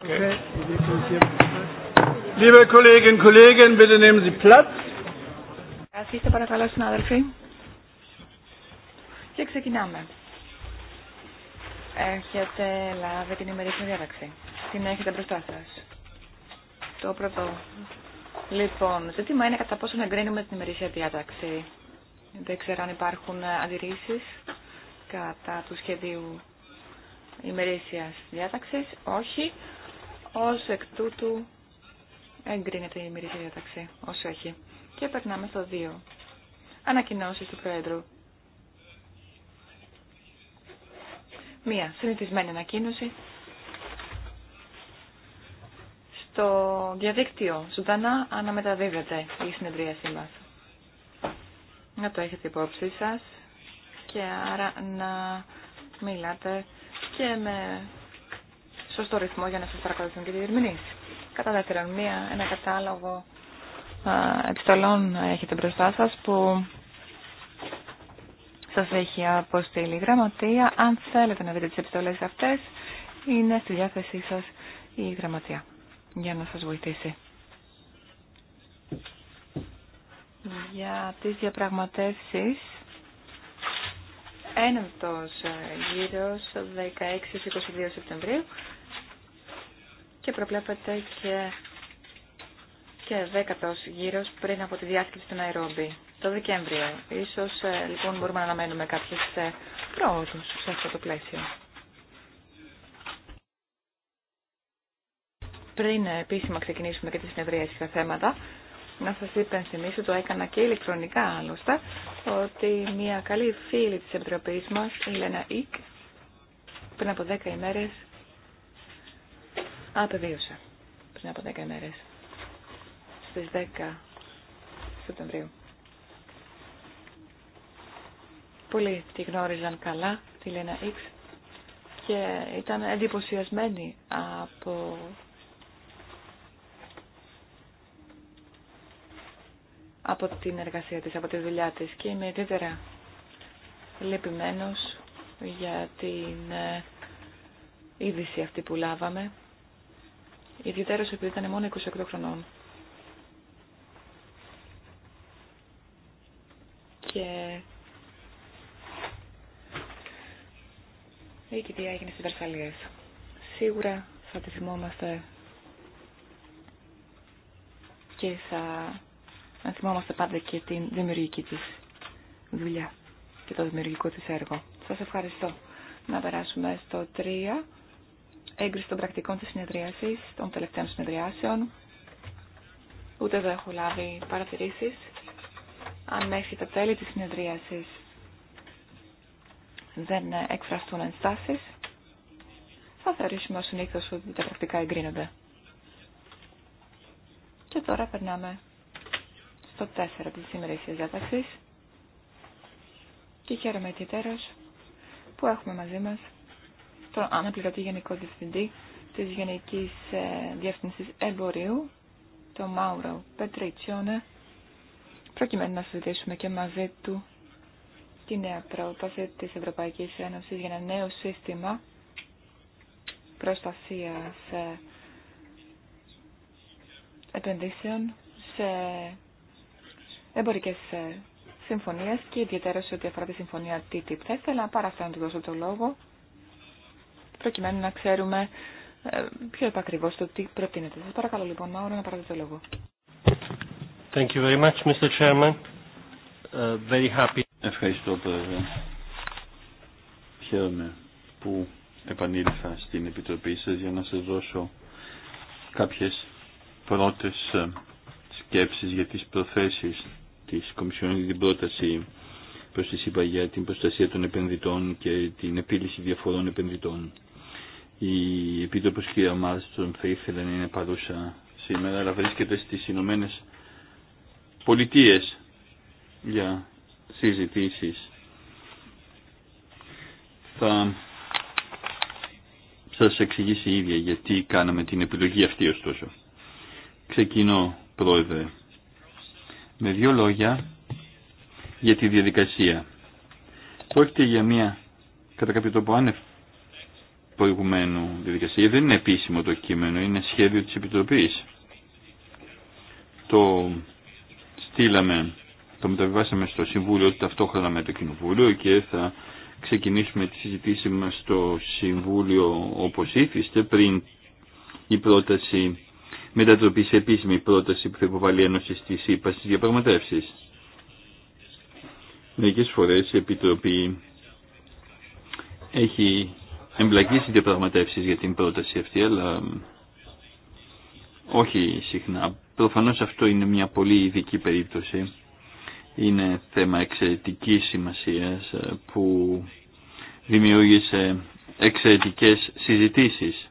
Liebe Kolleginnen und Kollegen, bitte nehmen Sie Platz. Καθίστε παρακαλώ συνάδελφοι. Και ξεκινάμε. Έχετε λάβει την ημερήσια διάταξη. Την έχετε μπροστά σα. Το πρώτο. Λοιπόν, ζήτημα είναι κατά πόσο εγκρίνουμε την ημερήσια διάταξη. Δεν ξέρω αν υπάρχουν αντιρρήσεις κατά του σχεδίου ημερήσιας διάταξης. Όχι. Ως εκ τούτου εγκρίνεται η μυρική διάταξη, όσο έχει. Και περνάμε στο 2. Ανακοινώσει του Πρόεδρου. Μία συνηθισμένη ανακοίνωση. Στο διαδίκτυο ζωντανά αναμεταδίδεται η συνεδρίασή μας. Να το έχετε υπόψη σας και άρα να μιλάτε και με σωστό ρυθμό για να σας παρακολουθούν και διερμηνήσει. Κατά δεύτερον, μία, ένα κατάλογο επιστολών έχετε μπροστά σας που σας έχει αποστείλει η γραμματεία. Αν θέλετε να δείτε τι επιστολές αυτέ, είναι στη διάθεσή σας η γραμματεία για να σας βοηθήσει. Για τις διαπραγματευσεις ενα έναμπτος ε, γύρος 16-22 Σεπτεμβρίου και προβλέπεται και, και δέκατος γύρω πριν από τη διάσκεψη του Ναϊρόμπι, το Δεκέμβριο. Ίσως ε, λοιπόν μπορούμε να αναμένουμε κάποιες ε, πρόοδους σε αυτό το πλαίσιο. Πριν ε, επίσημα ξεκινήσουμε και τις συνεδρίες τα θέματα, να σας υπενθυμίσω, το έκανα και ηλεκτρονικά άλλωστε, ότι μια καλή φίλη της Επιτροπής μας, η Λένα Ικ, πριν από 10 ημέρες απεβίωσε πριν από 10 μέρες, στις 10 Σεπτεμβρίου. Πολλοί τη γνώριζαν καλά, τη Λένα X, και ήταν εντυπωσιασμένοι από από την εργασία της, από τη δουλειά της και είμαι ιδιαίτερα λυπημένος για την ε, είδηση αυτή που λάβαμε ιδιαίτερως επειδή ήταν μόνο 28 χρονών. Και η κηδεία έγινε στις Βερσαλίες. Σίγουρα θα τη θυμόμαστε και θα θυμόμαστε πάντα και την δημιουργική της δουλειά και το δημιουργικό της έργο. Σας ευχαριστώ. Να περάσουμε στο 3 έγκριση των πρακτικών της συνεδρίασης, των τελευταίων συνεδριάσεων. Ούτε εδώ έχω λάβει παρατηρήσεις. Αν μέχρι τα τέλη της συνεδρίασης δεν εκφραστούν ενστάσεις, θα θεωρήσουμε ως συνήθως ότι τα πρακτικά εγκρίνονται. Και τώρα περνάμε στο 4 της σημερινή διάταξης και χαίρομαι ιδιαίτερος που έχουμε μαζί μας τον αναπληρωτή Γενικό Διευθυντή της Γενικής ε, Διεύθυνσης Εμπορίου, το Μάουρο Πετριτσιόνε, προκειμένου να συζητήσουμε και μαζί του τη νέα πρόταση της Ευρωπαϊκής Ένωσης για ένα νέο σύστημα προστασίας ε, επενδύσεων σε εμπορικές ε, συμφωνίες και ιδιαίτερα σε ό,τι αφορά τη συμφωνία TTIP. Θα ήθελα παρά αυτό να του δώσω το λόγο προκειμένου να ξέρουμε ε, πιο επακριβώς το τι προτείνεται. Σας παρακαλώ λοιπόν, να πάρετε λόγο. Thank you very much, Mr. Chairman. Ε, very happy. Ευχαριστώ, Πρόεδρε. Χαίρομαι που επανήλθα στην Επιτροπή σας για να σας δώσω κάποιες πρώτες ε, σκέψεις για τις προθέσεις της Κομισιόν για την πρόταση προς τη ΣΥΠΑ για την προστασία των επενδυτών και την επίλυση διαφορών επενδυτών. Η Επίτροπος ομάδα των θα ήθελε να είναι παρούσα σήμερα, αλλά βρίσκεται στις Ηνωμένε Πολιτείε για συζητήσεις. Θα σας εξηγήσει η ίδια γιατί κάναμε την επιλογή αυτή ωστόσο. Ξεκινώ, Πρόεδρε, με δύο λόγια για τη διαδικασία. Πρόκειται για μια κατά κάποιο τρόπο άνευ προηγουμένου διαδικασία. Δεν είναι επίσημο το κείμενο, είναι σχέδιο της Επιτροπής. Το στείλαμε, το μεταβιβάσαμε στο Συμβούλιο ταυτόχρονα με το Κοινοβούλιο και θα ξεκινήσουμε τη συζητήση μας στο Συμβούλιο όπως ήθιστε πριν η πρόταση μετατροπή σε επίσημη πρόταση που θα υποβάλει η Ένωση στη ΣΥΠΑ στις διαπραγματεύσεις. Μερικές φορές η Επιτροπή έχει εμπλακεί σε διαπραγματεύσεις για την πρόταση αυτή, αλλά όχι συχνά. Προφανώς αυτό είναι μια πολύ ειδική περίπτωση. Είναι θέμα εξαιρετικής σημασίας ε, που δημιούργησε εξαιρετικές συζητήσεις.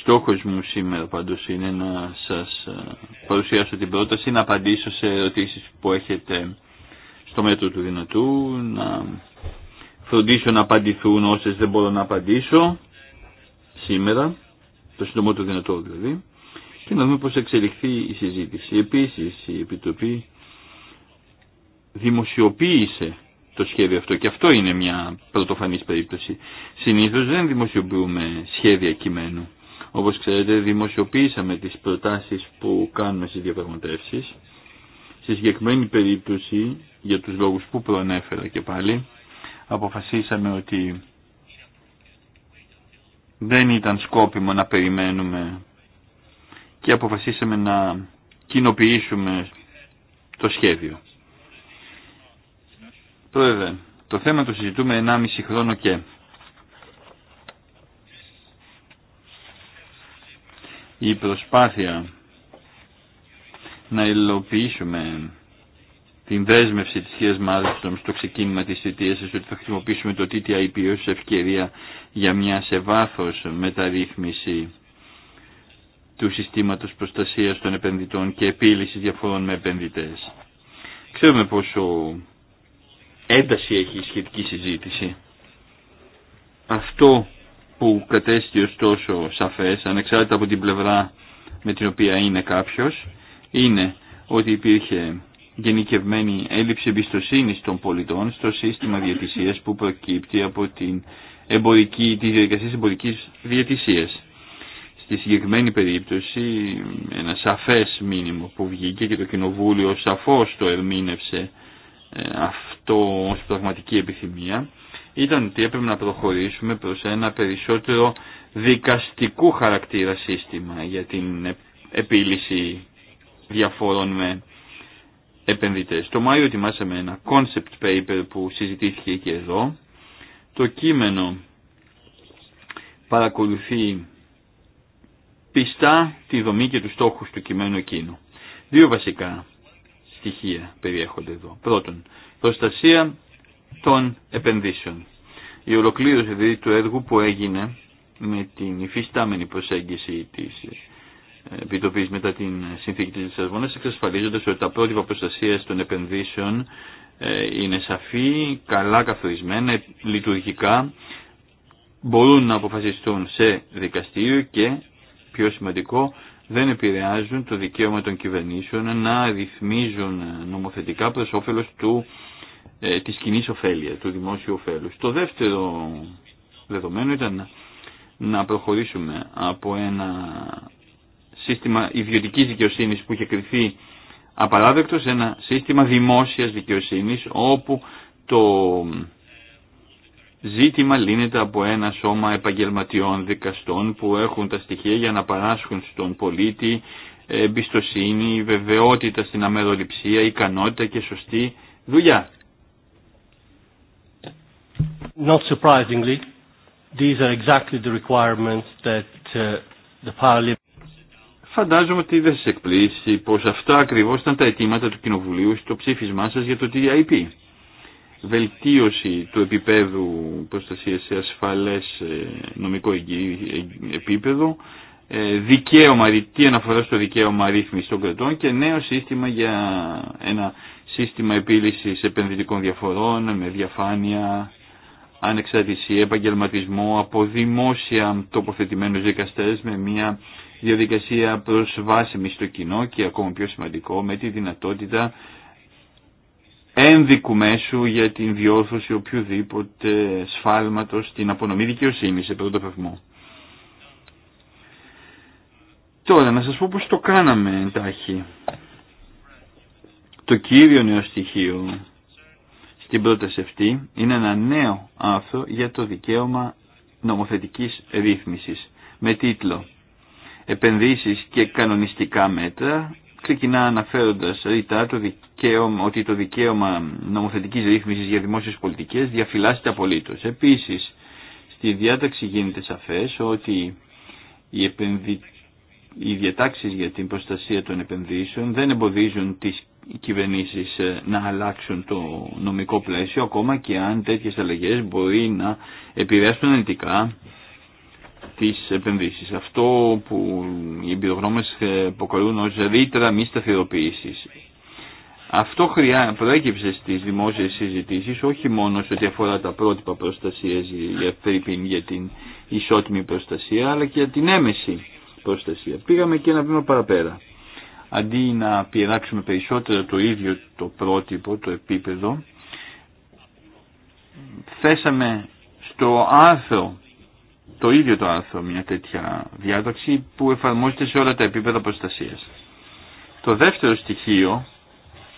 Στόχος μου σήμερα πάντως είναι να σας ε, παρουσιάσω την πρόταση, να απαντήσω σε ερωτήσεις που έχετε στο μέτρο του δυνατού, να φροντίσω να απαντηθούν όσες δεν μπορώ να απαντήσω σήμερα, το σύντομο του δυνατό δηλαδή, και να δούμε πώς εξελιχθεί η συζήτηση. Επίσης η Επιτροπή δημοσιοποίησε το σχέδιο αυτό και αυτό είναι μια πρωτοφανής περίπτωση. Συνήθως δεν δημοσιοποιούμε σχέδια κειμένου. Όπως ξέρετε δημοσιοποίησαμε τις προτάσεις που κάνουμε στις διαπραγματεύσεις Στη συγκεκριμένη περίπτωση, για τους λόγους που προανέφερα και πάλι, αποφασίσαμε ότι δεν ήταν σκόπιμο να περιμένουμε και αποφασίσαμε να κοινοποιήσουμε το σχέδιο. Πρόεδρε, το θέμα το συζητούμε 1,5 χρόνο και. Η προσπάθεια να υλοποιήσουμε την δέσμευση της Θείας Μάλστρομ στο ξεκίνημα της θητείας ότι θα χρησιμοποιήσουμε το TTIP ως ευκαιρία για μια σε βάθος μεταρρύθμιση του συστήματος προστασίας των επενδυτών και επίλυσης διαφορών με επενδυτές. Ξέρουμε πόσο ένταση έχει η σχετική συζήτηση. Αυτό που κατέστη ωστόσο σαφές, ανεξάρτητα από την πλευρά με την οποία είναι κάποιος, είναι ότι υπήρχε γενικευμένη έλλειψη εμπιστοσύνη των πολιτών στο σύστημα διατησίας που προκύπτει από την εμπορική, τη διαδικασία εμπορικής διατησίας. Στη συγκεκριμένη περίπτωση ένα σαφές μήνυμα που βγήκε και το Κοινοβούλιο σαφώς το ερμήνευσε ε, αυτό ως πραγματική επιθυμία ήταν ότι έπρεπε να προχωρήσουμε προς ένα περισσότερο δικαστικού χαρακτήρα σύστημα για την επίλυση διαφόρων με επενδυτές. Το Μάιο ετοιμάσαμε ένα concept paper που συζητήθηκε και εδώ. Το κείμενο παρακολουθεί πιστά τη δομή και τους στόχους του κειμένου εκείνου. Δύο βασικά στοιχεία περιέχονται εδώ. Πρώτον, προστασία των επενδύσεων. Η ολοκλήρωση δηλαδή του έργου που έγινε με την υφιστάμενη προσέγγιση της επιτροπή μετά την συνθήκη τη Λισαβόνα, εξασφαλίζοντα ότι τα πρότυπα προστασία των επενδύσεων ε, είναι σαφή, καλά καθορισμένα, λειτουργικά, μπορούν να αποφασιστούν σε δικαστήριο και, πιο σημαντικό, δεν επηρεάζουν το δικαίωμα των κυβερνήσεων να ρυθμίζουν νομοθετικά προς όφελος του, ε, της κοινή ωφέλεια, του δημόσιου ωφέλους. Το δεύτερο δεδομένο ήταν να προχωρήσουμε από ένα σύστημα ιδιωτικής δικαιοσύνης που είχε κρυθεί απαράδεκτο ένα σύστημα δημόσιας δικαιοσύνης όπου το ζήτημα λύνεται από ένα σώμα επαγγελματιών δικαστών που έχουν τα στοιχεία για να παράσχουν στον πολίτη εμπιστοσύνη, βεβαιότητα στην αμεροληψία, ικανότητα και σωστή δουλειά. Not surprisingly, these are exactly the requirements that uh, the Φαντάζομαι ότι δεν σα εκπλήσει πω αυτά ακριβώς ήταν τα αιτήματα του Κοινοβουλίου στο ψήφισμά σα για το TIP. Βελτίωση του επίπεδου προστασία σε ασφαλέ ε, νομικό επίπεδο, ε, δικαίωμα, τι αναφορά στο δικαίωμα ρύθμιση των κρατών και νέο σύστημα για ένα σύστημα επίλυσης επενδυτικών διαφορών με διαφάνεια, ανεξαρτησία, επαγγελματισμό από δημόσια τοποθετημένου δικαστέ με μια διαδικασία προσβάσιμη στο κοινό και ακόμα πιο σημαντικό με τη δυνατότητα ένδικου μέσου για την διόρθωση οποιοδήποτε σφάλματος στην απονομή δικαιοσύνη σε πρώτο βαθμό. Τώρα να σας πω πως το κάναμε εντάχει. Το κύριο νέο στοιχείο στην πρόταση αυτή είναι ένα νέο άρθρο για το δικαίωμα νομοθετικής ρύθμισης με τίτλο επενδύσεις και κανονιστικά μέτρα. Ξεκινά αναφέροντας ρητά το δικαίωμα, ότι το δικαίωμα νομοθετικής ρύθμισης για δημόσιες πολιτικές διαφυλάσσεται απολύτως. Επίσης, στη διάταξη γίνεται σαφές ότι οι, επενδυ... οι διατάξεις για την προστασία των επενδύσεων δεν εμποδίζουν τις κυβερνήσεις ε, να αλλάξουν το νομικό πλαίσιο ακόμα και αν τέτοιες αλλαγές μπορεί να επηρεάσουν αντικά της επενδύσεις. Αυτό που οι εμπειρογνώμες αποκαλούν ως ρήτρα μη σταθεροποίησης. Αυτό χρειά, προέκυψε στις δημόσιες συζητήσεις όχι μόνο σε ό,τι αφορά τα πρότυπα προστασίας για, για την ισότιμη προστασία αλλά και για την έμεση προστασία. Πήγαμε και ένα βήμα παραπέρα. Αντί να πειράξουμε περισσότερο το ίδιο το πρότυπο, το επίπεδο, θέσαμε στο άρθρο το ίδιο το άρθρο μια τέτοια διάταξη που εφαρμόζεται σε όλα τα επίπεδα προστασίας. Το δεύτερο στοιχείο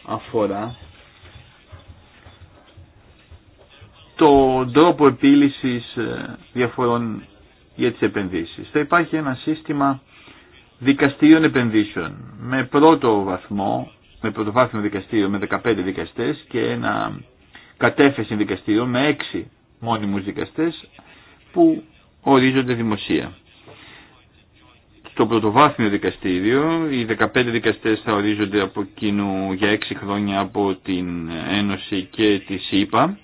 αφορά τον τρόπο επίλυσης ε, διαφορών για τις επενδύσεις. Θα υπάρχει ένα σύστημα δικαστήριων επενδύσεων με πρώτο βαθμό, με πρωτοβάθμιο δικαστήριο με 15 δικαστές και ένα κατέφεση δικαστήριο με 6 μόνιμους δικαστές που ορίζονται δημοσία. Στο πρωτοβάθμιο δικαστήριο οι 15 δικαστές θα ορίζονται από κοινού για 6 χρόνια από την Ένωση και τη ΣΥΠΑ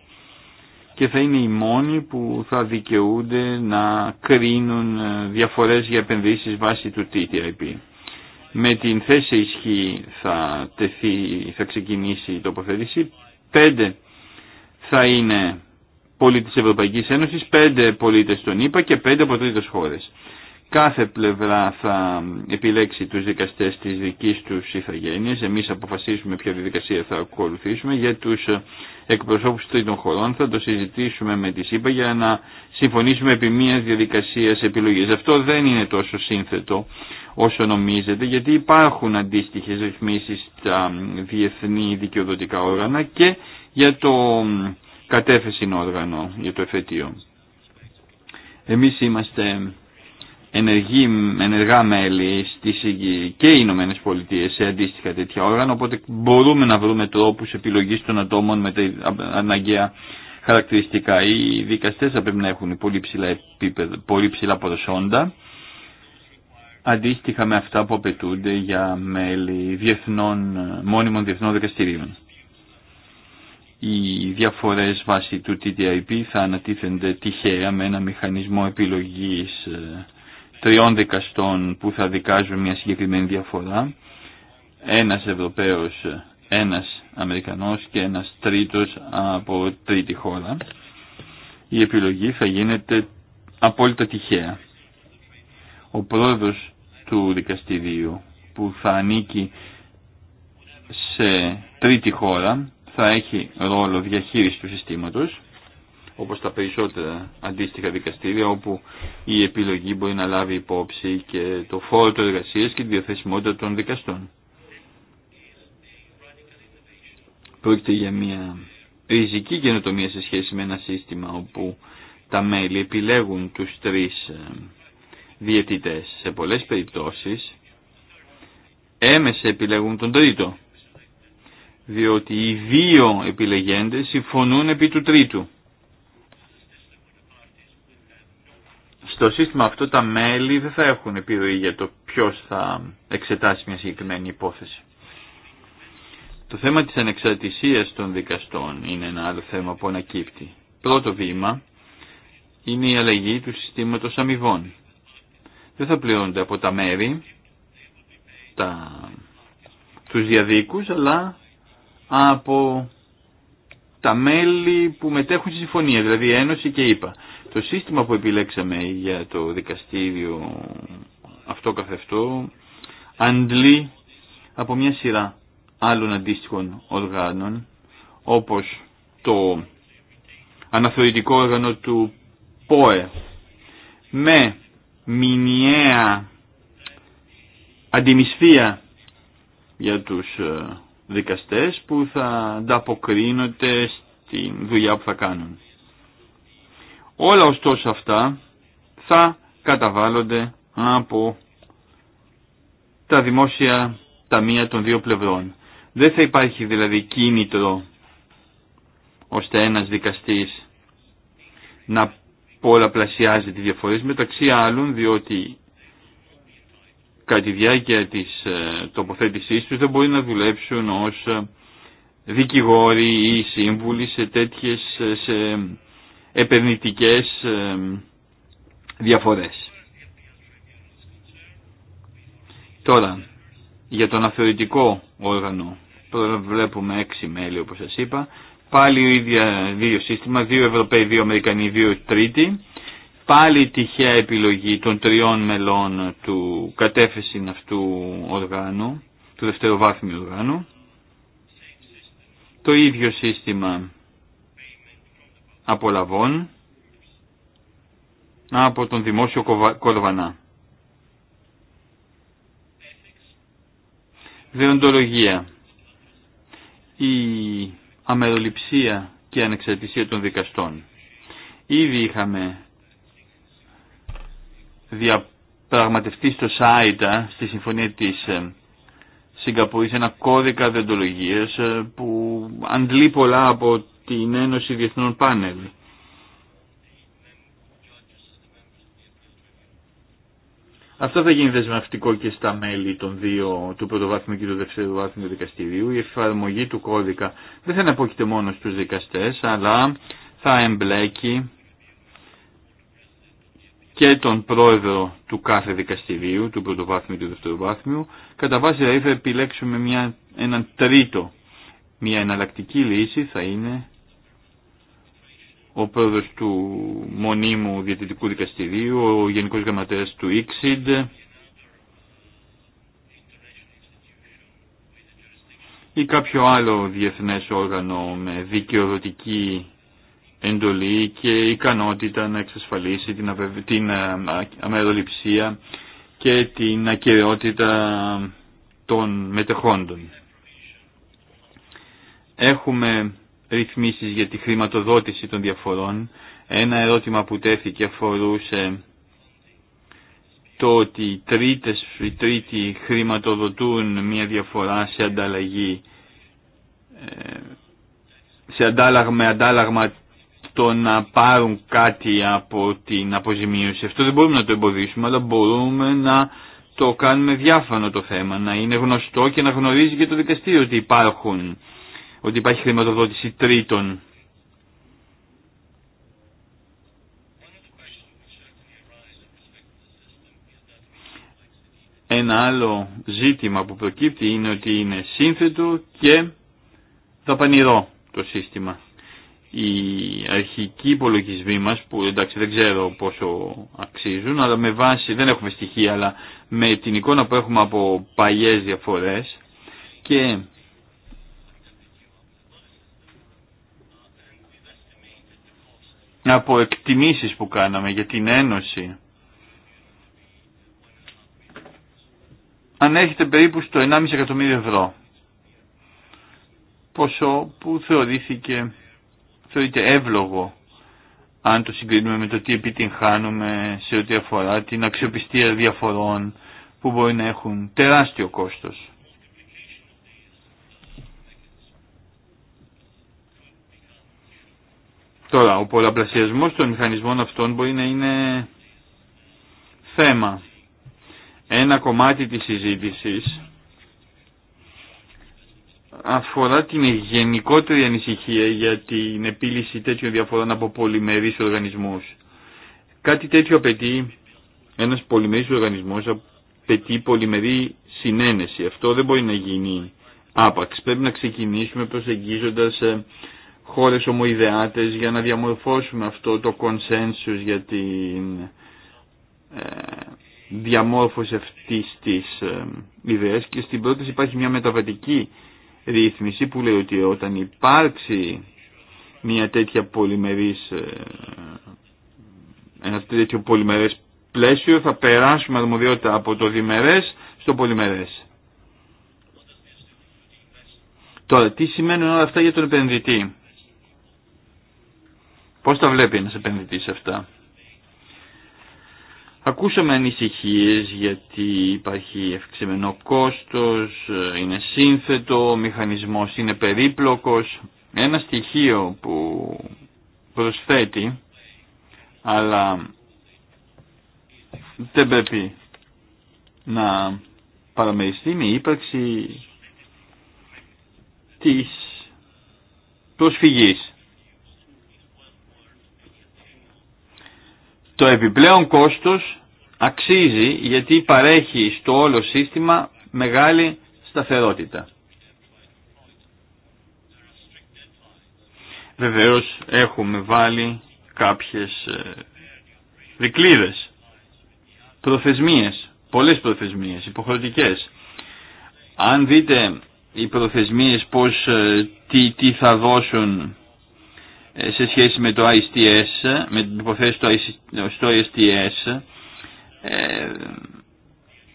και θα είναι οι μόνοι που θα δικαιούνται να κρίνουν διαφορές για επενδύσεις βάσει του TTIP. Με την θέση ισχύ θα, τεθεί, θα ξεκινήσει η τοποθέτηση. Πέντε θα είναι πολίτε της Ευρωπαϊκής Ένωσης, πέντε πολίτες των ΗΠΑ και πέντε από τρίτες χώρες. Κάθε πλευρά θα επιλέξει τους δικαστές της δικής του ηθαγένειας. Εμείς αποφασίσουμε ποια διαδικασία θα ακολουθήσουμε. Για τους εκπροσώπους τρίτων χωρών θα το συζητήσουμε με τη ΣΥΠΑ για να συμφωνήσουμε επί μιας διαδικασίας επιλογής. Αυτό δεν είναι τόσο σύνθετο όσο νομίζετε, γιατί υπάρχουν αντίστοιχες ρυθμίσει στα διεθνή δικαιοδοτικά όργανα και για το είναι όργανο για το εφετείο. Εμείς είμαστε ενεργοί, ενεργά μέλη στις, και οι Ηνωμένε Πολιτείε σε αντίστοιχα τέτοια όργανα, οπότε μπορούμε να βρούμε τρόπους επιλογής των ατόμων με τα αναγκαία χαρακτηριστικά. Οι δικαστές θα πρέπει να έχουν πολύ ψηλά, επίπεδο, πολύ ψηλά προσόντα, αντίστοιχα με αυτά που απαιτούνται για μέλη διεθνών, μόνιμων διεθνών δικαστηρίων οι διαφορές βάσει του TTIP θα ανατίθενται τυχαία με ένα μηχανισμό επιλογής ε, τριών δικαστών που θα δικάζουν μια συγκεκριμένη διαφορά. Ένας Ευρωπαίος, ένας Αμερικανός και ένας τρίτος από τρίτη χώρα. Η επιλογή θα γίνεται απόλυτα τυχαία. Ο πρόεδρος του δικαστηρίου που θα ανήκει σε τρίτη χώρα θα έχει ρόλο διαχείριση του συστήματος, όπως τα περισσότερα αντίστοιχα δικαστήρια, όπου η επιλογή μπορεί να λάβει υπόψη και το φόρο του εργασίας και τη διαθεσιμότητα των δικαστών. Πρόκειται για μια ριζική καινοτομία σε σχέση με ένα σύστημα όπου τα μέλη επιλέγουν τους τρεις ε, διαιτητές. Σε πολλές περιπτώσεις έμεσα επιλέγουν τον τρίτο διότι οι δύο επιλεγέντες συμφωνούν επί του τρίτου. Στο σύστημα αυτό τα μέλη δεν θα έχουν επιρροή για το ποιος θα εξετάσει μια συγκεκριμένη υπόθεση. Το θέμα της ανεξαρτησίας των δικαστών είναι ένα άλλο θέμα που ανακύπτει. Πρώτο βήμα είναι η αλλαγή του συστήματος αμοιβών. Δεν θα πληρώνονται από τα μέρη, τα, τους διαδίκους, αλλά από τα μέλη που μετέχουν στη συμφωνία, δηλαδή Ένωση και ΕΠΑ. Το σύστημα που επιλέξαμε για το δικαστήριο αυτό καθευτό αντλεί από μια σειρά άλλων αντίστοιχων οργάνων όπως το αναθεωρητικό όργανο του ΠΟΕ με μηνιαία αντιμισθία για τους ε, δικαστές που θα ανταποκρίνονται στη δουλειά που θα κάνουν. Όλα ωστόσο αυτά θα καταβάλλονται από τα δημόσια ταμεία των δύο πλευρών. Δεν θα υπάρχει δηλαδή κίνητρο ώστε ένας δικαστής να πολλαπλασιάζει τη διαφορές μεταξύ άλλων διότι κατά τη διάρκεια της ε, τοποθέτησής τους δεν μπορεί να δουλέψουν ως ε, δικηγόροι ή σύμβουλοι σε τέτοιες ε, σε επενδυτικές διαφορές. Τώρα, για τον αθεωρητικό όργανο βλέπουμε έξι μέλη όπως σας είπα, πάλι ο ίδια δύο σύστημα, δύο Ευρωπαίοι, δύο Αμερικανοί, δύο Τρίτοι πάλι τυχαία επιλογή των τριών μελών του κατέφεση αυτού οργάνου, του δευτεροβάθμιου οργάνου. Το ίδιο σύστημα απολαβών από τον δημόσιο κορβανά. Δεοντολογία. Η αμεροληψία και η ανεξαρτησία των δικαστών. Ήδη είχαμε διαπραγματευτεί στο ΣΑΙΤΑ, στη Συμφωνία της ε, Σιγκαπούρης, ένα κώδικα δεντολογίας ε, που αντλεί πολλά από την Ένωση Διεθνών Πάνελ. Αυτό θα γίνει δεσμευτικό και στα μέλη των δύο, του πρωτοβάθμιου και του δευτεροβάθμιου δικαστηρίου. Η εφαρμογή του κώδικα δεν θα αναπόκειται μόνο στους δικαστές, αλλά θα εμπλέκει και τον πρόεδρο του κάθε δικαστηρίου, του πρωτοβάθμιου και του δευτεροβάθμιου. Κατά βάση δηλαδή θα επιλέξουμε μια, έναν τρίτο. Μια εναλλακτική λύση θα είναι ο πρόεδρος του μονίμου διατητικού δικαστηρίου, ο γενικός γραμματέας του ΙΞΙΔ, ή κάποιο άλλο διεθνές όργανο με δικαιοδοτική εντολή και ικανότητα να εξασφαλίσει την, την ε, αμεροληψία και την ακαιρεότητα των μετεχόντων. Έχουμε ρυθμίσεις για τη χρηματοδότηση των διαφορών. Ένα ερώτημα που τέθηκε αφορούσε το ότι οι, τρίτες, οι τρίτοι χρηματοδοτούν μια διαφορά σε ανταλλαγή ε, σε αντάλλαγμα, με αντάλλαγμα το να πάρουν κάτι από την αποζημίωση. Αυτό δεν μπορούμε να το εμποδίσουμε, αλλά μπορούμε να το κάνουμε διάφανο το θέμα, να είναι γνωστό και να γνωρίζει και το δικαστήριο ότι υπάρχουν, ότι υπάρχει χρηματοδότηση τρίτων. Ένα άλλο ζήτημα που προκύπτει είναι ότι είναι σύνθετο και δαπανηρό το σύστημα. Η αρχικοί υπολογισμοί μας που εντάξει δεν ξέρω πόσο αξίζουν αλλά με βάση, δεν έχουμε στοιχεία αλλά με την εικόνα που έχουμε από παλιές διαφορές και από εκτιμήσεις που κάναμε για την Ένωση ανέχεται περίπου στο 1,5 εκατομμύριο ευρώ ποσό που θεωρήθηκε θεωρείται εύλογο αν το συγκρίνουμε με το τι επιτυγχάνουμε σε ό,τι αφορά την αξιοπιστία διαφορών που μπορεί να έχουν τεράστιο κόστος. Τώρα, ο πολλαπλασιασμός των μηχανισμών αυτών μπορεί να είναι θέμα. Ένα κομμάτι της συζήτησης αφορά την γενικότερη ανησυχία για την επίλυση τέτοιων διαφορών από πολυμερείς οργανισμούς. Κάτι τέτοιο απαιτεί ένας πολυμερής οργανισμός, απαιτεί πολυμερή συνένεση. Αυτό δεν μπορεί να γίνει άπαξ. Πρέπει να ξεκινήσουμε προσεγγίζοντας ε, χώρες ομοειδεάτες για να διαμορφώσουμε αυτό το consensus για την ε, διαμόρφωση αυτής της ε, ιδέας και στην πρόταση υπάρχει μια μεταβατική ρύθμιση που λέει ότι όταν υπάρξει μια τέτοια πολυμερής, ε, ένα τέτοιο πολυμερές πλαίσιο θα περάσουμε αρμοδιότητα από το διμερές στο πολυμερές. Τώρα, τι σημαίνουν όλα αυτά για τον επενδυτή. Πώς τα βλέπει ένας επενδυτής αυτά. Ακούσαμε ανησυχίες γιατί υπάρχει ευξημενό κόστος, είναι σύνθετο, ο μηχανισμός είναι περίπλοκος. Ένα στοιχείο που προσθέτει, αλλά δεν πρέπει να παραμεριστεί με ύπαρξη της προσφυγής. Το επιπλέον κόστος αξίζει γιατί παρέχει στο όλο σύστημα μεγάλη σταθερότητα. Βεβαίως έχουμε βάλει κάποιες ε, δικλίδες, προθεσμίες, πολλές προθεσμίες, υποχρεωτικές. Αν δείτε οι προθεσμίες πώς, ε, τι, τι θα δώσουν ε, σε σχέση με το ISTS, με την υποθέση στο ISTS, ε,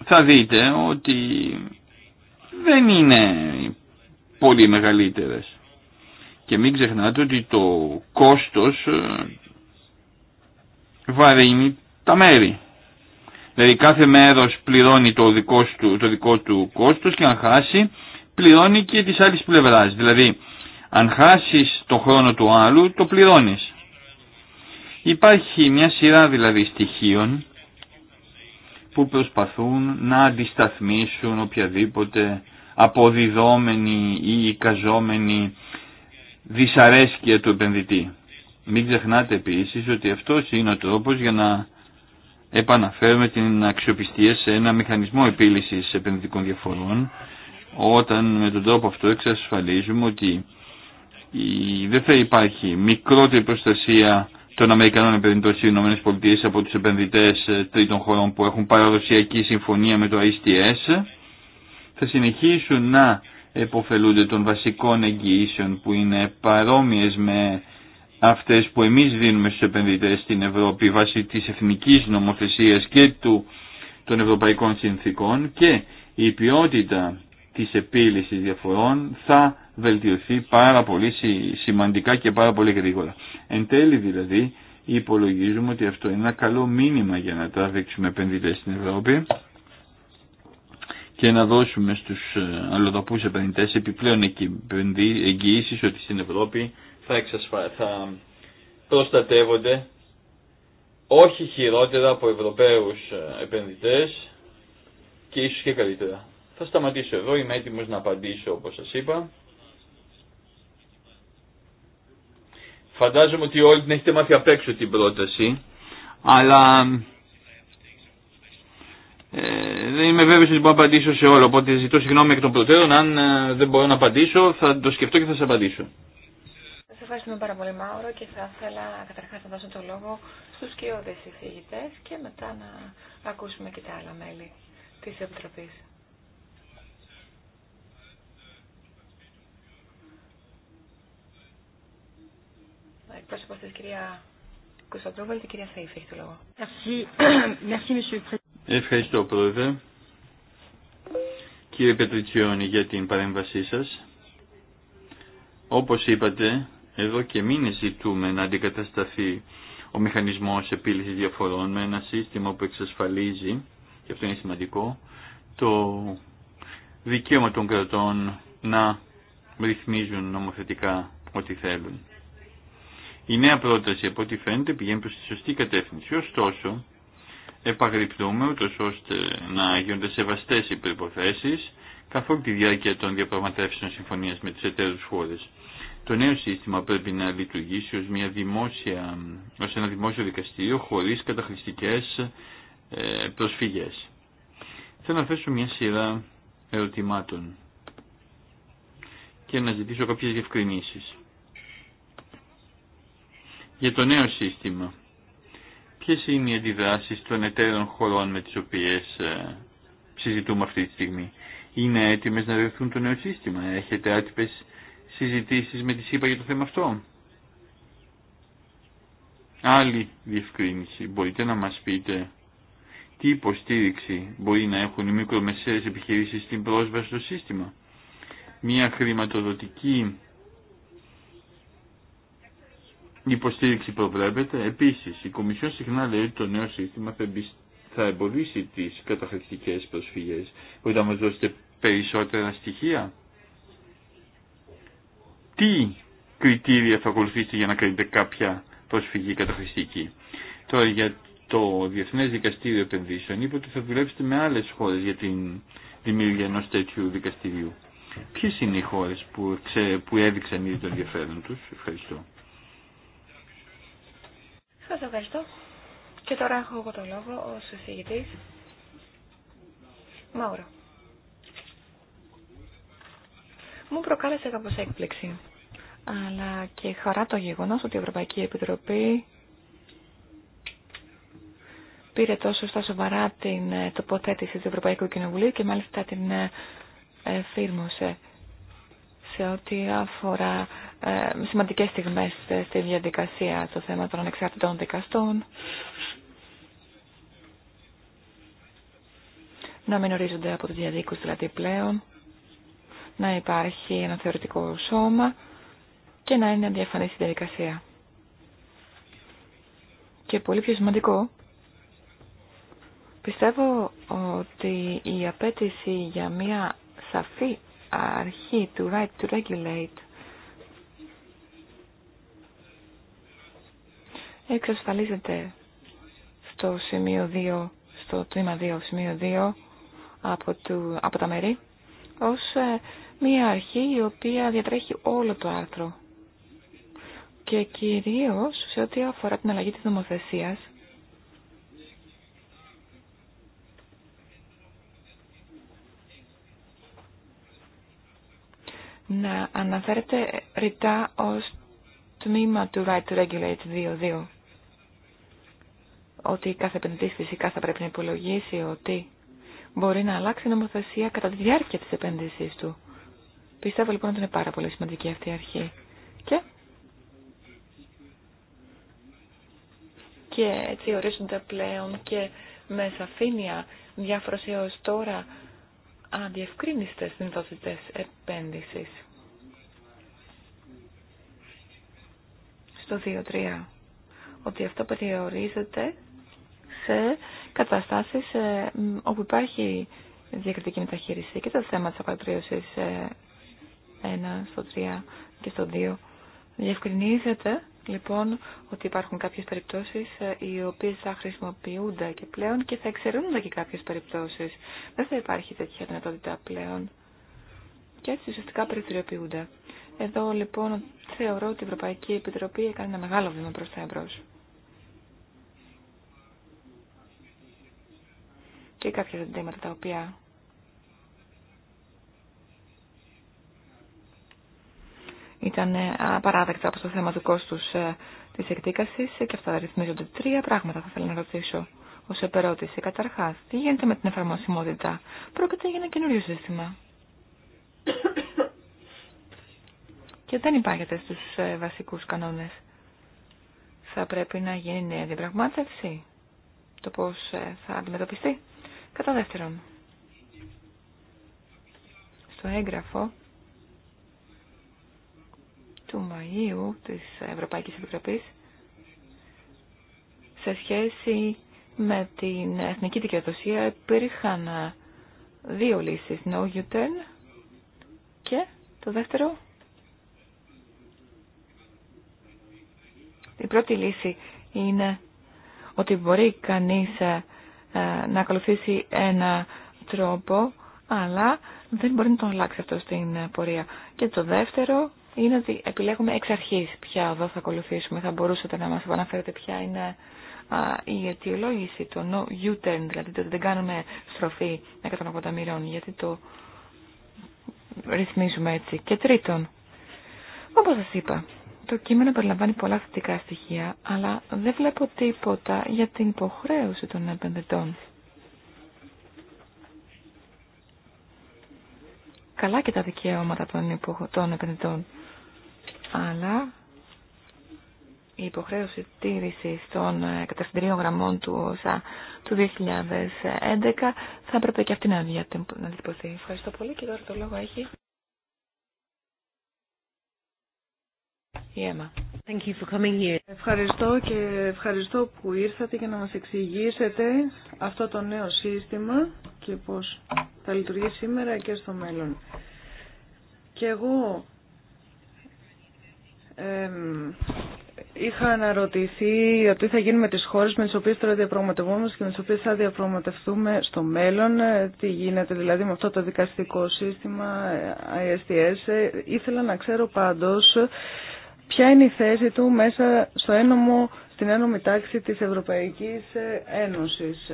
θα δείτε ότι δεν είναι πολύ μεγαλύτερες. Και μην ξεχνάτε ότι το κόστος ε, βαρύνει τα μέρη. Δηλαδή κάθε μέρος πληρώνει το δικό του, το δικό του κόστος και αν χάσει πληρώνει και της άλλης πλευράς. Δηλαδή αν χάσεις το χρόνο του άλλου το πληρώνεις. Υπάρχει μια σειρά δηλαδή στοιχείων που προσπαθούν να αντισταθμίσουν οποιαδήποτε αποδιδόμενη ή καζόμενη δυσαρέσκεια του επενδυτή. Μην ξεχνάτε επίσης ότι αυτός είναι ο τρόπος για να επαναφέρουμε την αξιοπιστία σε ένα μηχανισμό επίλυσης επενδυτικών διαφορών όταν με τον τρόπο αυτό εξασφαλίζουμε ότι δεν θα υπάρχει μικρότερη προστασία των Αμερικανών επενδυτών στι ΗΠΑ από του επενδυτέ ε, τρίτων χωρών που έχουν παραδοσιακή συμφωνία με το ISTS θα συνεχίσουν να εποφελούνται των βασικών εγγυήσεων που είναι παρόμοιε με αυτέ που εμεί δίνουμε στου επενδυτέ στην Ευρώπη βάσει τη εθνική νομοθεσία και του, των ευρωπαϊκών συνθήκων και η ποιότητα της επίλυσης διαφορών θα βελτιωθεί πάρα πολύ σημαντικά και πάρα πολύ γρήγορα. Εν τέλει δηλαδή υπολογίζουμε ότι αυτό είναι ένα καλό μήνυμα για να τραβήξουμε επενδυτές στην Ευρώπη και να δώσουμε στους ε, αλλοδαπούς επενδυτές επιπλέον εγγυήσεις ότι στην Ευρώπη θα, εξασφα... θα προστατεύονται όχι χειρότερα από Ευρωπαίους ε, επενδυτές και ίσως και καλύτερα. Θα σταματήσω εδώ, είμαι έτοιμος να απαντήσω όπως σας είπα. Φαντάζομαι ότι όλοι την έχετε μάθει απ' έξω την πρόταση, αλλά ε, δεν είμαι βέβαιος ότι μπορώ να απαντήσω σε όλο, οπότε ζητώ συγγνώμη εκ των προτέρων. Αν ε, δεν μπορώ να απαντήσω, θα το σκεφτώ και θα σας απαντήσω. Σας ευχαριστούμε πάρα πολύ Μάουρο και θα ήθελα καταρχάς να δώσω το λόγο στους κοιόδες εισηγητές και μετά να ακούσουμε και τα άλλα μέλη της Επιτροπής. κυρία κυρία Ευχαριστώ πρόεδρε. Κύριε Πετριτσιόνη για την παρέμβασή σα, όπω είπατε, εδώ και μήνε ζητούμε να αντικατασταθεί ο μηχανισμό επίλυση διαφορών με ένα σύστημα που εξασφαλίζει, και αυτό είναι σημαντικό, το δικαίωμα των κρατών να ρυθμίζουν νομοθετικά ό,τι θέλουν. Η νέα πρόταση από ό,τι φαίνεται πηγαίνει προς τη σωστή κατεύθυνση. Ωστόσο, επαγρυπτούμε ούτως ώστε να γίνονται σεβαστές οι προϋποθέσεις καθ' όλη τη διάρκεια των διαπραγματεύσεων συμφωνίας με τις εταίρους χώρες. Το νέο σύστημα πρέπει να λειτουργήσει ως, μια δημόσια, ως ένα δημόσιο δικαστήριο χωρίς καταχρηστικές ε, προσφυγές. Θέλω να θέσω μια σειρά ερωτημάτων και να ζητήσω κάποιες διευκρινήσεις για το νέο σύστημα. Ποιες είναι οι αντιδράσεις των εταίρων χωρών με τις οποίες ε, συζητούμε αυτή τη στιγμή. Είναι έτοιμες να δεχθούν το νέο σύστημα. Έχετε άτυπες συζητήσεις με τη ΣΥΠΑ για το θέμα αυτό. Άλλη διευκρίνηση. Μπορείτε να μας πείτε τι υποστήριξη μπορεί να έχουν οι μικρομεσαίες επιχειρήσεις στην πρόσβαση στο σύστημα. Μια χρηματοδοτική υποστήριξη προβλέπεται. Επίση, η Κομισιόν συχνά λέει ότι το νέο σύστημα θα, θα εμποδίσει τι καταχρηστικέ προσφυγέ Μπορείτε να μα δώσετε περισσότερα στοιχεία. Τι κριτήρια θα ακολουθήσετε για να κρίνετε κάποια προσφυγή καταχρηστική. Τώρα για το διεθνέ Δικαστήριο Επενδύσεων είπε ότι θα δουλέψετε με άλλε χώρε για την δημιουργία ενό τέτοιου δικαστηρίου. Ποιε είναι οι χώρε που, ξέ, που έδειξαν ήδη το ενδιαφέρον του, Ευχαριστώ. Σας ευχαριστώ. Και τώρα έχω εγώ το λόγο ο συζητητής. Μαύρο. Μου προκάλεσε κάπως έκπληξη. Αλλά και χαρά το γεγονός ότι η Ευρωπαϊκή Επιτροπή πήρε τόσο στα σοβαρά την ε, τοποθέτηση του Ευρωπαϊκού Κοινοβουλίου και μάλιστα την εφήρμοσε ε, σε ό,τι αφορά ε, σημαντικές στιγμές στη διαδικασία το θέμα των ανεξάρτητων δικαστών. Να μην ορίζονται από τους διαδίκους δηλαδή πλέον. Να υπάρχει ένα θεωρητικό σώμα και να είναι διαφανής η διαδικασία. Και πολύ πιο σημαντικό, πιστεύω ότι η απέτηση για μια σαφή αρχή του right to regulate εξασφαλίζεται στο σημείο 2, στο τμήμα 2, σημείο 2 από, του, από τα μέρη ως ε, μία αρχή η οποία διατρέχει όλο το άρθρο και κυρίως σε ό,τι αφορά την αλλαγή της νομοθεσίας να αναφέρεται ρητά ως τμήμα του Right to Regulate 2.2 ότι κάθε επενδύτη φυσικά θα πρέπει να υπολογίσει ότι μπορεί να αλλάξει νομοθεσία κατά τη διάρκεια της επένδυσής του. Πιστεύω λοιπόν ότι είναι πάρα πολύ σημαντική αυτή η αρχή. Και, και έτσι ορίζονται πλέον και με σαφήνεια διάφορες έως τώρα αντιευκρίνηστες δυνατότητες επένδυσης. Στο 2-3 ότι αυτό περιορίζεται σε καταστάσεις ε, όπου υπάρχει διακριτική μεταχείριση και το θέμα της απατρίωσης 1 ε, στο 3 και στο 2. Διευκρινίζεται λοιπόν ότι υπάρχουν κάποιες περιπτώσεις ε, οι οποίες θα χρησιμοποιούνται και πλέον και θα εξαιρούνται και κάποιες περιπτώσεις. Δεν θα υπάρχει τέτοια δυνατότητα πλέον και έτσι ουσιαστικά περιθωριοποιούνται. Εδώ λοιπόν θεωρώ ότι η Ευρωπαϊκή Επιτροπή έκανε ένα μεγάλο βήμα προς τα εμπρός. και κάποια ζητήματα τα οποία ήταν ε, απαράδεκτα από το θέμα του κόστους ε, της εκδίκασης και αυτά ρυθμίζονται. Τρία πράγματα θα ήθελα να ρωτήσω ως επερώτηση. Καταρχάς, τι γίνεται με την εφαρμοσιμότητα. Πρόκειται για ένα καινούριο σύστημα. και δεν υπάρχει στους ε, βασικούς κανόνες. Θα πρέπει να γίνει νέα διαπραγμάτευση. Το πώς θα αντιμετωπιστεί. Κατά δεύτερον, στο έγγραφο του Μαΐου της Ευρωπαϊκής Επιτροπής σε σχέση με την εθνική δικαιοδοσία υπήρχαν δύο λύσεις, no U-turn και το δεύτερο η πρώτη λύση είναι ότι μπορεί κανείς ε, ε, να ακολουθήσει ένα τρόπο, αλλά δεν μπορεί να τον αλλάξει αυτό στην ε, πορεία. Και το δεύτερο είναι ότι επιλέγουμε εξ αρχής ποια οδό θα ακολουθήσουμε. Θα μπορούσατε να μας επαναφέρετε ποια είναι η αιτιολόγηση, το no U-turn, δηλαδή το ότι δεν κάνουμε στροφή 180 μοιρών, γιατί το ρυθμίζουμε έτσι. Και τρίτον, όπως σας είπα, το κείμενο περιλαμβάνει πολλά θετικά στοιχεία, αλλά δεν βλέπω τίποτα για την υποχρέωση των επενδυτών. Καλά και τα δικαιώματα των, των επενδυτών, αλλά η υποχρέωση τήρησης των ε, κατευθυντηρίων γραμμών του ΩΣΑ του 2011 θα έπρεπε και αυτή να διατυπωθεί. Ευχαριστώ πολύ και τώρα το λόγο έχει. Ευχαριστώ και ευχαριστώ που ήρθατε και να μας εξηγήσετε αυτό το νέο σύστημα και πώς θα λειτουργεί σήμερα και στο μέλλον. Και εγώ ε, είχα αναρωτηθεί ότι θα γίνει με τις χώρες με τις οποίες τώρα διαπραγματευόμαστε και με τις οποίες θα διαπραγματευτούμε στο μέλλον, ε, τι γίνεται δηλαδή με αυτό το δικαστικό σύστημα ε, ISTS. Ε, ήθελα να ξέρω πάντως ποια είναι η θέση του μέσα στο ένομο, στην ένομη τάξη της Ευρωπαϊκής Ένωσης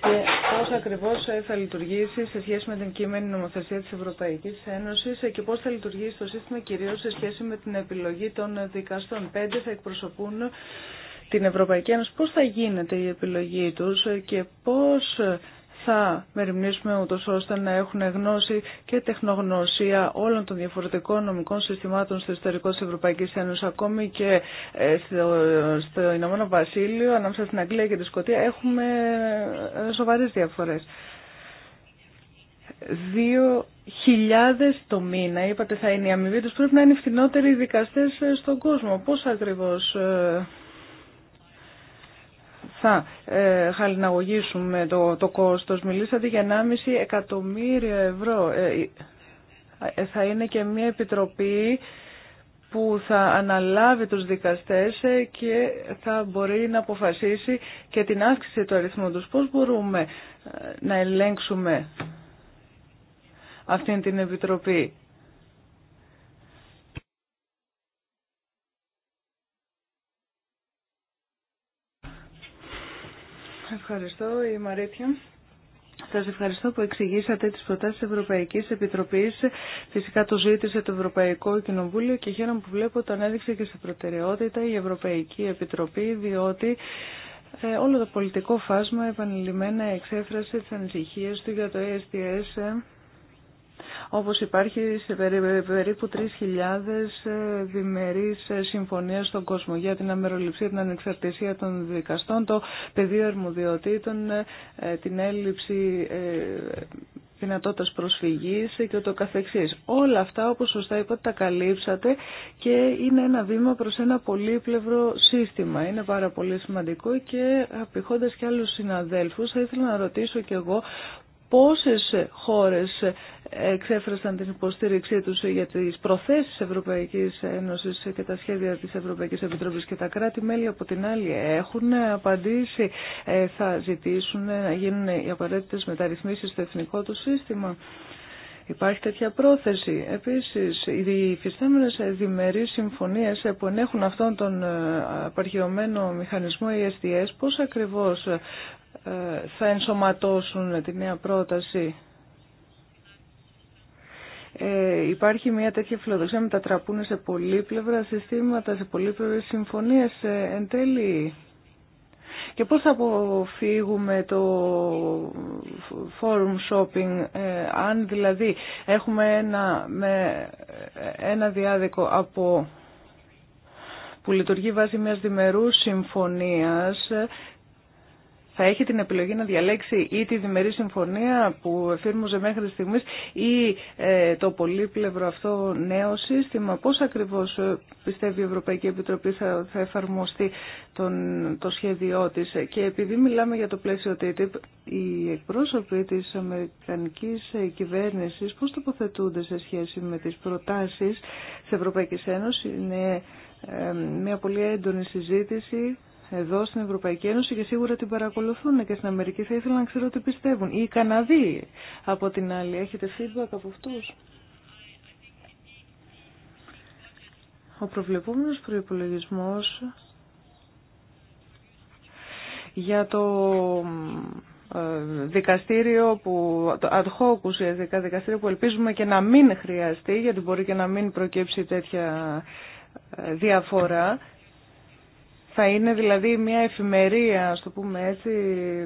και πώς ακριβώς θα λειτουργήσει σε σχέση με την κείμενη νομοθεσία της Ευρωπαϊκής Ένωσης και πώς θα λειτουργήσει το σύστημα κυρίως σε σχέση με την επιλογή των δικαστών. Πέντε θα εκπροσωπούν την Ευρωπαϊκή Ένωση. Πώς θα γίνεται η επιλογή τους και πώς θα μεριμνήσουμε ούτω ώστε να έχουν γνώση και τεχνογνωσία όλων των διαφορετικών νομικών συστημάτων στο ιστορικό τη Ευρωπαϊκή Ένωση, Ακόμη και ε, στο, στο Ηνωμένο Βασίλειο, ανάμεσα στην Αγγλία και τη Σκωτία, έχουμε ε, σοβαρές διαφορές. Δύο χιλιάδες το μήνα, είπατε θα είναι η αμοιβή του. πρέπει να είναι φθηνότεροι δικαστέ ε, στον κόσμο. Πώς ακριβώς θα ε, χαλιναγωγήσουμε το, το κόστος. Μιλήσατε για 1,5 εκατομμύρια ευρώ. Ε, ε, ε, θα είναι και μια επιτροπή που θα αναλάβει τους δικαστές και θα μπορεί να αποφασίσει και την αύξηση του αριθμού τους. Πώς μπορούμε να ελέγξουμε αυτήν την επιτροπή. Ευχαριστώ, η Μαρίτια. Σας ευχαριστώ που εξηγήσατε τις προτάσεις της Ευρωπαϊκής Επιτροπής. Φυσικά το ζήτησε το Ευρωπαϊκό Κοινοβούλιο και χαίρομαι που βλέπω το ανέδειξε και σε προτεραιότητα η Ευρωπαϊκή Επιτροπή, διότι ε, όλο το πολιτικό φάσμα επανειλημμένα εξέφρασε τις ανησυχίες του για το ESTS όπως υπάρχει σε περίπου 3.000 ε, διμερείς ε, συμφωνίες στον κόσμο για την αμεροληψία, την ανεξαρτησία των δικαστών, το πεδίο ερμοδιοτήτων, ε, την έλλειψη δυνατότητα προσφυγής και το καθεξής. Όλα αυτά, όπως σωστά είπατε, τα καλύψατε και είναι ένα βήμα προς ένα πολύπλευρο σύστημα. Είναι πάρα πολύ σημαντικό και απηχώντας και άλλους συναδέλφους, θα ήθελα να ρωτήσω κι εγώ πόσες χώρες εξέφρασαν την υποστήριξή τους για τις προθέσεις της Ευρωπαϊκής Ένωσης και τα σχέδια της Ευρωπαϊκής Επιτροπής και τα κράτη-μέλη από την άλλη έχουν απαντήσει, ε, θα ζητήσουν να γίνουν οι απαραίτητες μεταρρυθμίσεις στο εθνικό του σύστημα. Υπάρχει τέτοια πρόθεση. Επίσης, οι διεφιστάμενες διμερείς συμφωνίες που ενέχουν αυτόν τον ε, απαρχαιωμένο μηχανισμό ESDS, πώς ακριβώς ε, ε, θα ενσωματώσουν τη νέα πρόταση. Ε, υπάρχει μια τέτοια φιλοδοξία, μετατραπούν σε πλευρά συστήματα, σε πολύπλευρες συμφωνίες ε, εν τέλει. Και πώς θα αποφύγουμε το forum shopping, ε, αν δηλαδή έχουμε ένα, με, ένα διάδικο από που λειτουργεί βάσει μιας διμερούς συμφωνίας θα έχει την επιλογή να διαλέξει ή τη διμερή συμφωνία που εφήρμοζε μέχρι στιγμής ή ε, το πολύπλευρο αυτό νέο σύστημα. Πώς ακριβώς ε, πιστεύει η τη διμερη συμφωνια που εφηρμοζε μεχρι στιγμη η το πολυπλευρο Επιτροπή θα, εφαρμοστεί τον, το σχέδιό της. Και επειδή μιλάμε για το πλαίσιο TTIP, οι εκπρόσωποι της Αμερικανικής κυβέρνησης πώς τοποθετούνται σε σχέση με τις προτάσεις της Ευρωπαϊκής Ένωσης. Είναι ε, μια πολύ έντονη συζήτηση εδώ στην Ευρωπαϊκή Ένωση και σίγουρα την παρακολουθούν και στην Αμερική. Θα ήθελα να ξέρω τι πιστεύουν. Ή οι Καναδοί από την άλλη. Έχετε feedback από αυτούς. Ο προβλεπόμενος προϋπολογισμός για το ε, δικαστήριο που, το ad hoc δικαστήριο που ελπίζουμε και να μην χρειαστεί γιατί μπορεί και να μην προκύψει τέτοια ε, διαφορά θα είναι δηλαδή μια εφημερία, α το πούμε έτσι,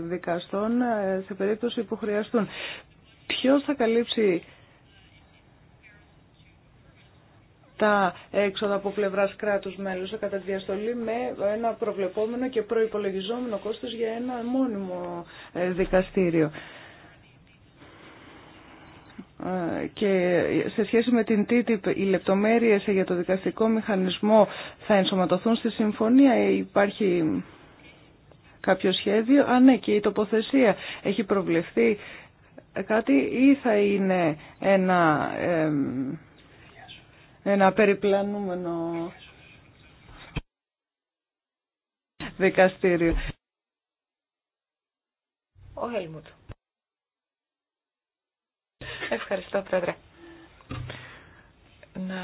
δικαστών ε, σε περίπτωση που χρειαστούν. Ποιος θα καλύψει τα έξοδα από πλευράς κράτους μέλους κατά τη διαστολή με ένα προβλεπόμενο και προϋπολογιζόμενο κόστος για ένα μόνιμο ε, δικαστήριο και σε σχέση με την TTIP οι λεπτομέρειες για το δικαστικό μηχανισμό θα ενσωματωθούν στη συμφωνία ή υπάρχει κάποιο σχέδιο α ναι και η τοποθεσία έχει προβλεφθεί κάτι ή θα είναι ένα, ένα περιπλανούμενο δικαστήριο Ο Ευχαριστώ, Πρόεδρε. Να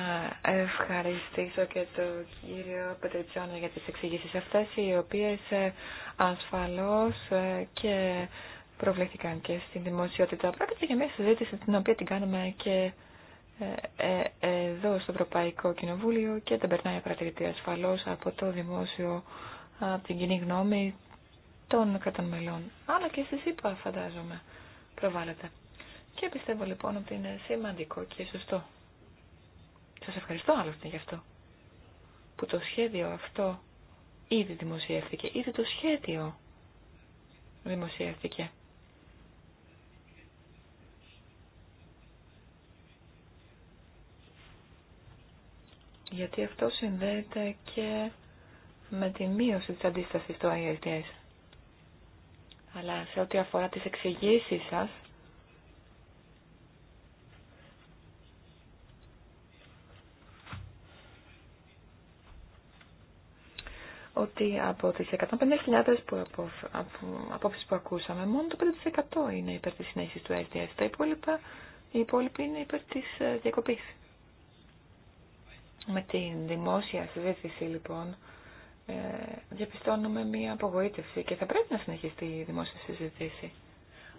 ευχαριστήσω και τον κύριο Πετριτσιόνα για τις εξηγήσεις αυτές, οι οποίες ε, ασφαλώς ε, και προβλέθηκαν και στην δημοσιότητα. Πρόκειται για μια συζήτηση την οποία την κάνουμε και ε, εδώ στο Ευρωπαϊκό Κοινοβούλιο και την περνάει παρατηρητή ασφαλώς από το δημόσιο, από την κοινή γνώμη των κρατών Αλλά και στη ΣΥΠΑ φαντάζομαι προβάλλεται. Και πιστεύω λοιπόν ότι είναι σημαντικό και σωστό. Σας ευχαριστώ άλλωστε γι' αυτό. Που το σχέδιο αυτό ήδη δημοσιεύθηκε. Ήδη το σχέδιο δημοσιεύθηκε. Γιατί αυτό συνδέεται και με τη μείωση της αντίστασης του ISDS. Αλλά σε ό,τι αφορά τις εξηγήσεις σας, ότι από τις 150.000 που απόψεις που ακούσαμε, μόνο το 5% είναι υπέρ της συνέχισης του SDS. Τα υπόλοιπα, οι υπόλοιποι είναι υπέρ της ε, διακοπής. Με τη δημόσια συζήτηση λοιπόν ε, διαπιστώνουμε μία απογοήτευση και θα πρέπει να συνεχιστεί η δημόσια συζήτηση.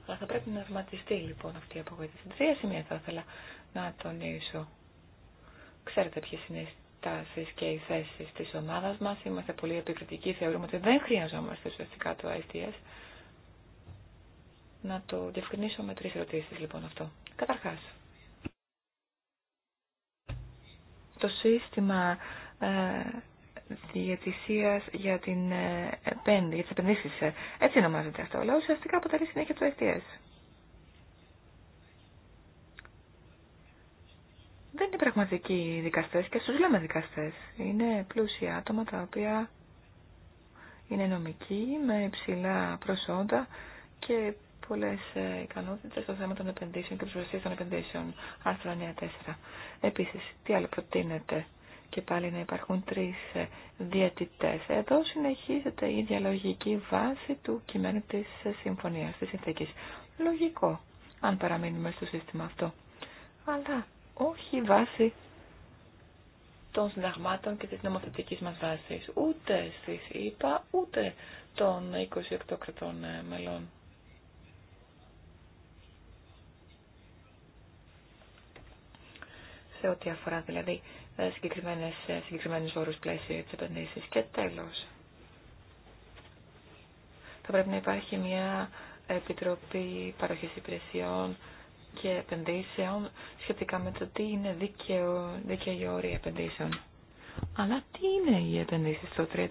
Αλλά θα πρέπει να βηματιστεί λοιπόν αυτή η απογοήτευση. Τρία σημεία θα ήθελα να τονίσω. Ξέρετε ποιες είναι τάσει και οι θέσει τη ομάδα μα. Είμαστε πολύ επικριτικοί, θεωρούμε ότι δεν χρειαζόμαστε ουσιαστικά το ISDS. Να το διευκρινίσω με τρει ερωτήσει λοιπόν αυτό. Καταρχά. το σύστημα ε, για, την, ε, επένδυση, για τις επενδύσεις, ε, έτσι ονομάζεται αυτό, αλλά ουσιαστικά αποτελεί συνέχεια το ISDS. δεν είναι πραγματικοί δικαστές και στους λέμε δικαστές. Είναι πλούσια άτομα τα οποία είναι νομικοί, με υψηλά προσόντα και πολλές ε, ικανότητες στο θέμα των επενδύσεων και προσβασίας των επενδύσεων, άρθρο 4. Επίσης, τι άλλο προτείνεται και πάλι να υπάρχουν τρεις ε, διαιτητές. Εδώ συνεχίζεται η διαλογική βάση του κειμένου της ε, συμφωνίας, της συνθήκης. Λογικό, αν παραμείνουμε στο σύστημα αυτό. Αλλά όχι βάσει των συνταγμάτων και της νομοθετικής μας βάσης, ούτε στις ΗΠΑ, ούτε των 28 κρατών ε, μελών. Σε ό,τι αφορά δηλαδή ε, συγκεκριμένες, ε, συγκεκριμένους όρους πλαίσιο της επενδύσεις. Και τέλος, θα πρέπει να υπάρχει μια επιτροπή παροχής υπηρεσιών, και επενδύσεων σχετικά με το τι είναι δίκαιο, δίκαιο όρη επενδύσεων. Αλλά τι είναι οι επενδύσει στο 3-3,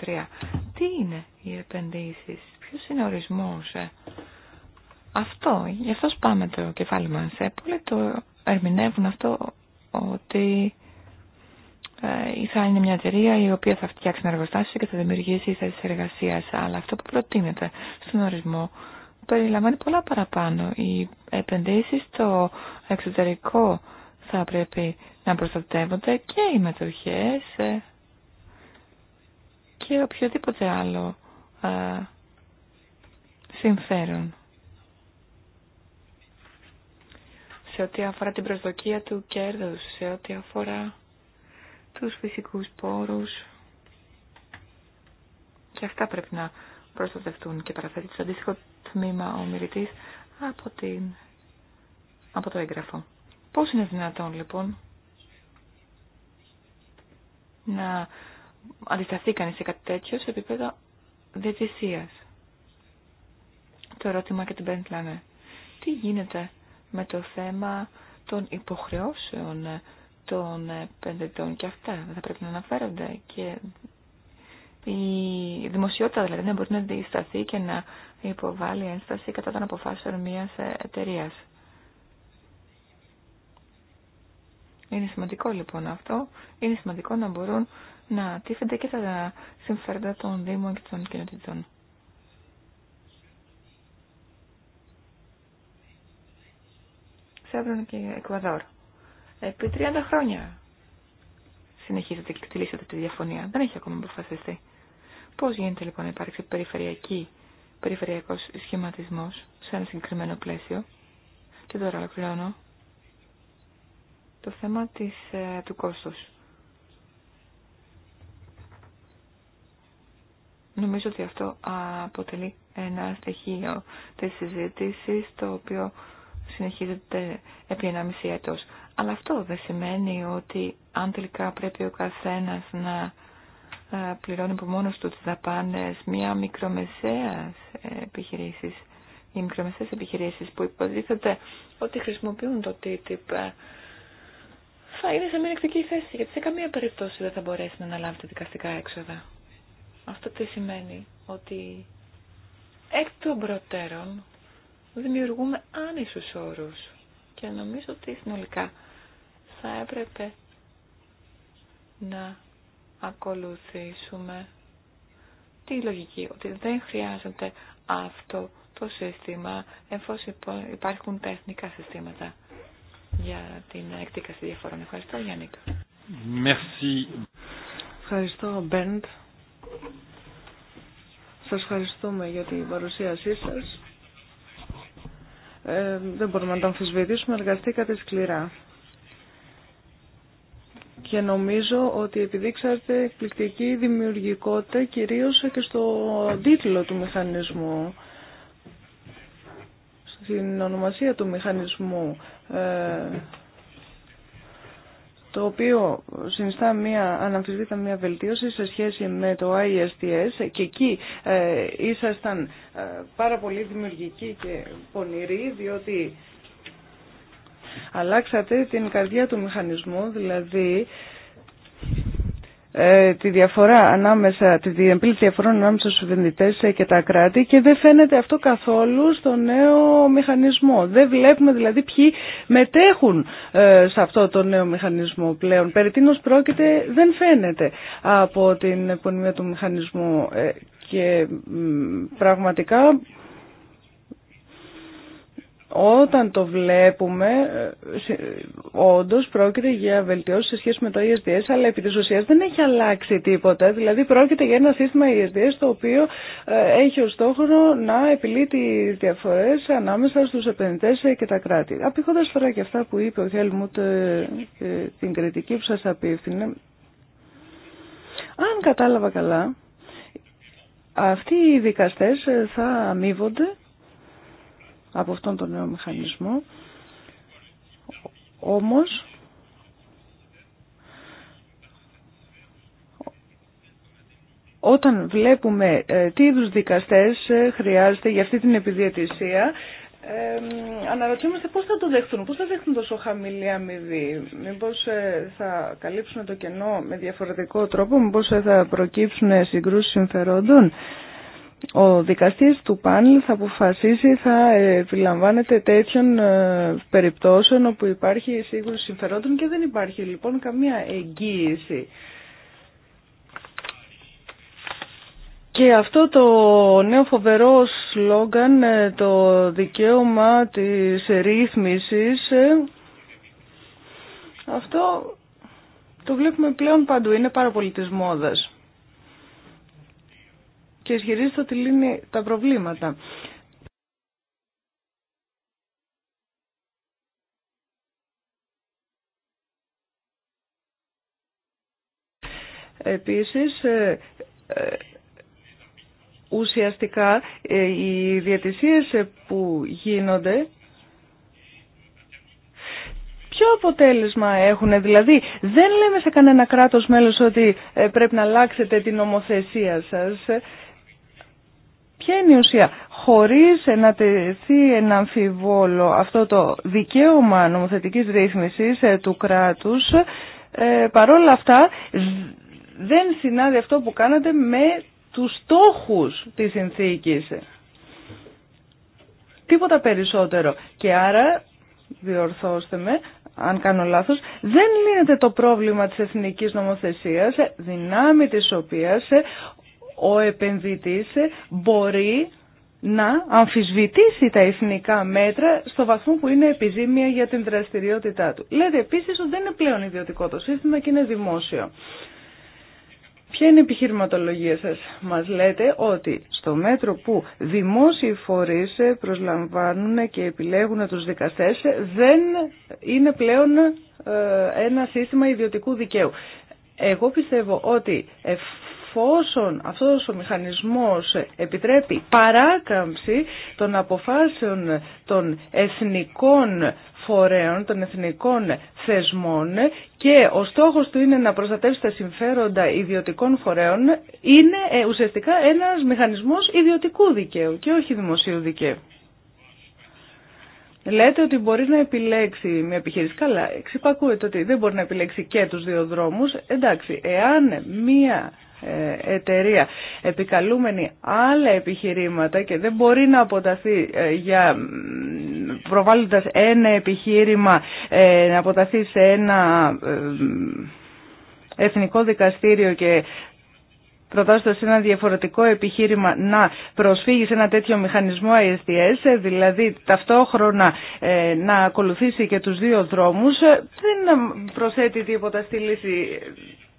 τι είναι οι επενδύσει, ποιο είναι ο ορισμό. Ε, αυτό, γι' αυτό πάμε το κεφάλι μα. Ε, πολλοί το ερμηνεύουν αυτό ότι ε, θα είναι μια εταιρεία η οποία θα φτιάξει ένα εργοστάσιο και θα δημιουργήσει θέσει εργασία. Αλλά αυτό που προτείνεται στον ορισμό περιλαμβάνει πολλά παραπάνω. Οι επενδύσεις στο εξωτερικό θα πρέπει να προστατεύονται και οι μετοχές ε, και οποιοδήποτε άλλο ε, συμφέρον. Σε ό,τι αφορά την προσδοκία του κέρδους, σε ό,τι αφορά τους φυσικούς πόρους και αυτά πρέπει να προστατευτούν και παραθέτει το αντίστοιχο τμήμα ο μιλητής από, την... από το έγγραφο. Πώς είναι δυνατόν λοιπόν να αντισταθεί κανείς σε κάτι τέτοιο σε επίπεδο διατησίας. Το ερώτημα και την πέντλανε. Τι γίνεται με το θέμα των υποχρεώσεων των πεντετών και αυτά θα πρέπει να αναφέρονται και η δημοσιότητα δηλαδή να μπορεί να αντισταθεί και να υποβάλει ένσταση κατά των αποφάσεων μία εταιρεία. Είναι σημαντικό λοιπόν αυτό. Είναι σημαντικό να μπορούν να τίθενται και τα συμφέροντα των Δήμων και των κοινοτήτων. Σεύρων και Εκουαδόρ. Επί 30 χρόνια συνεχίζεται και εκτελήσεται τη διαφωνία. Δεν έχει ακόμα αποφασιστεί. Πώς γίνεται λοιπόν να υπάρξει περιφερειακή, περιφερειακός σχηματισμός σε ένα συγκεκριμένο πλαίσιο. Και τώρα ολοκληρώνω το θέμα της, ε, του κόστους. Νομίζω ότι αυτό αποτελεί ένα στοιχείο της συζήτηση το οποίο συνεχίζεται επί 1,5 έτος. Αλλά αυτό δεν σημαίνει ότι αν τελικά πρέπει ο καθένας να πληρώνει από μόνος του τις δαπάνες μια μικρομεσαίας επιχειρήσης οι μικρομεσαίες επιχειρήσεις που υποτίθεται ότι χρησιμοποιούν το TTIP ε, θα είναι σε εκτική θέση, γιατί σε καμία περίπτωση δεν θα μπορέσει να αναλάβει τα δικαστικά έξοδα. Αυτό τι σημαίνει, ότι εκ των προτέρων δημιουργούμε άνισους όρους και νομίζω ότι συνολικά θα έπρεπε να ακολουθήσουμε τη λογική ότι δεν χρειάζεται αυτό το σύστημα εφόσον υπάρχουν τα εθνικά συστήματα για την εκτίκαση διαφορών. Ευχαριστώ Γιάννη. Ευχαριστώ Μπέντ. Σας ευχαριστούμε για την παρουσίασή σας. Ε, δεν μπορούμε να το αμφισβητήσουμε, εργαστήκατε σκληρά. Και νομίζω ότι επιδείξατε εκπληκτική δημιουργικότητα κυρίως και στο τίτλο του μηχανισμού, στην ονομασία του μηχανισμού, ε, το οποίο συνιστά μια, αναμφισβήτα μια βελτίωση σε σχέση με το ISTS και εκεί ε, ήσασταν ε, πάρα πολύ δημιουργικοί και πονηροί διότι αλλάξατε την καρδιά του μηχανισμού, δηλαδή ε, τη διαφορά ανάμεσα, τη διεμπλή διαφορών ανάμεσα στους επενδυτές ε, και τα κράτη και δεν φαίνεται αυτό καθόλου στο νέο μηχανισμό. Δεν βλέπουμε δηλαδή ποιοι μετέχουν ε, σε αυτό το νέο μηχανισμό πλέον. Περί τίνος πρόκειται δεν φαίνεται από την επωνυμία του μηχανισμού και πραγματικά όταν το βλέπουμε, ε, ε, όντω πρόκειται για βελτιώσει σε σχέση με το ESDS, αλλά επί τη ουσία δεν έχει αλλάξει τίποτα. Δηλαδή, πρόκειται για ένα σύστημα ESDS το οποίο ε, έχει ως στόχο να επιλύει τι διαφορέ ανάμεσα στου επενδυτέ και τα κράτη. Απήχοντα τώρα και αυτά που είπε ο Χέλμουτ, την κριτική που σα απίφθηνε, αν κατάλαβα καλά, αυτοί οι δικαστέ θα αμείβονται από αυτόν τον νέο μηχανισμό. Όμως, όταν βλέπουμε ε, τι είδους δικαστές ε, χρειάζεται για αυτή την επιδιαιτησία, ε, αναρωτιόμαστε πώς θα το δεχτούν, πώς θα δεχτούν τόσο χαμηλή αμοιβή, μήπως ε, θα καλύψουν το κενό με διαφορετικό τρόπο, μήπως θα προκύψουν συγκρούσεις συμφερόντων ο δικαστής του πάνελ θα αποφασίσει, θα επιλαμβάνεται τέτοιων ε, περιπτώσεων όπου υπάρχει σίγουρο συμφερόντων και δεν υπάρχει λοιπόν καμία εγγύηση. Και αυτό το νέο φοβερό σλόγγαν, ε, το δικαίωμα της ρύθμισης, ε, αυτό το βλέπουμε πλέον παντού, είναι πάρα πολύ της μόδας και ισχυρίζεται ότι λύνει τα προβλήματα. Επίσης, ε, ε, ουσιαστικά ε, οι διατησίες που γίνονται ποιο αποτέλεσμα έχουν. Δηλαδή, δεν λέμε σε κανένα κράτος μέλος ότι πρέπει να αλλάξετε την νομοθεσία σας. Ποια είναι η ουσία. Χωρίς να τεθεί ένα αμφιβόλο αυτό το δικαίωμα νομοθετικής ρύθμισης ε, του κράτους, ε, παρόλα αυτά δεν συνάδει αυτό που κάνατε με τους στόχους της συνθήκης. Τίποτα περισσότερο. Και άρα, διορθώστε με, αν κάνω λάθος, δεν λύνεται το πρόβλημα της εθνικής νομοθεσίας, δυνάμει της οποίας ο επενδυτής μπορεί να αμφισβητήσει τα εθνικά μέτρα στο βαθμό που είναι επιζήμια για την δραστηριότητά του. Λέτε επίσης ότι δεν είναι πλέον ιδιωτικό το σύστημα και είναι δημόσιο. Ποια είναι η επιχειρηματολογία σας. Μας λέτε ότι στο μέτρο που δημόσιοι φορείς προσλαμβάνουν και επιλέγουν τους δικαστές δεν είναι πλέον ε, ένα σύστημα ιδιωτικού δικαίου. Εγώ πιστεύω ότι εφόσον αυτός ο μηχανισμός επιτρέπει παράκαμψη των αποφάσεων των εθνικών φορέων, των εθνικών θεσμών και ο στόχος του είναι να προστατεύσει τα συμφέροντα ιδιωτικών φορέων, είναι ε, ουσιαστικά ένας μηχανισμός ιδιωτικού δικαίου και όχι δημοσίου δικαίου. Λέτε ότι μπορεί να επιλέξει μια επιχείρηση. Καλά, εξυπακούεται ότι δεν μπορεί να επιλέξει και τους δύο δρόμους. Εντάξει, εάν μια ε, εταιρεία επικαλούμενη άλλα επιχειρήματα και δεν μπορεί να αποταθεί ε, για προβάλλοντας ένα επιχείρημα ε, να αποταθεί σε ένα εθνικό δικαστήριο και προτάσσοντας ένα διαφορετικό επιχείρημα να προσφύγει σε ένα τέτοιο μηχανισμό ISDS, δηλαδή ταυτόχρονα να ακολουθήσει και τους δύο δρόμους, δεν προσθέτει τίποτα στη λύση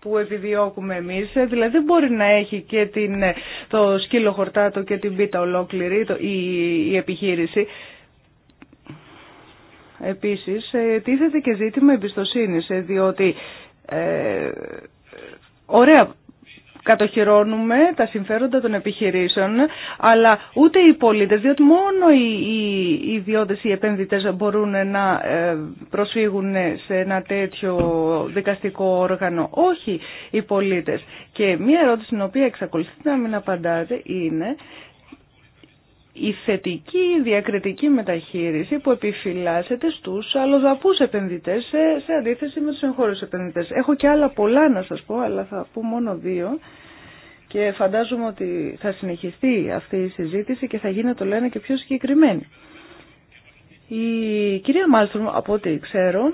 που επιδιώκουμε εμείς. Ε, δηλαδή δεν μπορεί να έχει και την, ε, το σκύλο χορτάτο και την πίτα ολόκληρη το, η, επιχείρηση. Επίσης, ε, τίθεται και ζήτημα εμπιστοσύνης, διότι ε, ωραία κατοχυρώνουμε τα συμφέροντα των επιχειρήσεων, αλλά ούτε οι πολίτες, διότι μόνο οι ιδιώτες, οι επενδυτές μπορούν να ε, προσφύγουν σε ένα τέτοιο δικαστικό όργανο. Όχι οι πολίτες. Και μία ερώτηση στην οποία εξακολουθείτε να μην απαντάτε είναι η θετική διακριτική μεταχείριση που επιφυλάσσεται στους αλλοδαπούς επενδυτές σε, σε αντίθεση με τους εγχώριους επενδυτές. Έχω και άλλα πολλά να σας πω, αλλά θα πω μόνο δύο και φαντάζομαι ότι θα συνεχιστεί αυτή η συζήτηση και θα γίνει το λένε και πιο συγκεκριμένη. Η κυρία Μάλστρομ, από ό,τι ξέρω,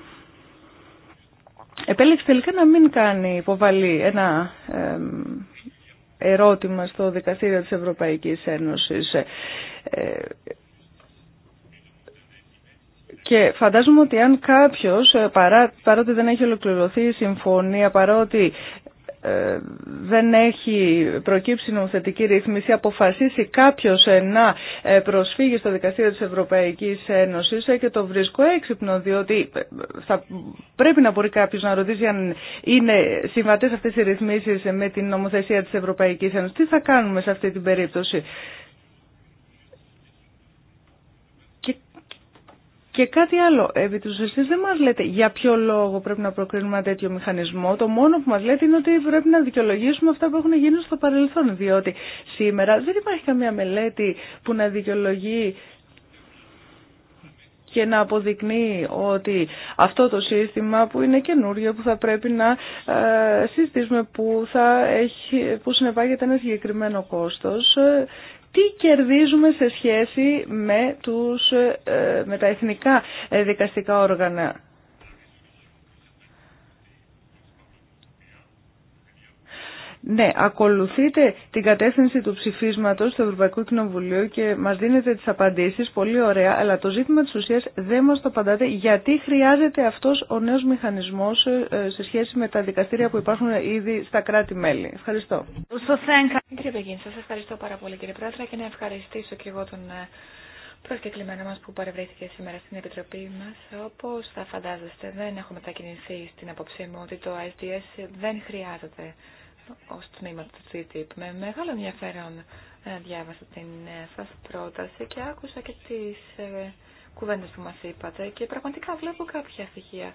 επέλεξε τελικά να μην κάνει υποβαλή ένα ερώτημα στο Δικαστήριο της Ευρωπαϊκής Ένωσης. Ε, και φαντάζομαι ότι αν κάποιος, ε, παρά, παρότι δεν έχει ολοκληρωθεί η συμφωνία, παρότι ε, δεν έχει προκύψει νομοθετική ρύθμιση, αποφασίσει κάποιος να προσφύγει στο Δικαστήριο της Ευρωπαϊκής Ένωσης και το βρίσκω έξυπνο, διότι θα πρέπει να μπορεί κάποιος να ρωτήσει αν είναι συμβατές αυτές οι ρυθμίσεις με την νομοθεσία της Ευρωπαϊκής Ένωσης. Τι θα κάνουμε σε αυτή την περίπτωση. Και κάτι άλλο, επί του εσείς δεν μας λέτε για ποιο λόγο πρέπει να προκρίνουμε ένα τέτοιο μηχανισμό. Το μόνο που μας λέτε είναι ότι πρέπει να δικαιολογήσουμε αυτά που έχουν γίνει στο παρελθόν, διότι σήμερα δεν υπάρχει καμία μελέτη που να δικαιολογεί και να αποδεικνύει ότι αυτό το σύστημα που είναι καινούριο, που θα πρέπει να ε, συζητήσουμε, που, θα που συνεπάγεται ένα συγκεκριμένο κόστος ε, τι κερδίζουμε σε σχέση με, τους, ε, με τα εθνικά ε, δικαστικά όργανα. Ναι, ακολουθείτε την κατεύθυνση του ψηφίσματο του Ευρωπαϊκού Κοινοβουλίου και μα δίνετε τι απαντήσει, πολύ ωραία, αλλά το ζήτημα τη ουσία δεν μα το απαντάτε. Γιατί χρειάζεται αυτό ο νέο μηχανισμό ε, ε, σε σχέση με τα δικαστήρια που υπάρχουν ήδη στα κράτη-μέλη. Ευχαριστώ. Κύριε Πεγίνη, σα ευχαριστώ πάρα πολύ κύριε Πρόεδρε και να ευχαριστήσω και εγώ τον ε, προσκεκλημένο μα που παρευρέθηκε σήμερα στην Επιτροπή μα. Όπω θα φαντάζεστε δεν έχω μετακινηθεί στην απόψή μου ότι το ISDS δεν χρειάζεται ως τμήμα του TTIP. Με μεγάλο ενδιαφέρον διάβασα την σας πρόταση και άκουσα και τις κουβέντες που μας είπατε και πραγματικά βλέπω κάποια στοιχεία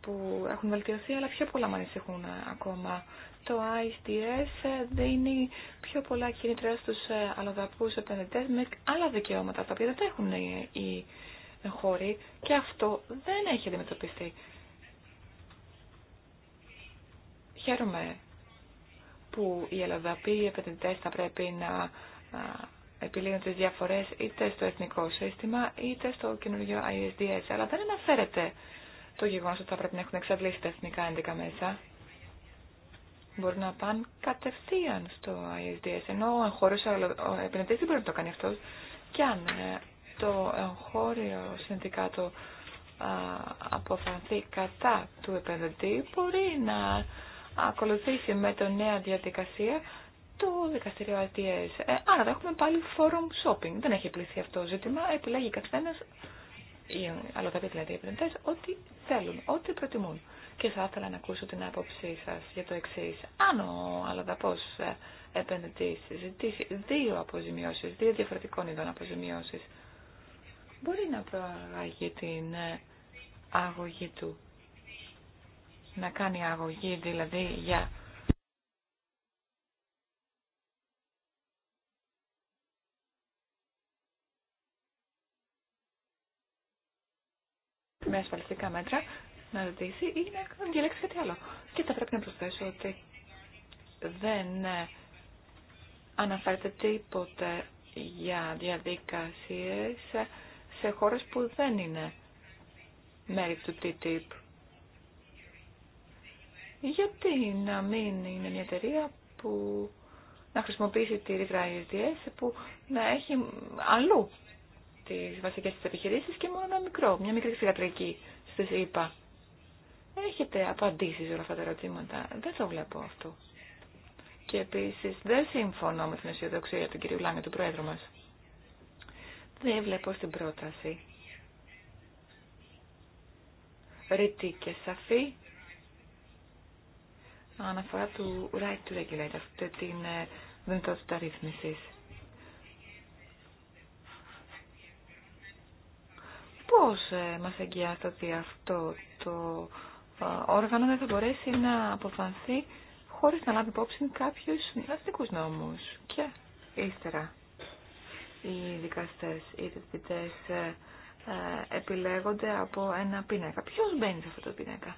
που έχουν βελτιωθεί αλλά πιο πολλά με ανησυχούν ακόμα. Το ISDS δίνει πιο πολλά κίνητρα στους αλλοδαπούς επενδυτές με άλλα δικαιώματα τα οποία δεν έχουν οι χώροι και αυτό δεν έχει αντιμετωπιστεί. Χαίρομαι που οι οι επενδυτέ θα πρέπει να επιλύουν τι διαφορέ είτε στο εθνικό σύστημα είτε στο καινούργιο ISDS. Αλλά δεν αναφέρεται το γεγονός ότι θα πρέπει να έχουν εξαντλήσει τα εθνικά ένδικα μέσα. Μπορούν να πάνε κατευθείαν στο ISDS, ενώ ο εγχώριος επενδυτής δεν μπορεί να το κάνει αυτό Και αν ε, το εγχώριο συνδικάτο αποφανθεί κατά του επενδυτή, μπορεί να ακολουθήσει με το νέα διαδικασία το δικαστήριο ITS. Ε, άρα θα έχουμε πάλι forum shopping. Δεν έχει πληθεί αυτό το ζήτημα. Επιλέγει καθένα οι αλλοδαποί δηλαδή επενδυτέ ό,τι θέλουν, ό,τι προτιμούν. Και θα ήθελα να ακούσω την άποψή σα για το εξή. Αν ο αλλοδαπό ε, επενδυτή ζητήσει δύο αποζημιώσει, δύο διαφορετικών ειδών αποζημιώσει, μπορεί να προαγάγει την ε, αγωγή του να κάνει αγωγή δηλαδή για με ασφαλιστικά μέτρα να ρωτήσει ή να διαλέξει κάτι άλλο. Και θα πρέπει να προσθέσω ότι δεν ε, αναφέρεται τίποτε για διαδικασίες ε, σε χώρες που δεν είναι μέρη του TTIP. Γιατί να μην είναι μια εταιρεία που να χρησιμοποιήσει τη ρήτρα ISDS που να έχει αλλού τις βασικές της επιχειρήσεις και μόνο ένα μικρό, μια μικρή φυγατρική, στις ΕΙΠΑ. Έχετε απαντήσει σε όλα αυτά τα ερωτήματα. Δεν το βλέπω αυτό. Και επίσης δεν συμφωνώ με την αισιοδοξία του κυρίου Λάγκη, του Πρόεδρου μας. Δεν βλέπω στην πρόταση. Ρητή και σαφή αναφορά του right to regulate, αυτή την ε, δυνατότητα ρύθμιση. Πώ ε, μα εγγυάται ότι αυτό το ε, όργανο δεν θα μπορέσει να αποφανθεί χωρίς να λάβει υπόψη κάποιους αστικούς νόμους. Και ύστερα οι δικαστές ή οι επιλέγονται από ένα πίνακα. Ποιος μπαίνει σε αυτό το πίνακα.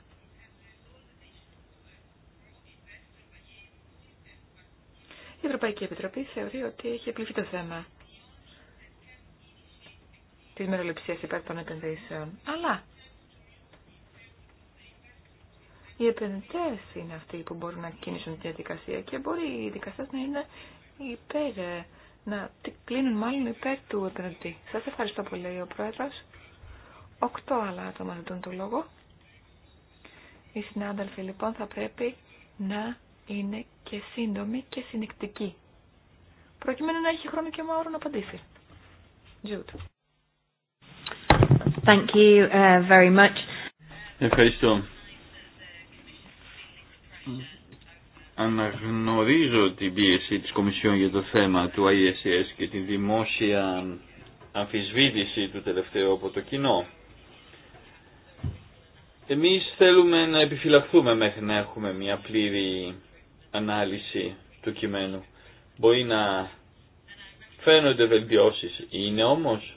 Η Ευρωπαϊκή Επιτροπή θεωρεί ότι έχει πληθεί το θέμα Τη μεροληψία υπέρ των επενδύσεων. Αλλά οι επενδυτέ είναι αυτοί που μπορούν να κινήσουν τη διαδικασία και μπορεί οι δικαστέ να είναι υπέρ, να κλείνουν μάλλον υπέρ του επενδυτή. Σας ευχαριστώ πολύ ο πρόεδρο. Οκτώ άλλα άτομα ζητούν το λόγο. Οι συνάδελφοι λοιπόν θα πρέπει να είναι και σύντομη και συνεκτική. Προκειμένου να έχει χρόνο και μόνο να απαντήσει. Jude. Thank you uh, very much. Ευχαριστώ. Αναγνωρίζω την πίεση της Κομισιόν για το θέμα του ISS και την δημόσια αμφισβήτηση του τελευταίου από το κοινό. Εμείς θέλουμε να επιφυλαχθούμε μέχρι να έχουμε μια πλήρη ανάλυση του κειμένου. Μπορεί να φαίνονται βελτιώσεις. Είναι όμως.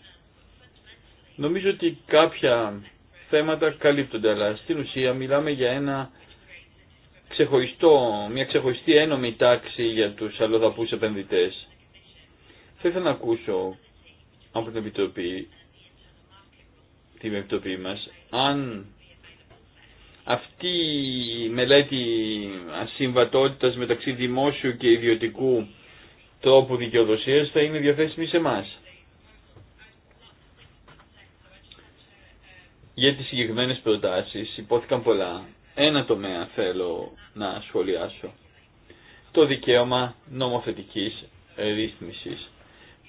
Νομίζω ότι κάποια θέματα καλύπτονται, αλλά στην ουσία μιλάμε για ένα ξεχωριστό, μια ξεχωριστή ένομη τάξη για τους αλλοδαπούς επενδυτές. Θα ήθελα να ακούσω από την Επιτροπή, την Επιτροπή μας, αν αυτή η μελέτη ασυμβατότητας μεταξύ δημόσιου και ιδιωτικού τρόπου δικαιοδοσίας θα είναι διαθέσιμη σε εμά. Για τις συγκεκριμένες προτάσεις υπόθηκαν πολλά. Ένα τομέα θέλω να σχολιάσω. Το δικαίωμα νομοθετικής ρύθμισης.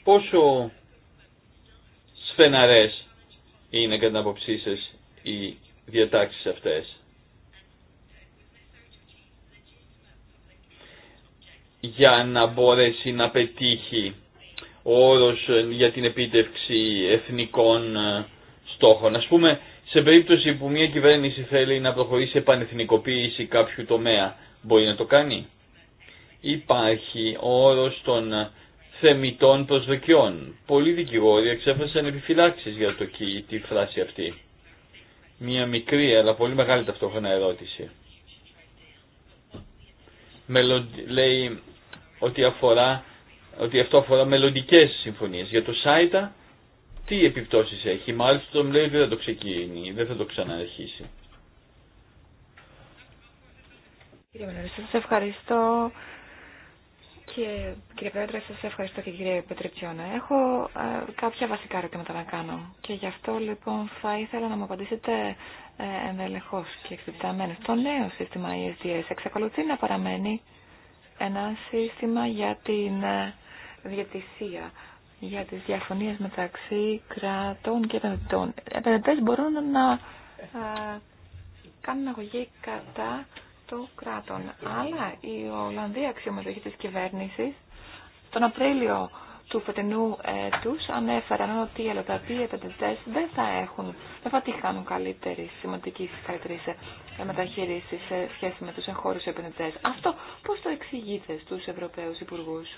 Πόσο σφεναρές είναι κατά την αποψή σα οι διατάξεις αυτές. για να μπορέσει να πετύχει ο όρος ε, για την επίτευξη εθνικών ε, στόχων. Ας πούμε, σε περίπτωση που μια κυβέρνηση θέλει να προχωρήσει σε πανεθνικοποίηση κάποιου τομέα, μπορεί να το κάνει. Υπάρχει ο όρος των ε, θεμητών προσδοκιών. Πολλοί δικηγόροι εξέφρασαν επιφυλάξεις για το, τη φράση αυτή. Μια μικρή αλλά πολύ μεγάλη ταυτόχρονα ερώτηση. λέει ότι, αφορά, ότι αυτό αφορά μελλοντικέ συμφωνίες. Για το ΣΑΙΤΑ τι επιπτώσεις έχει. Μάλιστα τον λέει ότι δεν θα το ξεκινήσει, δεν θα το ξαναρχίσει. Κύριε Μενέρη, σας ευχαριστώ και κύριε Πέτρα, σας ευχαριστώ και κύριε Πετριτσιώνα. Έχω ε, κάποια βασικά ερωτήματα να κάνω και γι' αυτό λοιπόν θα ήθελα να μου απαντήσετε ε, ενδελεχώς και εξειδικευμένως. Το νέο σύστημα ESDS εξακολουθεί να παραμένει ένα σύστημα για την ε, διατησία, για τις διαφωνίες μεταξύ κρατών και επενδυτών. Επενδυτές μπορούν να ε, κάνουν αγωγή κατά το κράτον. Αλλά η Ολλανδία αξιωματοχή της κυβέρνησης τον Απρίλιο του φετινού έτους ανέφεραν ότι οι αλλοδαποί επενδυτές δεν θα έχουν, δεν θα τυχάνουν καλύτερη, σημαντική καλύτερη μεταχείριση σε σχέση με τους εγχώριους επενδυτέ. Αυτό πώς το εξηγείτε στους Ευρωπαίους Υπουργούς.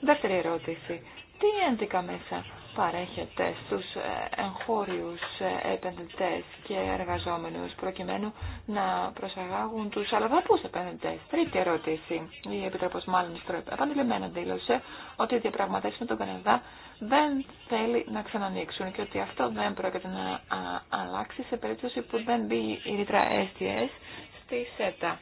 Δεύτερη ερώτηση. Τι ένδικα μέσα παρέχεται στους ε, εγχώριους ε, επενδυτές και εργαζόμενους προκειμένου να προσαγάγουν τους αλλοδαπούς επενδυτές. Τρίτη ερώτηση. Η Επιτροπός Μάλλον Στροεπ επανειλημμένα δήλωσε ότι οι διαπραγματεύσεις με τον Καναδά δεν θέλει να ξανανοίξουν και ότι αυτό δεν πρόκειται να αλλάξει σε περίπτωση που δεν μπει η ρήτρα STS στη ΣΕΤΑ.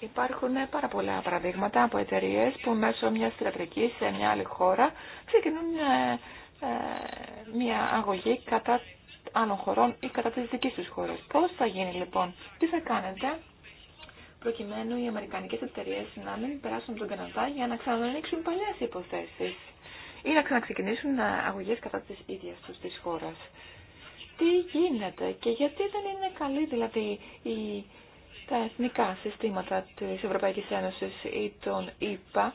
Υπάρχουν πάρα πολλά παραδείγματα από εταιρείε που μέσω μια θεατρική σε μια άλλη χώρα ξεκινούν ε, ε, μια αγωγή κατά άλλων χωρών ή κατά της δικής τους χώρας. Πώς θα γίνει λοιπόν, τι θα κάνετε προκειμένου οι αμερικανικές εταιρείες να μην περάσουν τον Καναδά για να ξανανοίξουν παλιές υποθέσεις ή να ξαναξεκινήσουν ε, αγωγές κατά της ίδιας τους της χώρας. Τι γίνεται και γιατί δεν είναι καλή δηλαδή η, τα εθνικά συστήματα της Ευρωπαϊκής Ένωσης ή των ΗΠΑ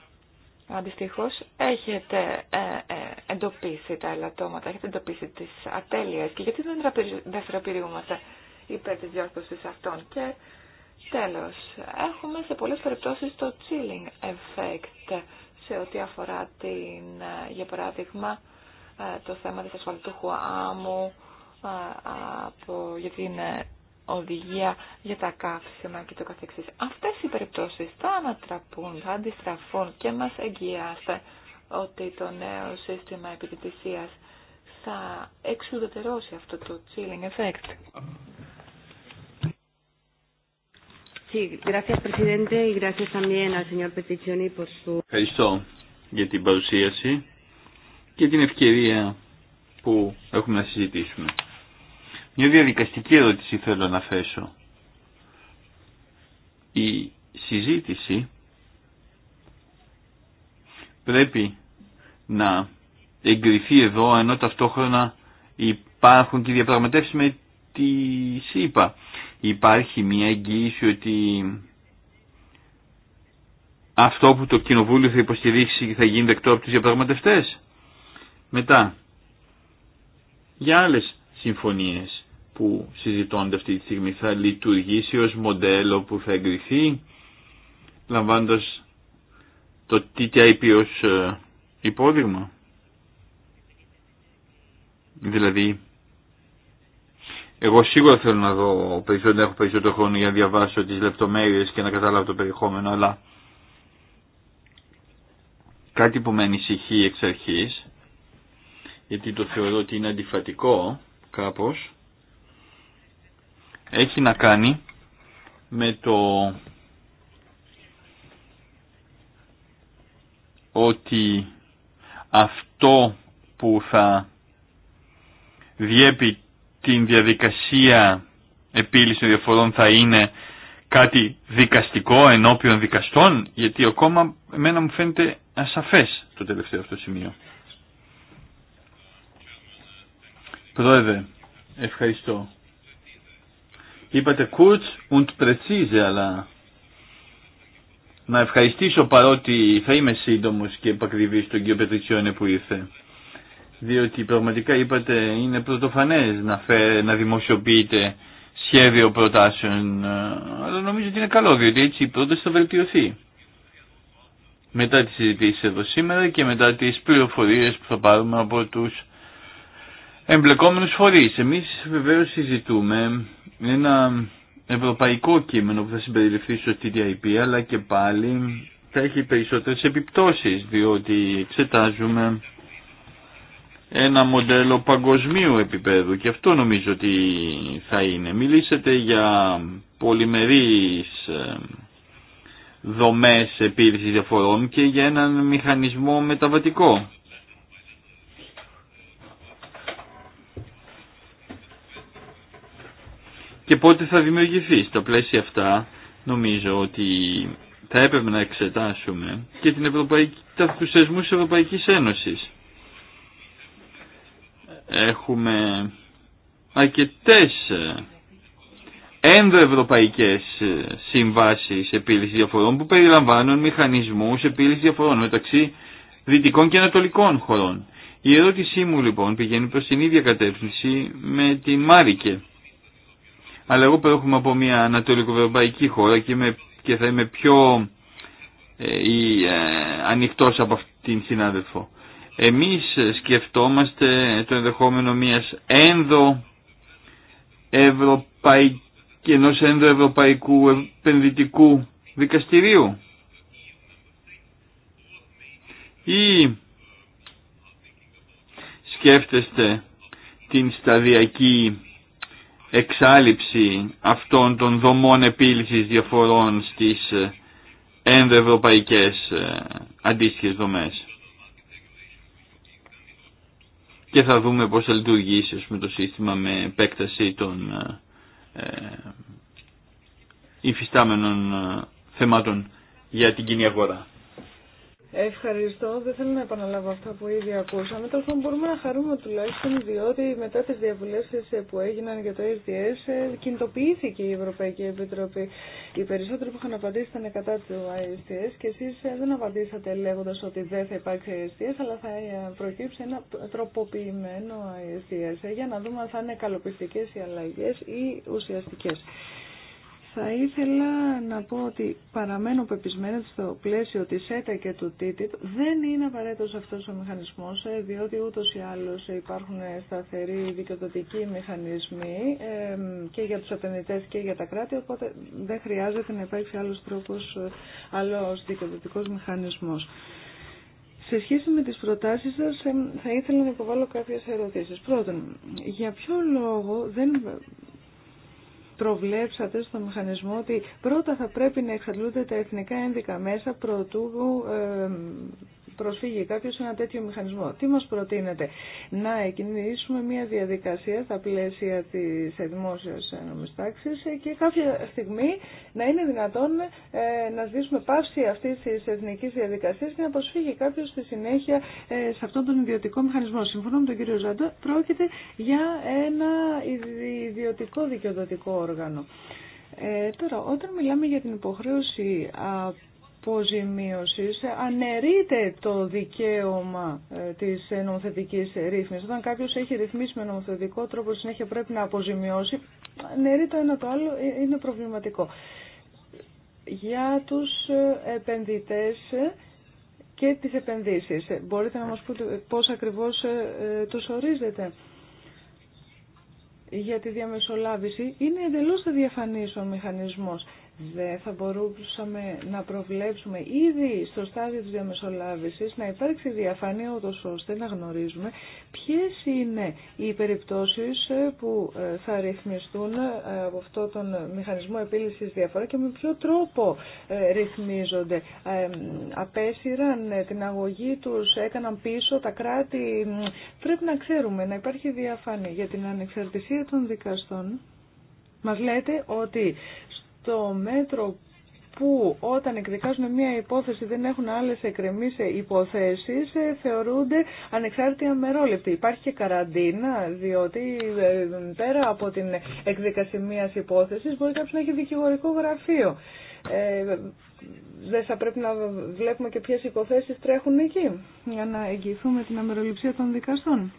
Αντιστοιχώς έχετε ε, ε, εντοπίσει τα ελαττώματα, έχετε εντοπίσει τις ατέλειες και γιατί δεν δραστηριοποιούμαστε υπέρ της διόρθωσης αυτών. Και τέλος, έχουμε σε πολλές περιπτώσεις το chilling effect σε ό,τι αφορά την, ε, για παράδειγμα το θέμα της ασφαλτούχου άμμου από, για οδηγία για τα καύσιμα και το καθεξής. Αυτές οι περιπτώσεις θα ανατραπούν, θα αντιστραφούν και μας εγγυάστε ότι το νέο σύστημα επιδητησίας θα εξουδετερώσει αυτό το chilling effect. Ευχαριστώ για την παρουσίαση και την ευκαιρία που έχουμε να συζητήσουμε. Μια διαδικαστική ερώτηση θέλω να θέσω. Η συζήτηση πρέπει να εγκριθεί εδώ ενώ ταυτόχρονα υπάρχουν και διαπραγματεύσεις με τη ΣΥΠΑ. Υπάρχει μια εγγύηση ότι αυτό που το Κοινοβούλιο θα υποστηρίξει θα γίνει δεκτό από τους διαπραγματευτές. Μετά, για άλλες συμφωνίες που συζητώνται αυτή τη στιγμή θα λειτουργήσει ως μοντέλο που θα εγκριθεί λαμβάνοντας το TTIP ως ε, υπόδειγμα. Δηλαδή, εγώ σίγουρα θέλω να δω περισσότερο, έχω περισσότερο χρόνο για να διαβάσω τις λεπτομέρειες και να καταλάβω το περιεχόμενο, αλλά κάτι που με ανησυχεί εξ αρχής, γιατί το θεωρώ ότι είναι αντιφατικό κάπως, έχει να κάνει με το ότι αυτό που θα διέπει την διαδικασία επίλυση των διαφορών θα είναι κάτι δικαστικό ενώπιον δικαστών, γιατί ακόμα εμένα μου φαίνεται ασαφές το τελευταίο αυτό σημείο. Πρόεδρε, ευχαριστώ. Είπατε kurz und präzise, αλλά να ευχαριστήσω παρότι θα είμαι σύντομος και επακριβής στον κύριο Πετριτσιόνε που ήρθε. Διότι πραγματικά είπατε είναι πρωτοφανές να, φε, να δημοσιοποιείτε σχέδιο προτάσεων, αλλά νομίζω ότι είναι καλό, διότι έτσι η πρόταση θα βελτιωθεί. Μετά τις συζητήσεις εδώ σήμερα και μετά τις πληροφορίες που θα πάρουμε από τους εμπλεκόμενους φορείς. Εμείς βεβαίως συζητούμε ένα ευρωπαϊκό κείμενο που θα συμπεριληφθεί στο TTIP αλλά και πάλι θα έχει περισσότερες επιπτώσεις διότι εξετάζουμε ένα μοντέλο παγκοσμίου επίπεδου και αυτό νομίζω ότι θα είναι. Μιλήσατε για πολυμερείς ε, δομές επίλυσης διαφορών και για έναν μηχανισμό μεταβατικό. και πότε θα δημιουργηθεί. Στα πλαίσια αυτά νομίζω ότι θα έπρεπε να εξετάσουμε και την Ευρωπαϊκή, τους θεσμούς της Ευρωπαϊκής Ένωσης. Έχουμε αρκετές ε, ενδοευρωπαϊκές ε, συμβάσεις επίλυση διαφορών που περιλαμβάνουν μηχανισμούς επίλυση διαφορών μεταξύ δυτικών και ανατολικών χωρών. Η ερώτησή μου λοιπόν πηγαίνει προς την ίδια κατεύθυνση με τη Μάρικε αλλά εγώ έχουμε από μια ανατολικοευρωπαϊκή χώρα και, και θα είμαι πιο ε, ε, ανοιχτός από αυτήν την συνάδελφο. Εμείς σκεφτόμαστε το ενδεχόμενο μιας ένδο ευρωπαϊκ... ενός ενδοευρωπαϊκού επενδυτικού δικαστηρίου ή σκέφτεστε την σταδιακή εξάλληψη αυτών των δομών επίλυσης διαφορών στις ε, ενδευρωπαϊκές ε, αντίστοιχες δομές. Και θα δούμε πώς θα λειτουργήσει με το σύστημα με επέκταση των ε, υφιστάμενων θεμάτων για την κοινή αγορά. Ευχαριστώ. Δεν θέλω να επαναλάβω αυτά που ήδη ακούσαμε. Τέλο πάντων, μπορούμε να χαρούμε τουλάχιστον διότι μετά τι διαβουλεύσει που έγιναν για το SDS ε, κινητοποιήθηκε η Ευρωπαϊκή Επιτροπή. Οι περισσότεροι που είχαν απαντήσει ήταν κατά του ISDS και εσεί ε, δεν απαντήσατε λέγοντα ότι δεν θα υπάρξει ISDS, αλλά θα ε, προκύψει ένα τροποποιημένο ISDS για να δούμε αν θα είναι καλοπιστικέ οι αλλαγέ ή ουσιαστικέ. Θα ήθελα να πω ότι παραμένω πεπισμένη στο πλαίσιο της ΕΤΑ και του TTIP δεν είναι απαραίτητος αυτός ο μηχανισμός ε, διότι ούτως ή άλλως υπάρχουν σταθεροί δικαιοδοτικοί μηχανισμοί και για τους επενδυτές και για τα κράτη οπότε δεν χρειάζεται να υπάρξει άλλος τρόπος, ε, άλλος δικαιοδοτικός μηχανισμός. Σε σχέση με τις προτάσεις σας θα ήθελα να υποβάλω κάποιες ερωτήσεις. Πρώτον, για ποιο λόγο δεν προβλέψατε στο μηχανισμό ότι πρώτα θα πρέπει να εξαντλούνται τα εθνικά ένδικα μέσα προτού ε, προσφύγει κάποιο σε ένα τέτοιο μηχανισμό. Τι μα προτείνεται, να εκκινήσουμε μια διαδικασία στα πλαίσια τη δημόσια ένωμη τάξη και κάποια στιγμή να είναι δυνατόν ε, να ζητήσουμε πάυση αυτή τη εθνική διαδικασία και να προσφύγει κάποιο στη συνέχεια ε, σε αυτόν τον ιδιωτικό μηχανισμό. Συμφωνώ με τον κύριο Ζαντό, πρόκειται για ένα ιδιωτικό δικαιοδοτικό όργανο. Ε, τώρα, όταν μιλάμε για την υποχρέωση αποζημίωσης αναιρείται το δικαίωμα ε, της νομοθετικής ρύθμισης. Όταν κάποιος έχει ρυθμίσει με νομοθετικό τρόπο συνέχεια πρέπει να αποζημιώσει, αναιρεί το ένα το άλλο, ε, είναι προβληματικό. Για τους ε, επενδυτές και τις επενδύσεις, μπορείτε να μας πείτε πώς ακριβώς τους ορίζετε για τη διαμεσολάβηση είναι εντελώς διαφανή ο μηχανισμός δεν θα μπορούσαμε να προβλέψουμε ήδη στο στάδιο της διαμεσολάβησης να υπάρξει διαφάνεια ούτως ώστε να γνωρίζουμε ποιες είναι οι περιπτώσεις ε, που ε, θα ρυθμιστούν ε, από αυτό τον μηχανισμό επίλυσης διαφορά και με ποιο τρόπο ρυθμίζονται. Απέσυραν την αγωγή τους, έκαναν πίσω τα κράτη. Πρέπει να ξέρουμε να υπάρχει διαφάνεια για την ανεξαρτησία των δικαστών. Μας λέτε ότι το μέτρο που όταν εκδικάζουν μια υπόθεση δεν έχουν άλλες εκκρεμείς υποθέσεις ε, θεωρούνται ανεξάρτητοι αμερόληπτοι. Υπάρχει και καραντίνα διότι ε, πέρα από την εκδικασία μιας υπόθεσης μπορεί κάποιος να έχει δικηγορικό γραφείο. Ε, δεν θα πρέπει να βλέπουμε και ποιες υποθέσεις τρέχουν εκεί για να εγγυηθούμε την αμεροληψία των δικαστών.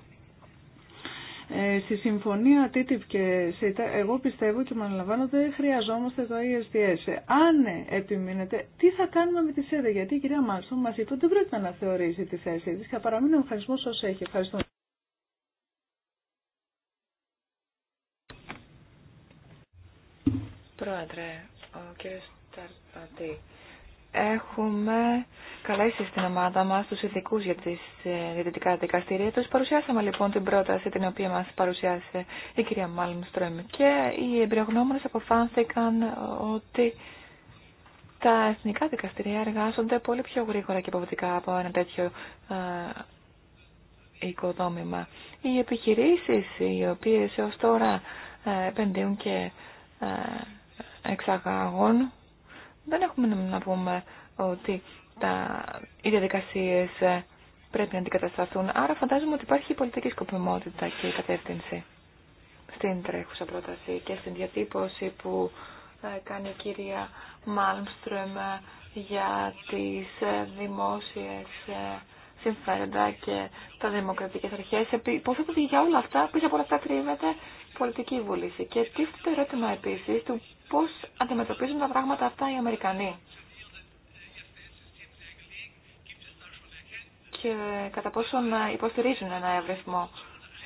Ε, στη συμφωνία TTIP και ΣΥΤΑ, εγώ πιστεύω και αναλαμβάνω δεν χρειαζόμαστε το ISDS. E ε, αν επιμείνετε, τι θα κάνουμε με τη ΣΕΔΑ, γιατί η κυρία Μάλστον μας είπε ότι δεν πρέπει να αναθεωρήσει τη θέση της. Θα παραμείνει ο όσο έχει. Ευχαριστώ. Πρόεδρε, ο έχουμε καλέσει στην ομάδα μας τους ειδικού για τις διαιτητικά ε, δικαστήρια. Του παρουσιάσαμε λοιπόν την πρόταση την οποία μας παρουσιάσε η κυρία Μάλμστρομ και οι εμπειρογνώμονες αποφάνθηκαν ότι τα εθνικά δικαστήρια εργάζονται πολύ πιο γρήγορα και υποβοτικά από ένα τέτοιο ε, οικοδόμημα. Οι επιχειρήσει, οι οποίε έω τώρα ε, επενδύουν και εξαγάγουν δεν έχουμε να πούμε ότι τα, οι διαδικασίε ε, πρέπει να αντικατασταθούν. Άρα φαντάζομαι ότι υπάρχει πολιτική σκοπιμότητα και κατεύθυνση στην τρέχουσα πρόταση και στην διατύπωση που ε, κάνει η κυρία Μάλμστρομ ε, για τις δημόσιες συμφέροντα και τα δημοκρατικές αρχές. Υποθέτω ότι για όλα αυτά, πίσω από όλα αυτά κρύβεται πολιτική βούληση. Και τίθεται το ερώτημα επίσης του πώς αντιμετωπίζουν τα πράγματα αυτά οι Αμερικανοί. Και κατά πόσον υποστηρίζουν ένα εύρυθμο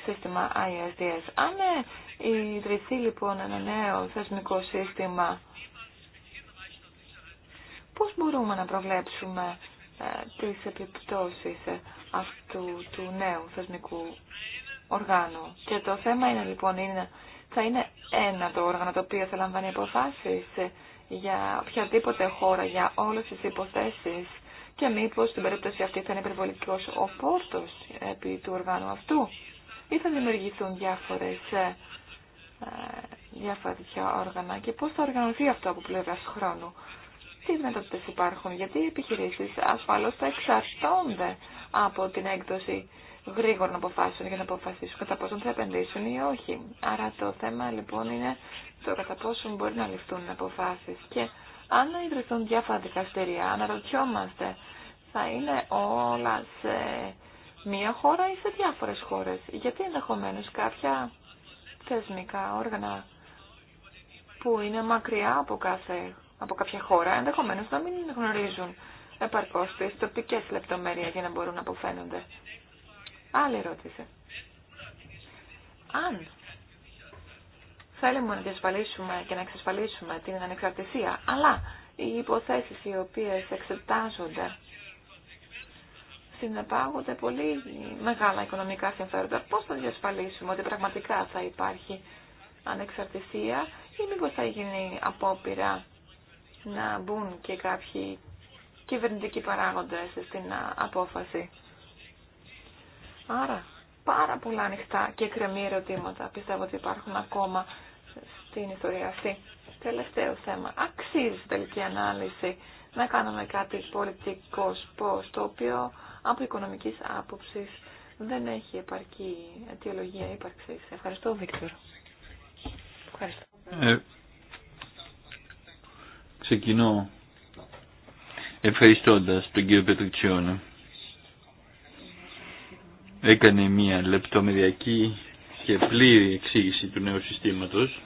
σύστημα ISDS. Αν ε, ιδρυθεί λοιπόν ένα νέο θεσμικό σύστημα, πώς μπορούμε να προβλέψουμε ε, τις επιπτώσεις αυτού του νέου θεσμικού οργάνου. Και το θέμα είναι λοιπόν είναι θα είναι ένα το όργανο το οποίο θα λαμβάνει αποφάσεις για οποιαδήποτε χώρα, για όλες τις υποθέσεις και μήπως στην περίπτωση αυτή θα είναι υπερβολικός ο πόρτος επί του οργάνου αυτού ή θα δημιουργηθούν διάφορες ε, διάφορα τέτοια όργανα και πώς θα οργανωθεί αυτό από πλευρά χρόνου. Τι δυνατότητε υπάρχουν, γιατί οι επιχειρήσεις ασφαλώς θα εξαρτώνται από την έκδοση γρήγορα να αποφάσουν για να αποφασίσουν κατά πόσο θα επενδύσουν ή όχι. Άρα το θέμα λοιπόν είναι το κατά πόσο μπορεί να ληφθούν αποφάσει. και αν ιδρυθούν διάφορα δικαστήρια, αναρωτιόμαστε, θα είναι όλα σε μία χώρα ή σε διάφορε χώρε, Γιατί ενδεχομένω κάποια θεσμικά όργανα που είναι μακριά από, κάθε, από κάποια χώρα, ενδεχομένω να μην γνωρίζουν επαρκώς τις τοπικές λεπτομέρειες για να μπορούν να αποφαίνονται. Άλλη ερώτηση. Αν θέλουμε να διασφαλίσουμε και να εξασφαλίσουμε την ανεξαρτησία, αλλά οι υποθέσεις οι οποίες εξετάζονται συνεπάγονται πολύ μεγάλα οικονομικά συμφέροντα. Πώς θα διασφαλίσουμε ότι πραγματικά θα υπάρχει ανεξαρτησία ή μήπως θα γίνει απόπειρα να μπουν και κάποιοι κυβερνητικοί παράγοντες στην απόφαση. Άρα, πάρα πολλά ανοιχτά και κρεμή ερωτήματα πιστεύω ότι υπάρχουν ακόμα στην ιστορία αυτή. Τελευταίο θέμα. Αξίζει τελική ανάλυση να κάνουμε κάτι πολιτικό πώ, το οποίο από οικονομική άποψη δεν έχει επαρκή αιτιολογία ύπαρξη. Ευχαριστώ, Βίκτορ. Ευχαριστώ. Ε, ξεκινώ ευχαριστώντα τον κύριο Πετρουτσιώνα έκανε μια λεπτομεριακή και πλήρη εξήγηση του νέου συστήματος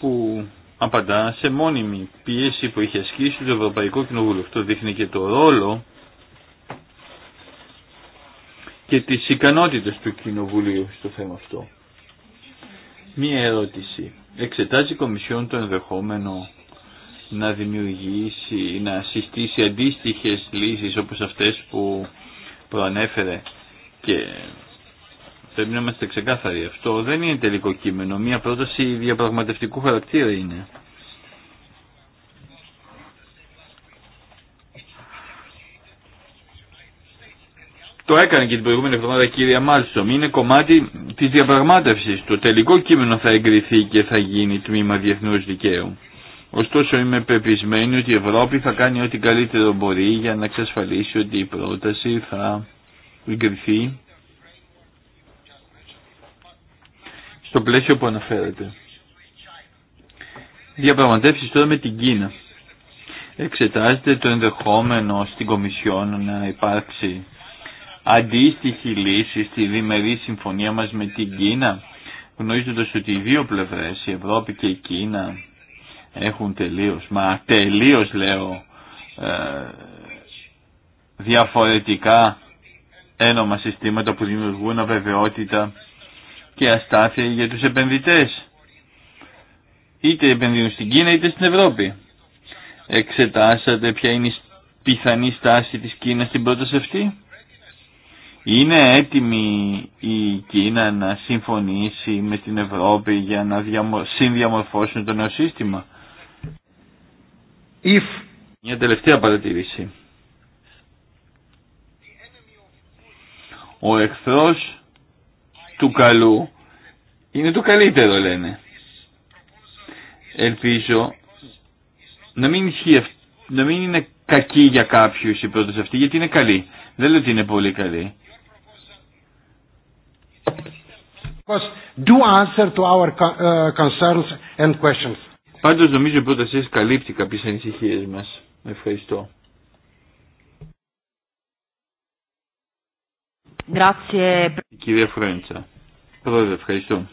που απαντά σε μόνιμη πίεση που είχε ασκήσει το Ευρωπαϊκό Κοινοβούλιο. Αυτό δείχνει και το ρόλο και τις ικανότητες του Κοινοβουλίου στο θέμα αυτό. Μία ερώτηση. Εξετάζει η Κομισιόν το ενδεχόμενο να δημιουργήσει, να συστήσει αντίστοιχες λύσεις όπως αυτές που προανέφερε και πρέπει να είμαστε ξεκάθαροι. Αυτό δεν είναι τελικό κείμενο. Μία πρόταση διαπραγματευτικού χαρακτήρα είναι. Το έκανε και την προηγούμενη εβδομάδα η κυρία Μάλστομ. Είναι κομμάτι της διαπραγμάτευση. Το τελικό κείμενο θα εγκριθεί και θα γίνει τμήμα διεθνούς δικαίου. Ωστόσο είμαι πεπισμένη ότι η Ευρώπη θα κάνει ό,τι καλύτερο μπορεί για να εξασφαλίσει ότι η πρόταση θα εγκριθεί στο πλαίσιο που αναφέρεται. Διαπραγματεύσεις τώρα με την Κίνα. Εξετάζεται το ενδεχόμενο στην Κομισιόν να υπάρξει αντίστοιχη λύση στη διμερή συμφωνία μας με την Κίνα, γνωρίζοντας ότι οι δύο πλευρές, η Ευρώπη και η Κίνα, έχουν τελείως, μα τελείως λέω, ε, διαφορετικά ένομα συστήματα που δημιουργούν αβεβαιότητα και αστάθεια για τους επενδυτές. Είτε επενδύουν στην Κίνα είτε στην Ευρώπη. Εξετάσατε ποια είναι η πιθανή στάση της Κίνας στην πρόταση αυτή. Είναι έτοιμη η Κίνα να συμφωνήσει με την Ευρώπη για να συνδιαμορφώσουν το νέο σύστημα. If... Μια τελευταία παρατήρηση. Ο εχθρός του καλού είναι το καλύτερο λένε. Ελπίζω να μην, ισχύει, να μην είναι κακή για κάποιους η πρόταση αυτή γιατί είναι καλή. Δεν λέω ότι είναι πολύ καλή. Do answer to our uh, concerns and questions. Πάντως νομίζω η πρότασή σας καλύπτει κάποιες ανησυχίες μας. Ευχαριστώ. Κυρία Φρέντσα, πρόεδρε, ευχαριστώ.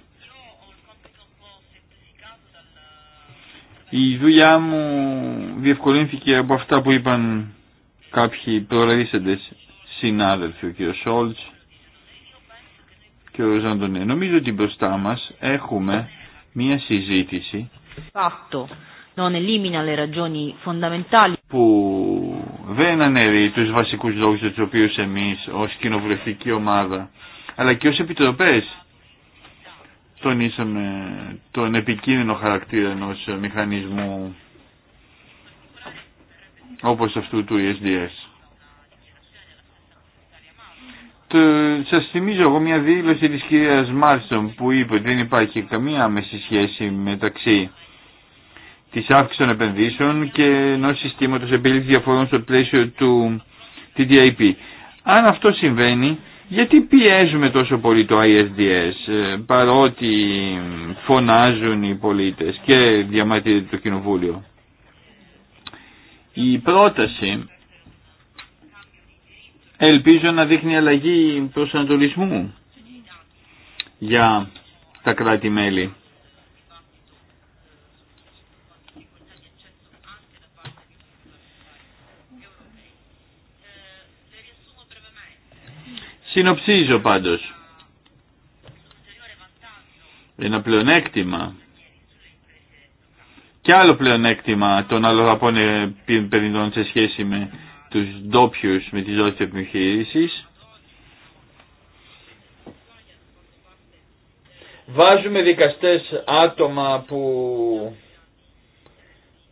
Η δουλειά μου διευκολύνθηκε από αυτά που είπαν κάποιοι προορίσαντες συνάδελφοι, ο κ. Σόλτς και ο Ζαντονέ. Νομίζω ότι μπροστά μας έχουμε μία συζήτηση που δεν αναιρεί τους βασικούς λόγους για τους οποίους εμείς ως κοινοβουλευτική ομάδα αλλά και ως επιτροπές τονίσαμε τον επικίνδυνο χαρακτήρα ενός μηχανισμού όπως αυτού του ESDS. Το, σας θυμίζω εγώ μια δήλωση της κυρίας Μάρστον που είπε ότι δεν υπάρχει καμία άμεση σχέση μεταξύ της αύξησης των επενδύσεων και ενό συστήματος επίλυση διαφορών στο πλαίσιο του TTIP. Αν αυτό συμβαίνει, γιατί πιέζουμε τόσο πολύ το ISDS ε, παρότι φωνάζουν οι πολίτες και διαμαρτύρεται το Κοινοβούλιο. Η πρόταση ελπίζω να δείχνει αλλαγή προσανατολισμού για τα κράτη-μέλη Συνοψίζω πάντως. Ένα πλεονέκτημα. Και άλλο πλεονέκτημα των αλλοδαπών περιδών σε σχέση με τους ντόπιου με τις δόσεις επιχειρήσεις. Βάζουμε δικαστές άτομα που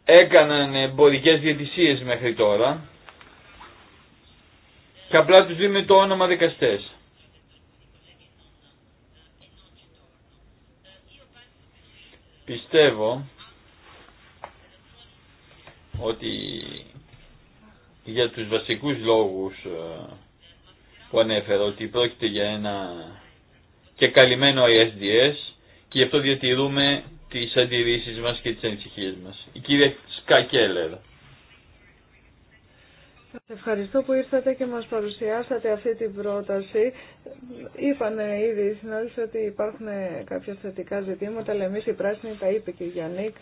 έκαναν εμπορικές διαιτησίες μέχρι τώρα και απλά τους δίνουμε το όνομα δικαστές. Πιστεύω ότι για τους βασικούς λόγους ε, που ανέφερα ότι πρόκειται για ένα και καλυμμένο ISDS και γι' αυτό διατηρούμε τις αντιρρήσεις μας και τις ανησυχίες μας. Η κυρία Σκακέλερ. Σας Ευχαριστώ που ήρθατε και μας παρουσιάσατε αυτή την πρόταση. Είπανε ήδη οι συνάδελφοι ότι υπάρχουν κάποια θετικά ζητήματα, αλλά εμείς οι πράσινοι τα είπε και η Γιάννη,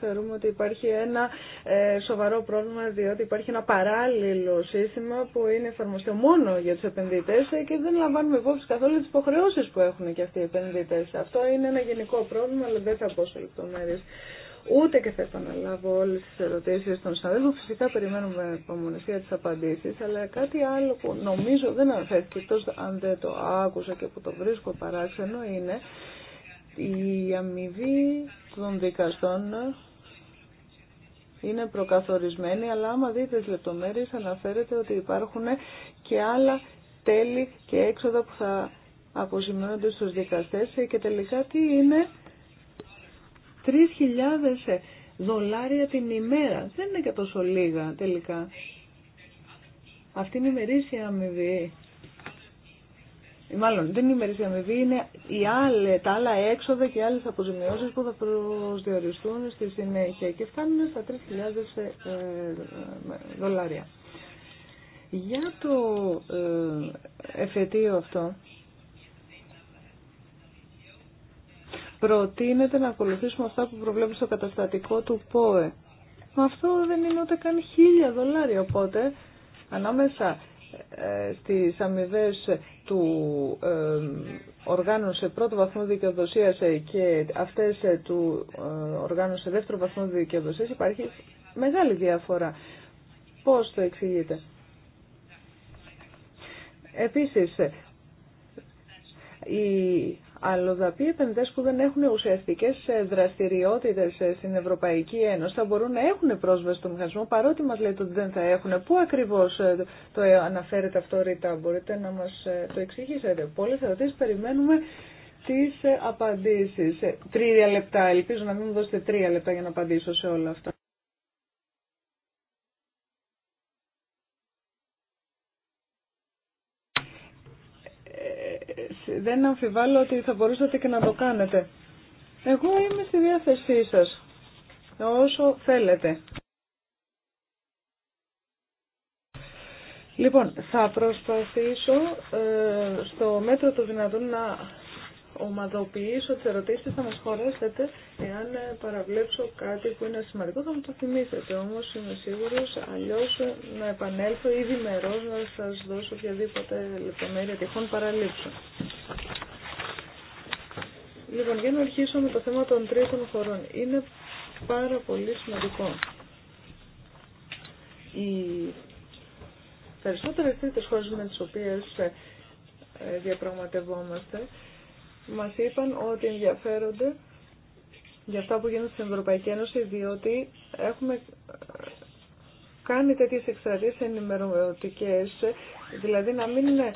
θεωρούμε ότι υπάρχει ένα ε, σοβαρό πρόβλημα, διότι υπάρχει ένα παράλληλο σύστημα που είναι εφαρμοστεί μόνο για τους επενδυτές και δεν λαμβάνουμε υπόψη καθόλου τις υποχρεώσεις που έχουν και αυτοί οι επενδυτές. Αυτό είναι ένα γενικό πρόβλημα, αλλά δεν θα πω σε λεπτομέρειες. Ούτε και θα επαναλάβω όλες τις ερωτήσεις των συναδέλφων. Φυσικά περιμένουμε με υπομονησία τις απαντήσεις, αλλά κάτι άλλο που νομίζω δεν αναφέρεται, εκτός αν δεν το άκουσα και που το βρίσκω παράξενο, είναι η αμοιβή των δικαστών είναι προκαθορισμένη, αλλά άμα δείτε τις λεπτομέρειες αναφέρεται ότι υπάρχουν και άλλα τέλη και έξοδα που θα αποζημιώνονται στους δικαστές και τελικά τι είναι 3.000 ε, δολάρια την ημέρα. Δεν είναι και τόσο λίγα τελικά. Αυτή είναι η μερίσια αμοιβή. Μάλλον δεν είναι η μερίσια αμοιβή, είναι τα άλλα έξοδα και οι άλλες αποζημιώσεις που θα προσδιοριστούν στη συνέχεια και φτάνουν στα 3.000 ε, ε, δολάρια. Για το εφετείο αυτό, προτείνεται να ακολουθήσουμε αυτά που προβλέπει στο καταστατικό του ΠΟΕ. Μα αυτό δεν είναι ούτε καν χίλια δολάρια, οπότε ανάμεσα ε, στις αμοιβέ του ε, οργάνου σε πρώτο βαθμό δικαιοδοσία ε, και αυτές του οργάνου σε δεύτερο βαθμό δικαιοδοσία υπάρχει μεγάλη διαφορά. Πώς το εξηγείτε. Επίσης, η αλλοδαποί επενδυτέ που δεν έχουν ουσιαστικέ ε, δραστηριότητε ε, στην Ευρωπαϊκή Ένωση θα μπορούν να έχουν πρόσβαση στο μηχανισμό παρότι μα λέτε ότι δεν θα έχουν. Πού ακριβώ ε, το αναφέρετε αυτό Ρίτα, μπορείτε να μα το εξηγήσετε. Πολλέ ερωτήσει περιμένουμε τι απαντήσει. Τρία λεπτά, ελπίζω να μην μου δώσετε τρία λεπτά για να απαντήσω σε όλα αυτά. δεν αμφιβάλλω ότι θα μπορούσατε και να το κάνετε. Εγώ είμαι στη διάθεσή σας, όσο θέλετε. Λοιπόν, θα προσπαθήσω ε, στο μέτρο του δυνατόν να ομαδοποιήσω ερωτήσει και θα με χωρέσετε εάν ε, παραβλέψω κάτι που είναι σημαντικό, θα μου το θυμίσετε Όμω είμαι σίγουρο αλλιώ ε, να επανέλθω ήδη μερός να σα δώσω οποιαδήποτε λεπτομέρεια τυχόν παραλείψω. Λοιπόν, για να αρχίσω με το θέμα των τρίτων χωρών. Είναι πάρα πολύ σημαντικό. Οι περισσότερε τρίτες χώρε με τι οποίε ε, διαπραγματευόμαστε μας είπαν ότι ενδιαφέρονται για αυτά που γίνονται στην Ευρωπαϊκή Ένωση, διότι έχουμε κάνει τέτοιες εξαρτήσεις ενημερωτικές, δηλαδή να μην ε,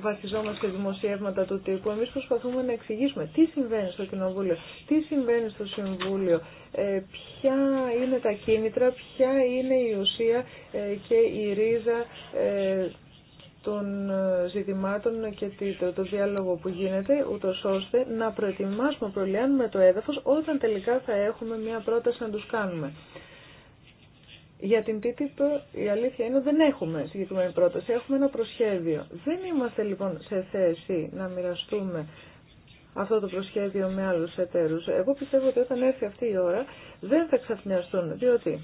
βασιζόμαστε σε δημοσιεύματα του τύπου. Εμείς προσπαθούμε να εξηγήσουμε τι συμβαίνει στο Κοινοβούλιο, τι συμβαίνει στο Συμβούλιο, ε, ποια είναι τα κίνητρα, ποια είναι η ουσία ε, και η ρίζα των ε, ζητημάτων και το, το διάλογο που γίνεται, ούτω ώστε να προετοιμάσουμε, προλιάνουμε το έδαφος όταν τελικά θα έχουμε μια πρόταση να τους κάνουμε. Για την TTIP η αλήθεια είναι ότι δεν έχουμε συγκεκριμένη πρόταση, έχουμε ένα προσχέδιο. Δεν είμαστε λοιπόν σε θέση να μοιραστούμε αυτό το προσχέδιο με άλλους εταίρους. Εγώ πιστεύω ότι όταν έρθει αυτή η ώρα δεν θα ξαφνιαστούν, διότι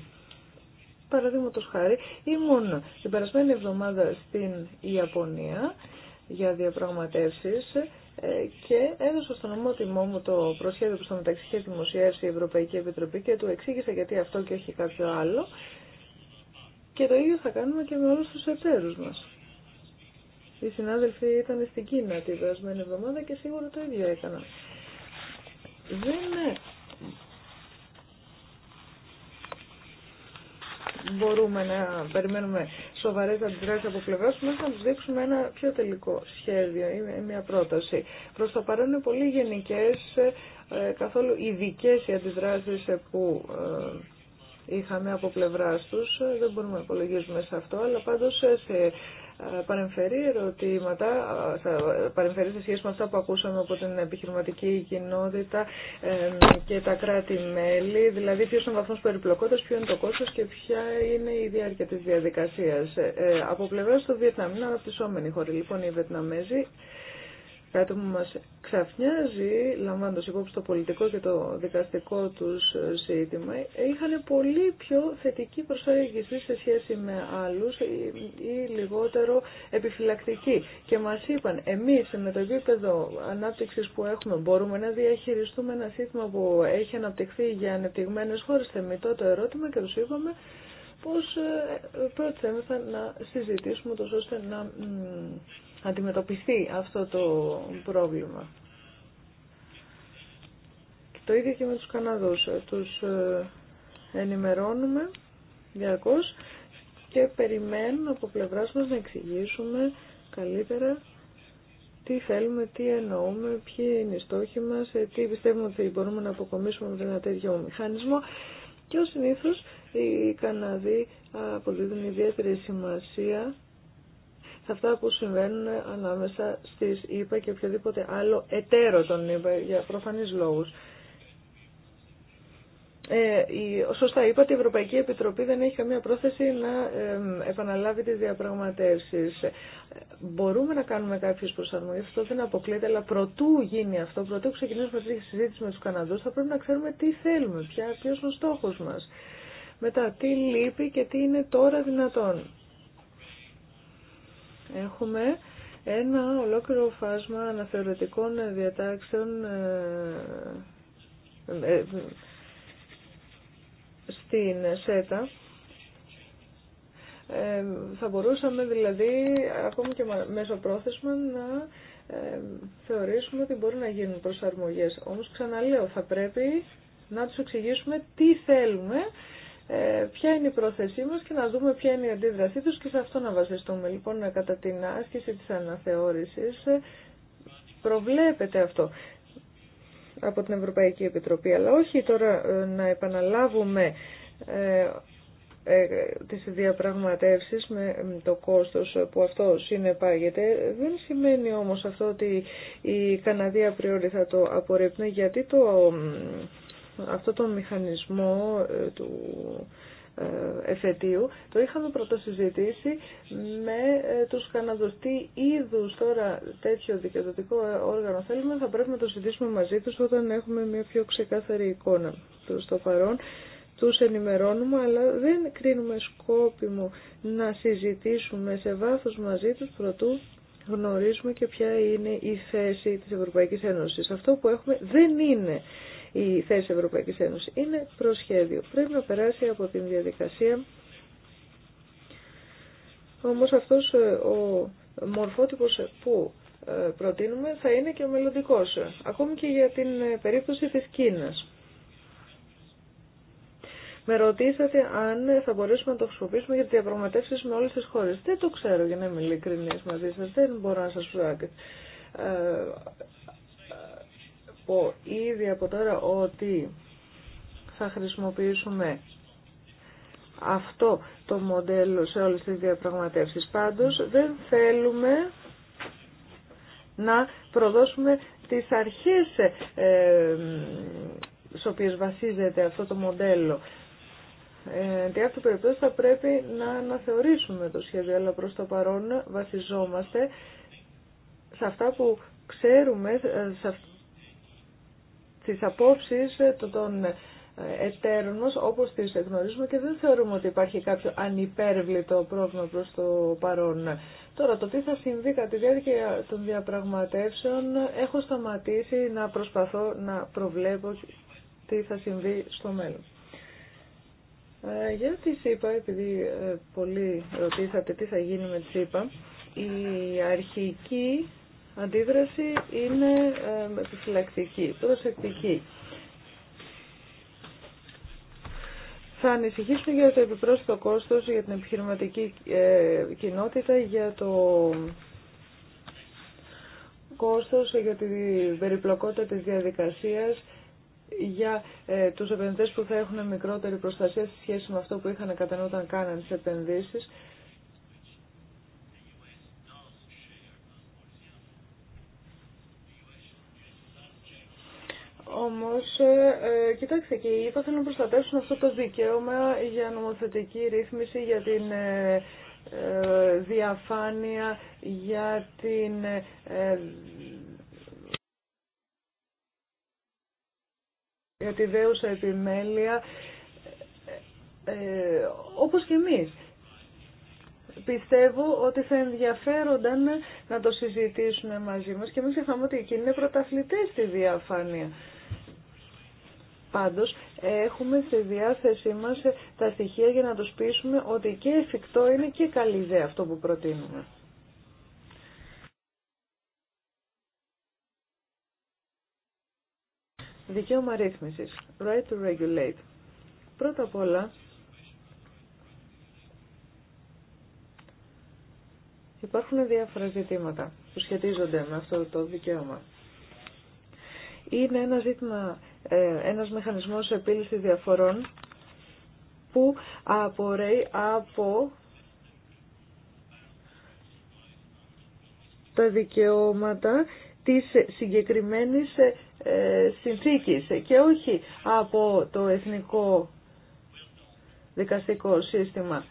Παραδείγματο χάρη, ήμουν την περασμένη εβδομάδα στην Ιαπωνία για διαπραγματεύσει ε, και έδωσα στον ομότιμό μου το προσχέδιο που στο μεταξύ είχε δημοσιεύσει η Ευρωπαϊκή Επιτροπή και του εξήγησα γιατί αυτό και όχι κάποιο άλλο. Και το ίδιο θα κάνουμε και με όλους τους εταίρου μας. Οι συνάδελφοι ήταν στην Κίνα την περασμένη εβδομάδα και σίγουρα το ίδιο έκαναν. Δεν μπορούμε να περιμένουμε σοβαρέ αντιδράσει από πλευράς μέχρι να του δείξουμε ένα πιο τελικό σχέδιο ή μια πρόταση. Προ το παρόν είναι πολύ γενικές, ε, καθόλου ειδικέ οι αντιδράσεις που ε, είχαμε από πλευρά του, ε, Δεν μπορούμε να υπολογίζουμε σε αυτό, αλλά πάντως παρεμφερεί ερωτήματα, παρεμφερεί σε σχέση με αυτά που ακούσαμε από την επιχειρηματική κοινότητα και τα κράτη-μέλη, δηλαδή ποιος είναι ο βαθμός περιπλοκότητας, ποιο είναι το κόστος και ποια είναι η διάρκεια της διαδικασίας. Ε, ε, από πλευράς του Βιετναμ, είναι αναπτυσσόμενη χώρα, λοιπόν οι Βιετναμέζοι Κάτι που μας ξαφνιάζει, λαμβάνοντας υπόψη το πολιτικό και το δικαστικό τους ζήτημα, είχαν πολύ πιο θετική προσέγγιση σε σχέση με άλλους ή, λιγότερο επιφυλακτική. Και μας είπαν, εμείς με το επίπεδο ανάπτυξης που έχουμε μπορούμε να διαχειριστούμε ένα σύστημα που έχει αναπτυχθεί για ανεπτυγμένες χώρες, θεμητό το ερώτημα και τους είπαμε, πως ε, προτιθέμεθα να συζητήσουμε τόσο ώστε να αντιμετωπιστεί αυτό το πρόβλημα. Και το ίδιο και με τους Καναδούς. Τους ε, ενημερώνουμε διαρκώς και περιμένουν από πλευράς μας να εξηγήσουμε καλύτερα τι θέλουμε, τι εννοούμε, ποιοι είναι οι στόχοι μας, ε, τι πιστεύουμε ότι μπορούμε να αποκομίσουμε με ένα τέτοιο μηχανισμό. Και ως συνήθως οι Καναδοί αποδίδουν ιδιαίτερη σημασία σε αυτά που συμβαίνουν ανάμεσα στις ΗΠΑ και οποιοδήποτε άλλο εταίρο των ΗΠΑ για προφανείς λόγους. Ε, η, σωστά είπατε, η Ευρωπαϊκή Επιτροπή δεν έχει καμία πρόθεση να ε, επαναλάβει τις διαπραγματεύσεις. Ε, μπορούμε να κάνουμε κάποιες προσαρμογές, αυτό δεν αποκλείεται, αλλά προτού γίνει αυτό, προτού ξεκινήσουμε τη συζήτηση με τους Καναδούς, θα πρέπει να ξέρουμε τι θέλουμε, ποιος είναι ο στόχος μας. Μετά, τι λείπει και τι είναι τώρα δυνατόν. Έχουμε ένα ολόκληρο φάσμα αναθεωρητικών ε, διατάξεων ε, ε, στην ΣΕΤΑ. θα μπορούσαμε δηλαδή ακόμη και μέσω πρόθεσμα να θεωρήσουμε ότι μπορεί να γίνουν προσαρμογές. Όμως ξαναλέω θα πρέπει να τους εξηγήσουμε τι θέλουμε ε, ποια είναι η πρόθεσή μας και να δούμε ποια είναι η αντίδρασή τους και σε αυτό να βασιστούμε. Λοιπόν, κατά την άσκηση της αναθεώρησης ε, προβλέπεται αυτό από την Ευρωπαϊκή Επιτροπή, αλλά όχι τώρα ε, να επαναλάβουμε τις διαπραγματεύσεις με το κόστος που αυτό συνεπάγεται. Δεν σημαίνει όμως αυτό ότι η Καναδία πριόρι το απορρίπνει γιατί το αυτό τον μηχανισμό ε, του ε, εφετείου, το είχαμε πρωτοσυζητήσει με ε, τους Καναδούς. Τι είδους τώρα τέτοιο δικαιοδοτικό όργανο θέλουμε, θα πρέπει να το συζητήσουμε μαζί τους όταν έχουμε μια πιο ξεκάθαρη εικόνα του στο παρόν. Τους ενημερώνουμε, αλλά δεν κρίνουμε σκόπιμο να συζητήσουμε σε βάθος μαζί τους προτού γνωρίζουμε και ποια είναι η θέση της Ευρωπαϊκής Ένωσης. Αυτό που έχουμε δεν είναι η θέση Ευρωπαϊκής Ένωσης. Είναι προσχέδιο. Πρέπει να περάσει από την διαδικασία. Όμως αυτός ε, ο μορφότυπος που ε, προτείνουμε θα είναι και ο μελλοντικό, ακόμη και για την ε, περίπτωση της Κίνας. Με ρωτήσατε αν θα μπορέσουμε να το χρησιμοποιήσουμε για τι διαπραγματεύσει με όλε τι χώρε. Δεν το ξέρω για να είμαι ειλικρινή μαζί σα. Δεν μπορώ να σα πω ήδη από τώρα ότι θα χρησιμοποιήσουμε αυτό το μοντέλο σε όλες τις διαπραγματεύσεις. Πάντως δεν θέλουμε να προδώσουμε τις αρχές ε, στις οποίες βασίζεται αυτό το μοντέλο. Ε, τι αυτή περιπτώσει θα πρέπει να αναθεωρήσουμε το σχέδιο, αλλά προς το παρόν βασιζόμαστε σε αυτά που ξέρουμε, σε στις απόψεις των ε, εταίρων μας όπως τις γνωρίζουμε και δεν θεωρούμε ότι υπάρχει κάποιο ανυπέρβλητο πρόβλημα προς το παρόν. Τώρα το τι θα συμβεί κατά τη διάρκεια των διαπραγματεύσεων έχω σταματήσει να προσπαθώ να προβλέπω τι θα συμβεί στο μέλλον. Ε, για τη ΣΥΠΑ, επειδή ε, πολλοί ρωτήσατε τι θα γίνει με τη ΣΥΠΑ, η αρχική αντίδραση είναι επιφυλακτική, προσεκτική. Θα ανησυχήσουμε για το επιπρόσθετο κόστος για την επιχειρηματική ε, κοινότητα, για το κόστος, για την περιπλοκότητα της διαδικασίας, για ε, τους επενδυτές που θα έχουν μικρότερη προστασία σε σχέση με αυτό που είχαν κατά νου όταν κάνανε τις επενδύσεις. Όμω, ε, ε, κοιτάξτε και οι ΙΠΑ θέλουν να προστατεύσουν αυτό το δικαίωμα για νομοθετική ρύθμιση, για την ε, ε διαφάνεια, για την... Ε, για τη δέουσα επιμέλεια, όπως και εμείς πιστεύω ότι θα ενδιαφέρονταν να το συζητήσουν μαζί μας και μην ξεχνάμε ότι εκείνοι είναι πρωταθλητές στη διαφάνεια. Πάντως έχουμε στη διάθεσή μας τα στοιχεία για να τους πείσουμε ότι και εφικτό είναι και καλή ιδέα αυτό που προτείνουμε. Δικαίωμα ρύθμισης. Right to regulate. Πρώτα απ' όλα υπάρχουν διάφορα ζητήματα που σχετίζονται με αυτό το δικαίωμα. Είναι ένα ζήτημα ε, ένας μηχανισμός επίλυση διαφορών που απορρέει από τα δικαιώματα της συγκεκριμένης ε, συνθήκης και όχι από το εθνικό δικαστικό σύστημα.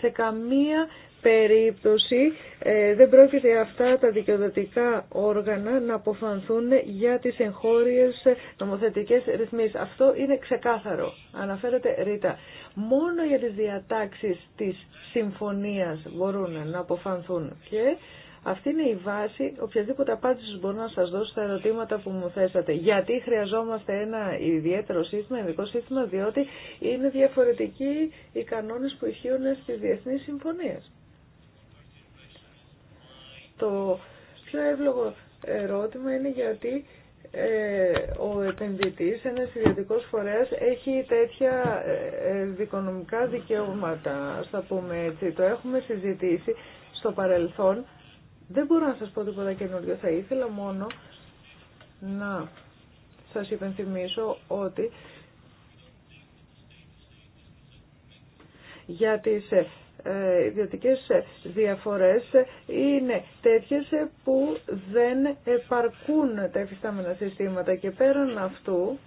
Σε καμία περίπτωση ε, δεν πρόκειται αυτά τα δικαιοδοτικά όργανα να αποφανθούν για τις εγχώριες νομοθετικές ρυθμίσεις. Αυτό είναι ξεκάθαρο. Αναφέρεται ρήτα. Μόνο για τις διατάξεις της συμφωνίας μπορούν να αποφανθούν και αυτή είναι η βάση οποιαδήποτε απάντηση μπορώ να σας δώσω στα ερωτήματα που μου θέσατε. Γιατί χρειαζόμαστε ένα ιδιαίτερο σύστημα, ειδικό σύστημα, διότι είναι διαφορετικοί οι κανόνες που ισχύουν στις διεθνείς συμφωνίες. Το πιο εύλογο ερώτημα είναι γιατί ε, ο επενδυτής, ένας ιδιωτικός φορέας, έχει τέτοια δικονομικά ε, δικαιώματα, ας πούμε έτσι. Το έχουμε συζητήσει στο παρελθόν. Δεν μπορώ να σας πω τίποτα καινούριο. Θα ήθελα μόνο να σας υπενθυμίσω ότι για τις ε, ε, ιδιωτικές διαφορές είναι τέτοιες που δεν επαρκούν τα εφιστάμενα συστήματα και πέραν αυτού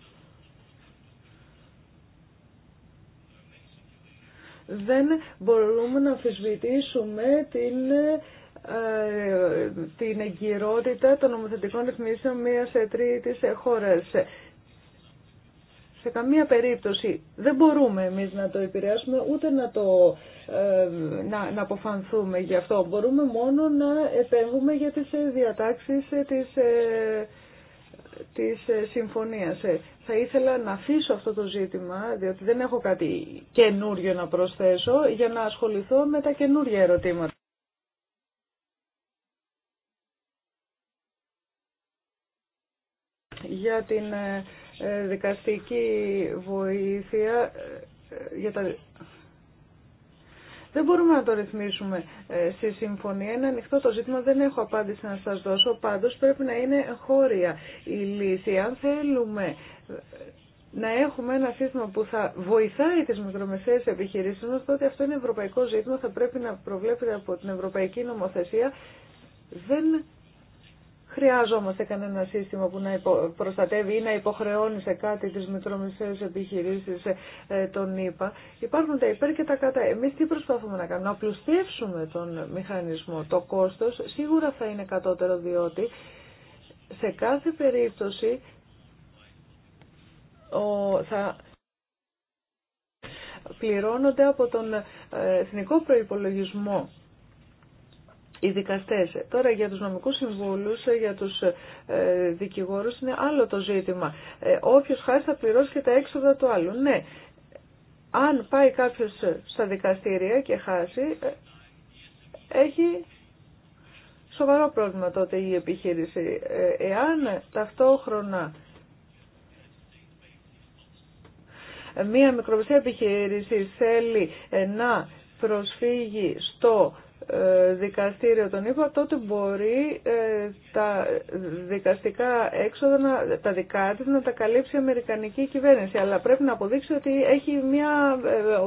δεν μπορούμε να αμφισβητήσουμε την ε, την εγκυρότητα των νομοθετικών ρυθμίσεων μιας ε, τρίτης χώρας σε καμία περίπτωση δεν μπορούμε εμείς να το επηρεάσουμε ούτε να, το, ε, να, αποφανθούμε γι' αυτό. Μπορούμε μόνο να επέμβουμε για τις διατάξεις ε, της, ε, της ε, συμφωνίας. Θα ήθελα να αφήσω αυτό το ζήτημα, διότι δεν έχω κάτι καινούριο να προσθέσω, για να ασχοληθώ με τα καινούργια ερωτήματα. Για την ε, δικαστική βοήθεια ε, για τα... Δεν μπορούμε να το ρυθμίσουμε ε, στη συμφωνία. Είναι ανοιχτό το ζήτημα, δεν έχω απάντηση να σας δώσω. Πάντως πρέπει να είναι χώρια η λύση. Αν θέλουμε να έχουμε ένα σύστημα που θα βοηθάει τις μικρομεσαίες επιχειρήσεις μας, τότε αυτό είναι ευρωπαϊκό ζήτημα, θα πρέπει να προβλέπεται από την ευρωπαϊκή νομοθεσία. Δεν χρειαζόμαστε κανένα σύστημα που να προστατεύει ή να υποχρεώνει σε κάτι τις μικρομεσαίες επιχειρήσεις ε, ε, τον ΙΠΑ. Υπάρχουν τα υπέρ και τα κατά. Εμείς τι προσπαθούμε να κάνουμε, να πλουστεύσουμε τον μηχανισμό. Το κόστος σίγουρα θα είναι κατώτερο διότι σε κάθε περίπτωση θα πληρώνονται από τον ε, εθνικό προϋπολογισμό οι δικαστές. Τώρα για τους νομικούς συμβούλους, για τους ε, δικηγόρους είναι άλλο το ζήτημα. Ε, όποιος χάσει θα πληρώσει και τα έξοδα του άλλου. Ναι, αν πάει κάποιος στα δικαστήρια και χάσει, ε, έχει σοβαρό πρόβλημα τότε η επιχείρηση. Ε, εάν ταυτόχρονα μία μικροπιστή επιχείρηση θέλει ε, να προσφύγει στο ε, δικαστήριο τον είπα, τότε μπορεί ε, τα δικαστικά έξοδα, να, τα δικά της, να τα καλύψει η Αμερικανική κυβέρνηση. Αλλά πρέπει να αποδείξει ότι έχει μια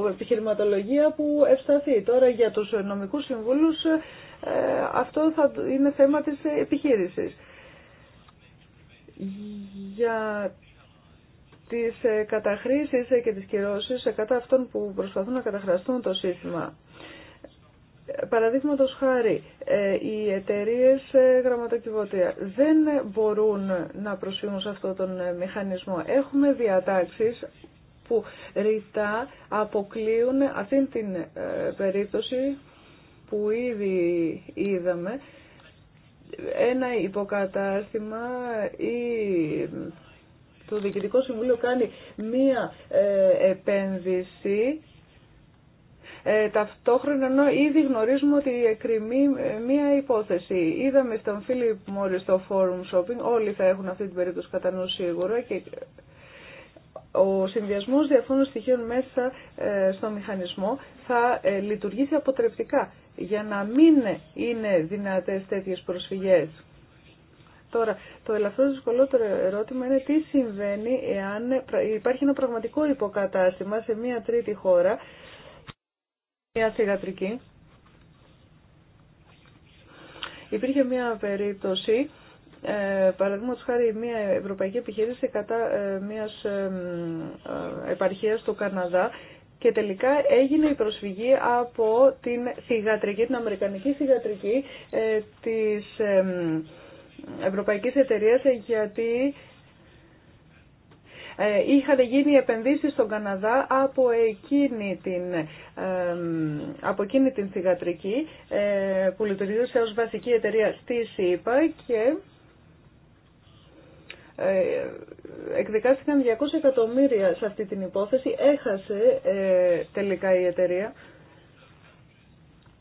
ε, επιχειρηματολογία που ευσταθεί. Τώρα για τους νομικούς συμβούλους αυτό θα είναι θέμα της επιχείρησης. Για τις καταχρήσεις και τις κυρώσεις κατά αυτών που προσπαθούν να καταχραστούν το σύστημα. Παραδείγματο χάρη, ε, οι εταιρείε ε, γραμματοκιβώτια δεν μπορούν να προσφύγουν σε αυτόν τον ε, μηχανισμό. Έχουμε διατάξεις που ρητά αποκλείουν αυτήν την περίπτωση που ήδη είδαμε ένα υποκατάστημα ή το Διοικητικό Συμβούλιο κάνει μία επένδυση ε, ταυτόχρονα ενώ ήδη γνωρίζουμε ότι εκκρεμεί ε, μία υπόθεση. Είδαμε στον Φίλιπ Μόρι στο Forum Shopping, όλοι θα έχουν αυτή την περίπτωση κατά νου σίγουρα και ε, ο συνδυασμός διαφόρων στοιχείων μέσα στο μηχανισμό θα λειτουργήσει αποτρεπτικά για να μην είναι δυνατές τέτοιες προσφυγές. Τώρα, το ελαφρώς δυσκολότερο ερώτημα είναι τι συμβαίνει εάν υπάρχει ένα πραγματικό υποκατάστημα σε μια τρίτη χώρα μια θηγατρική. Υπήρχε μια περίπτωση, ε, παραδείγματος χάρη μια ευρωπαϊκή επιχείρηση κατά ε, μιας ε, ε, επαρχίας του Καναδά και τελικά έγινε η προσφυγή από την θηγατρική, την Αμερικανική θηγατρική ε, της Ευρωπαϊκής Εταιρείας γιατί ε, είχαν γίνει επενδύσεις στον Καναδά από εκείνη την, από εκείνη την θηγατρική ε, που λειτουργούσε ως βασική εταιρεία στη ΣΥΠΑ και ε, εκδικάστηκαν 200 εκατομμύρια σε αυτή την υπόθεση. Έχασε τελικά η εταιρεία.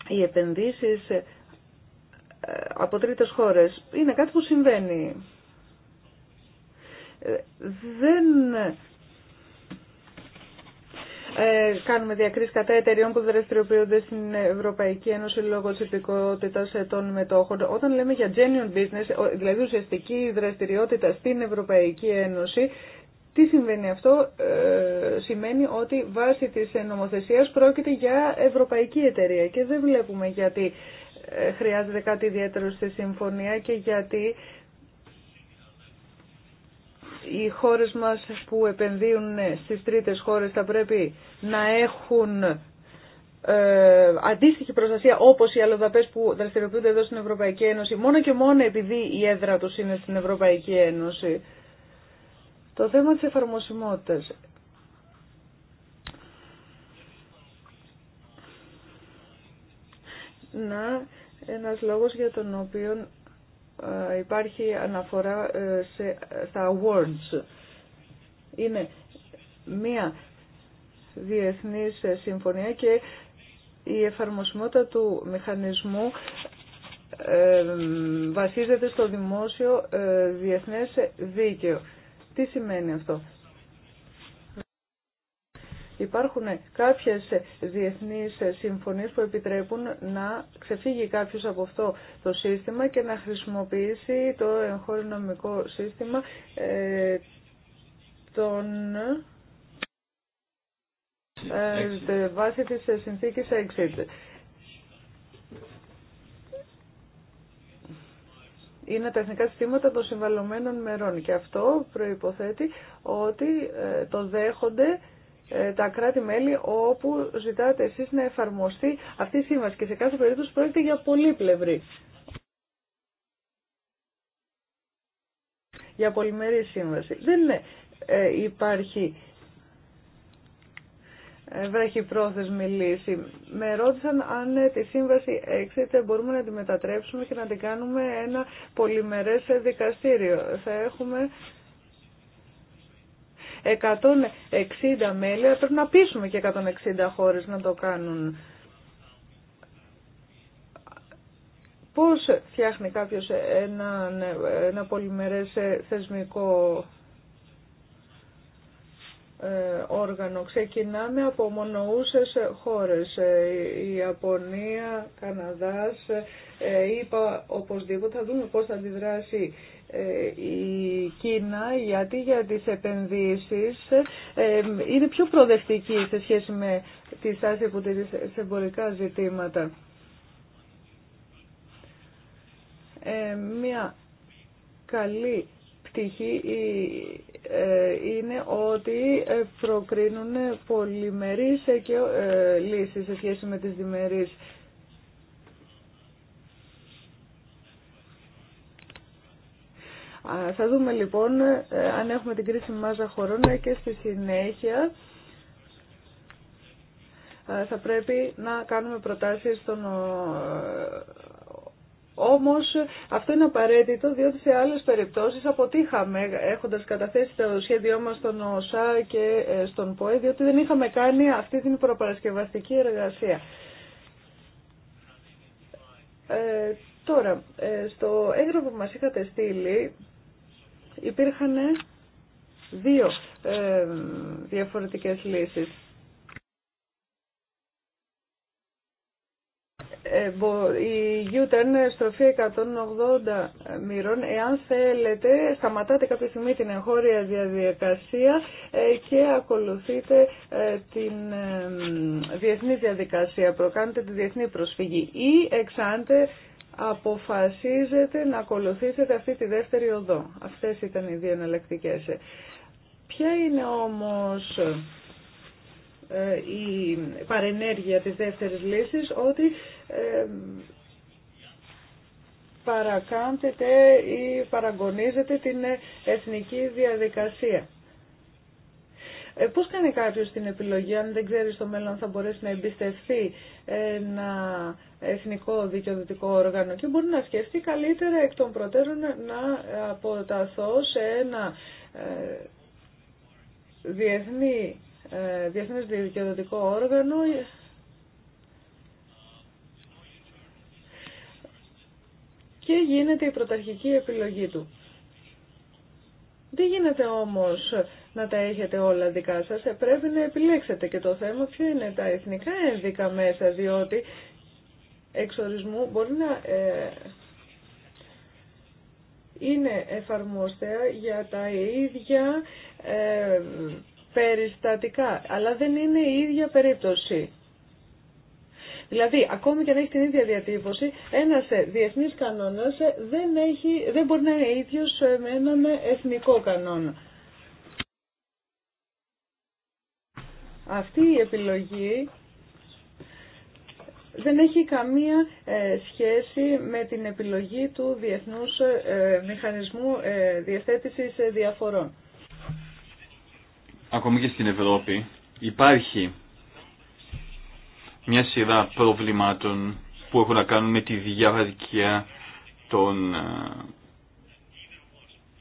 Οι επενδύσεις από τρίτες χώρες είναι κάτι που συμβαίνει δεν ε, κάνουμε διακρίσεις κατά εταιριών που δραστηριοποιούνται στην Ευρωπαϊκή Ένωση λόγω της υπηκότητας των μετόχων. Όταν λέμε για genuine business, δηλαδή ουσιαστική δραστηριότητα στην Ευρωπαϊκή Ένωση, τι συμβαίνει αυτό, ε, σημαίνει ότι βάσει της νομοθεσίας πρόκειται για ευρωπαϊκή εταιρεία και δεν βλέπουμε γιατί ε, χρειάζεται κάτι ιδιαίτερο στη συμφωνία και γιατί οι χώρες μας που επενδύουν στις τρίτες χώρες θα πρέπει να έχουν ε, αντίστοιχη προστασία όπως οι αλλοδαπές που δραστηριοποιούνται εδώ στην Ευρωπαϊκή Ένωση μόνο και μόνο επειδή η έδρα τους είναι στην Ευρωπαϊκή Ένωση. Το θέμα της εφαρμοσιμότητας. Να, ένας λόγος για τον οποίο υπάρχει αναφορά ε, σε, στα awards. Είναι μία διεθνής συμφωνία και η εφαρμοσιμότητα του μηχανισμού ε, βασίζεται στο δημόσιο ε, διεθνές δίκαιο. Τι σημαίνει αυτό. Υπάρχουν κάποιες διεθνείς συμφωνίες που επιτρέπουν να ξεφύγει κάποιος από αυτό το σύστημα και να χρησιμοποιήσει το εγχώριο νομικό σύστημα ε, των ε, βάσει της συνθήκης exit. είναι τεχνικά συστήματα των συμβαλωμένων μερών και αυτό προϋποθέτει ότι ε, το δέχονται ε, τα κράτη-μέλη όπου ζητάτε εσείς να εφαρμοστεί αυτή η σύμβαση και σε κάθε περίπτωση πρόκειται για πλευρή. Για πολυμερή σύμβαση. Δεν είναι, ε, υπάρχει ε, βραχυπρόθεσμη λύση. Με ρώτησαν αν τη σύμβαση έξιτε μπορούμε να τη μετατρέψουμε και να την κάνουμε ένα πολυμερές δικαστήριο. Θα έχουμε 160 μέλη, πρέπει να πείσουμε και 160 χώρες να το κάνουν. Πώς φτιάχνει κάποιος ένα, ένα πολυμερές θεσμικό ε, όργανο. Ξεκινάμε από μονοούσες χώρες. Ε, η Ιαπωνία, Καναδάς, ε, είπα οπωσδήποτε θα δούμε πώς θα αντιδράσει ε, η Κίνα γιατί για τις επενδύσεις ε, είναι πιο προοδευτική σε σχέση με τη στάση που τηρεί σε εμπορικά ζητήματα. Ε, Μία καλή πτυχή είναι ότι προκρίνουν πολυμερείς λύσεις σε σχέση με τις διμερείς Θα δούμε λοιπόν ε, αν έχουμε την κρίση μάζα χωρών ε, και στη συνέχεια ε, θα πρέπει να κάνουμε προτάσεις στον... Όμως αυτό είναι απαραίτητο διότι σε άλλες περιπτώσεις αποτύχαμε έχοντας καταθέσει το σχέδιό μας στον ΟΣΑ και στον ΠΟΕ διότι δεν είχαμε κάνει αυτή την προπαρασκευαστική εργασία. τώρα, στο έγγραφο που μας είχατε στείλει υπήρχαν δύο ε, διαφορετικές λύσεις. Ε, η U-turn στροφή 180 μοίρων, εάν θέλετε, σταματάτε κάποια στιγμή την εγχώρια διαδικασία ε, και ακολουθείτε ε, την διεθνή διαδικασία, προκάνετε τη διεθνή προσφυγή ή εξάντε αποφασίζετε να ακολουθήσετε αυτή τη δεύτερη οδό. Αυτές ήταν οι δύο εναλλακτικέ. Ποια είναι όμως ε, η παρενέργεια της δεύτερης λύσης ότι ε, παρακάμπτεται ή παραγωνίζεται την εθνική διαδικασία. Ε, πώς κάνει κάποιος την επιλογή αν δεν ξέρει στο μέλλον θα μπορέσει να εμπιστευτεί ε, να εθνικό δικαιοδοτικό όργανο και μπορεί να σκεφτεί καλύτερα εκ των προτέρων να αποταθώ σε ένα ε, διεθνή, ε, διεθνές δικαιοδοτικό όργανο και γίνεται η πρωταρχική επιλογή του. Δεν γίνεται όμως να τα έχετε όλα δικά σας, ε, πρέπει να επιλέξετε και το θέμα ποιο είναι τα εθνικά ένδικα μέσα, διότι εξορισμού μπορεί να ε, είναι εφαρμοστέα για τα ίδια ε, περιστατικά, αλλά δεν είναι η ίδια περίπτωση. Δηλαδή, ακόμη και αν έχει την ίδια διατύπωση, ένας ε, διεθνής κανόνας ε, δεν, δεν μπορεί να είναι ίδιος με έναν εθνικό κανόνα. Αυτή η επιλογή δεν έχει καμία ε, σχέση με την επιλογή του Διεθνούς ε, Μηχανισμού ε, Διαθέτησης Διαφορών. Ακόμη και στην Ευρώπη υπάρχει μια σειρά προβλημάτων που έχουν να κάνουν με τη διαδικία των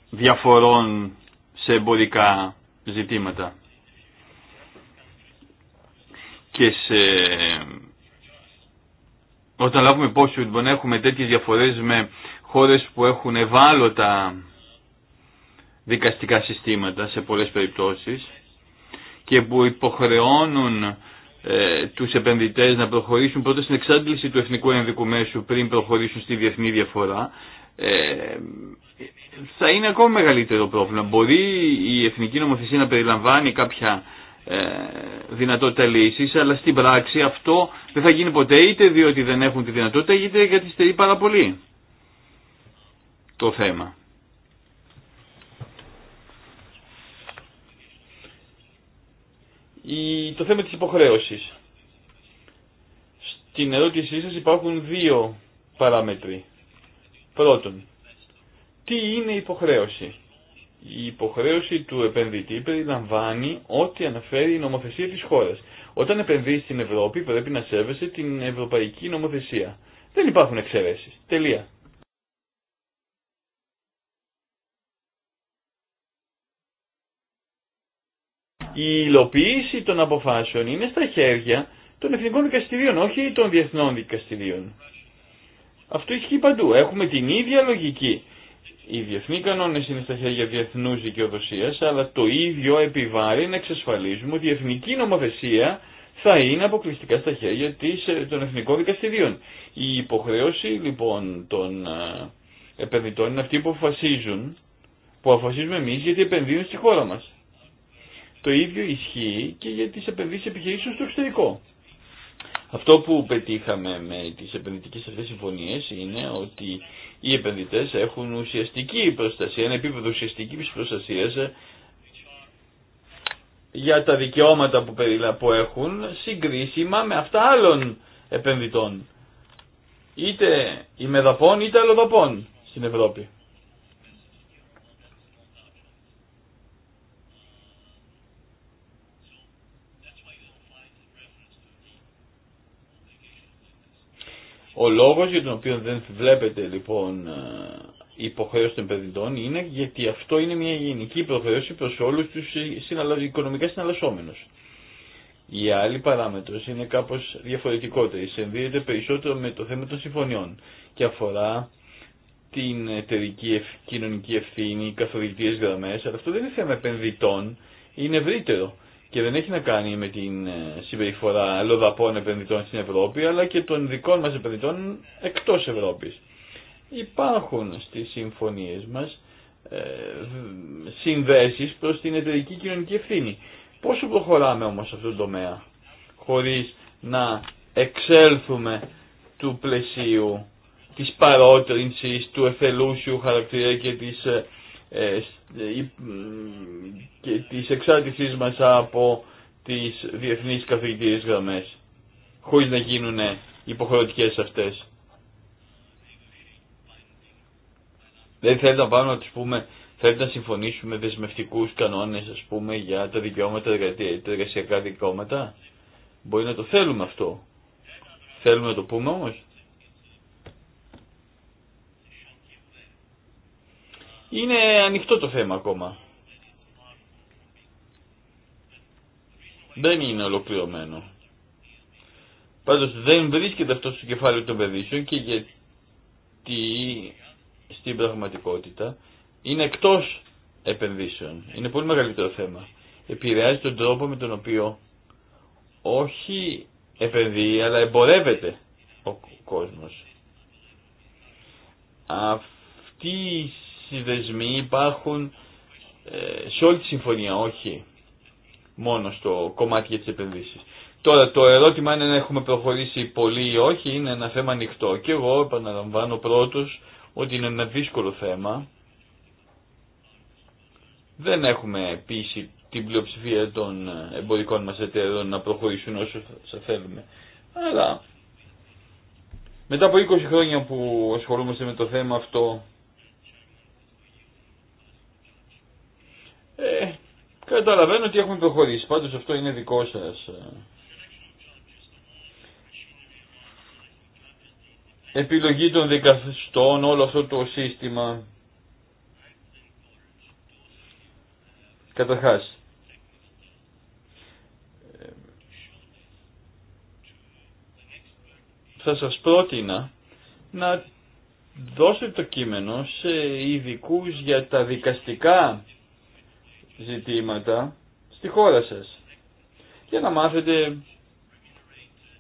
διαφορών σε εμπορικά ζητήματα και σε όταν λάβουμε πόσο ότι έχουμε τέτοιε διαφορέ με χώρε που έχουν ευάλωτα δικαστικά συστήματα σε πολλέ περιπτώσει και που υποχρεώνουν ε, τους επενδυτές να προχωρήσουν πρώτα στην εξάντληση του εθνικού ενδικού μέσου πριν προχωρήσουν στη διεθνή διαφορά ε, θα είναι ακόμα μεγαλύτερο πρόβλημα. Μπορεί η εθνική νομοθεσία να περιλαμβάνει κάποια ε, δυνατότητα λύσης, αλλά στην πράξη αυτό δεν θα γίνει ποτέ είτε διότι δεν έχουν τη δυνατότητα είτε γιατί στερεί πάρα πολύ το θέμα. το θέμα της υποχρέωσης. Στην ερώτησή σας υπάρχουν δύο παράμετροι. Πρώτον, τι είναι υποχρέωση. Η υποχρέωση του επενδυτή περιλαμβάνει ό,τι αναφέρει η νομοθεσία της χώρας. Όταν επενδύει στην Ευρώπη πρέπει να σέβεσαι την ευρωπαϊκή νομοθεσία. Δεν υπάρχουν εξαιρέσεις. Τελεία. Η υλοποίηση των αποφάσεων είναι στα χέρια των εθνικών δικαστηρίων, όχι των διεθνών δικαστηρίων. Αυτό ισχύει παντού. Έχουμε την ίδια λογική. Οι διεθνοί κανόνε είναι στα χέρια διεθνού δικαιοδοσία, αλλά το ίδιο επιβάρει να εξασφαλίζουμε ότι η εθνική νομοθεσία θα είναι αποκλειστικά στα χέρια ε, των εθνικών δικαστηρίων. Η υποχρέωση λοιπόν των ε, επενδυτών είναι αυτοί που αποφασίζουν, που αποφασίζουμε εμεί γιατί επενδύουν στη χώρα μα. Το ίδιο ισχύει και για τι επενδύσει επιχειρήσεων στο εξωτερικό. Αυτό που πετύχαμε με τις επενδυτικές αυτές συμφωνίες είναι ότι οι επενδυτές έχουν ουσιαστική προστασία, ένα επίπεδο ουσιαστικής προστασίας για τα δικαιώματα που, που έχουν συγκρίσιμα με αυτά άλλων επενδυτών. Είτε ημεδαπών είτε αλλοδαπών στην Ευρώπη. Ο λόγος για τον οποίο δεν βλέπετε λοιπόν ε, υποχρέωση των επενδυτών είναι γιατί αυτό είναι μια γενική υποχρέωση προς όλους τους οικονομικά συναλλασσόμενους. Η άλλη παράμετρος είναι κάπως διαφορετικότερη, συνδύεται περισσότερο με το θέμα των συμφωνιών και αφορά την εταιρική κοινωνική ευθύνη, καθοδηγητικές γραμμές, αλλά αυτό δεν είναι θέμα επενδυτών, είναι ευρύτερο και δεν έχει να κάνει με την ε, συμπεριφορά λοδαπών επενδυτών στην Ευρώπη αλλά και των δικών μας επενδυτών εκτός Ευρώπης. Υπάρχουν στις συμφωνίες μας ε, συνδέσεις προς την εταιρική κοινωνική ευθύνη. Πόσο προχωράμε όμως σε αυτόν τον τομέα χωρίς να εξέλθουμε του πλαισίου της παρότρινσης, του εθελούσιου χαρακτήρα και της ε, ε, ε, και της εξάρτησής μας από τις διεθνείς καθηγητήριες γραμμές χωρίς να γίνουν υποχρεωτικές αυτές. Δεν θέλετε να πάμε να τους πούμε, θέλετε να συμφωνήσουμε δεσμευτικούς κανόνες ας πούμε για τα δικαιώματα, τα εργασιακά δικαιώματα. Μπορεί να το θέλουμε αυτό. Θέλουμε να το πούμε όμως. Είναι ανοιχτό το θέμα ακόμα. Δεν είναι ολοκληρωμένο. Πάντως δεν βρίσκεται αυτό στο κεφάλαιο των παιδίσεων και γιατί στην πραγματικότητα είναι εκτός επενδύσεων. Είναι πολύ μεγαλύτερο θέμα. Επηρεάζει τον τρόπο με τον οποίο όχι επενδύει αλλά εμπορεύεται ο κόσμος. Αυτή δεσμοί υπάρχουν ε, σε όλη τη συμφωνία, όχι μόνο στο κομμάτι για τις επενδύσεις. Τώρα το ερώτημα είναι να έχουμε προχωρήσει πολύ ή όχι, είναι ένα θέμα ανοιχτό. Και εγώ επαναλαμβάνω πρώτος ότι είναι ένα δύσκολο θέμα. Δεν έχουμε πείσει την πλειοψηφία των εμπορικών μας εταιρεών να προχωρήσουν όσο θα θέλουμε. Αλλά μετά από 20 χρόνια που ασχολούμαστε με το θέμα αυτό Καταλαβαίνω ότι έχουμε προχωρήσει, πάντως αυτό είναι δικό σας. Ε, επιλογή των δικαστών, όλο αυτό το σύστημα. Καταρχάς, ε, θα σας πρότεινα να δώσετε το κείμενο σε ειδικού για τα δικαστικά ζητήματα στη χώρα σας για να μάθετε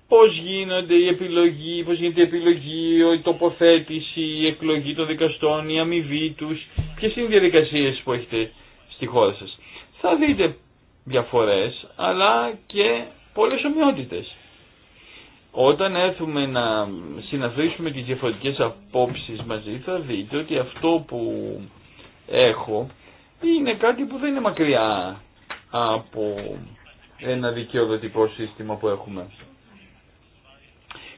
πώς γίνονται οι επιλογή, πώς γίνεται η επιλογή, η τοποθέτηση, η εκλογή των δικαστών, η αμοιβή τους, ποιες είναι οι διαδικασίες που έχετε στη χώρα σας. Θα δείτε διαφορές, αλλά και πολλές ομοιότητες. Όταν έρθουμε να συναντήσουμε τις διαφορετικές απόψεις μαζί, θα δείτε ότι αυτό που έχω είναι κάτι που δεν είναι μακριά από ένα δικαιοδοτικό σύστημα που έχουμε.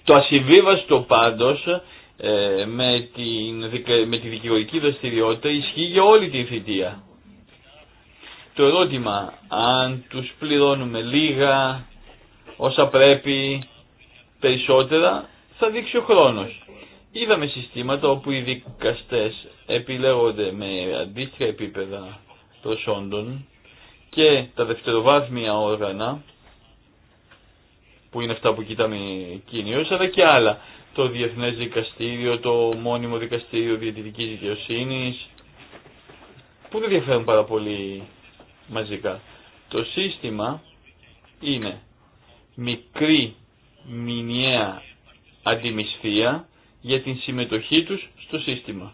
Το ασυμβίβαστο πάντως ε, με, την, με τη δικαιοδική δραστηριότητα ισχύει για όλη την θητεία. Το ερώτημα αν τους πληρώνουμε λίγα όσα πρέπει περισσότερα θα δείξει ο χρόνος. Είδαμε συστήματα όπου οι δικαστές επιλέγονται με αντίστοιχα επίπεδα προσόντων και τα δευτεροβάθμια όργανα που είναι αυτά που κοιτάμε κυρίως, αλλά και άλλα. Το Διεθνές Δικαστήριο, το Μόνιμο Δικαστήριο Διεθνικής Δικαιοσύνης, που δεν διαφέρουν πάρα πολύ μαζικά. Το σύστημα είναι μικρή μηνιαία αντιμισθία για την συμμετοχή τους στο σύστημα.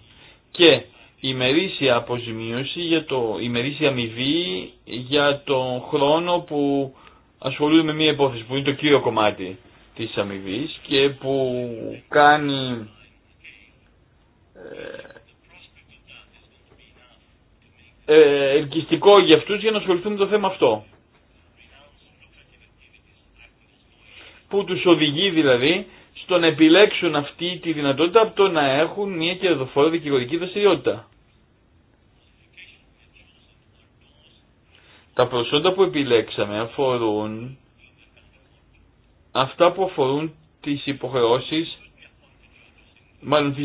Και η μερίσια αποζημίωση, για το, η μερίσια αμοιβή για τον χρόνο που ασχολούνται με μία υπόθεση που είναι το κύριο κομμάτι της αμοιβή και που κάνει ε, ε, ελκυστικό για αυτούς για να ασχοληθούν με το θέμα αυτό. Που τους οδηγεί δηλαδή στο να επιλέξουν αυτή τη δυνατότητα από το να έχουν μια κερδοφόρα δικηγορική δραστηριότητα. Τα προσόντα που επιλέξαμε αφορούν αυτά που αφορούν τις υποχρεώσεις, μάλλον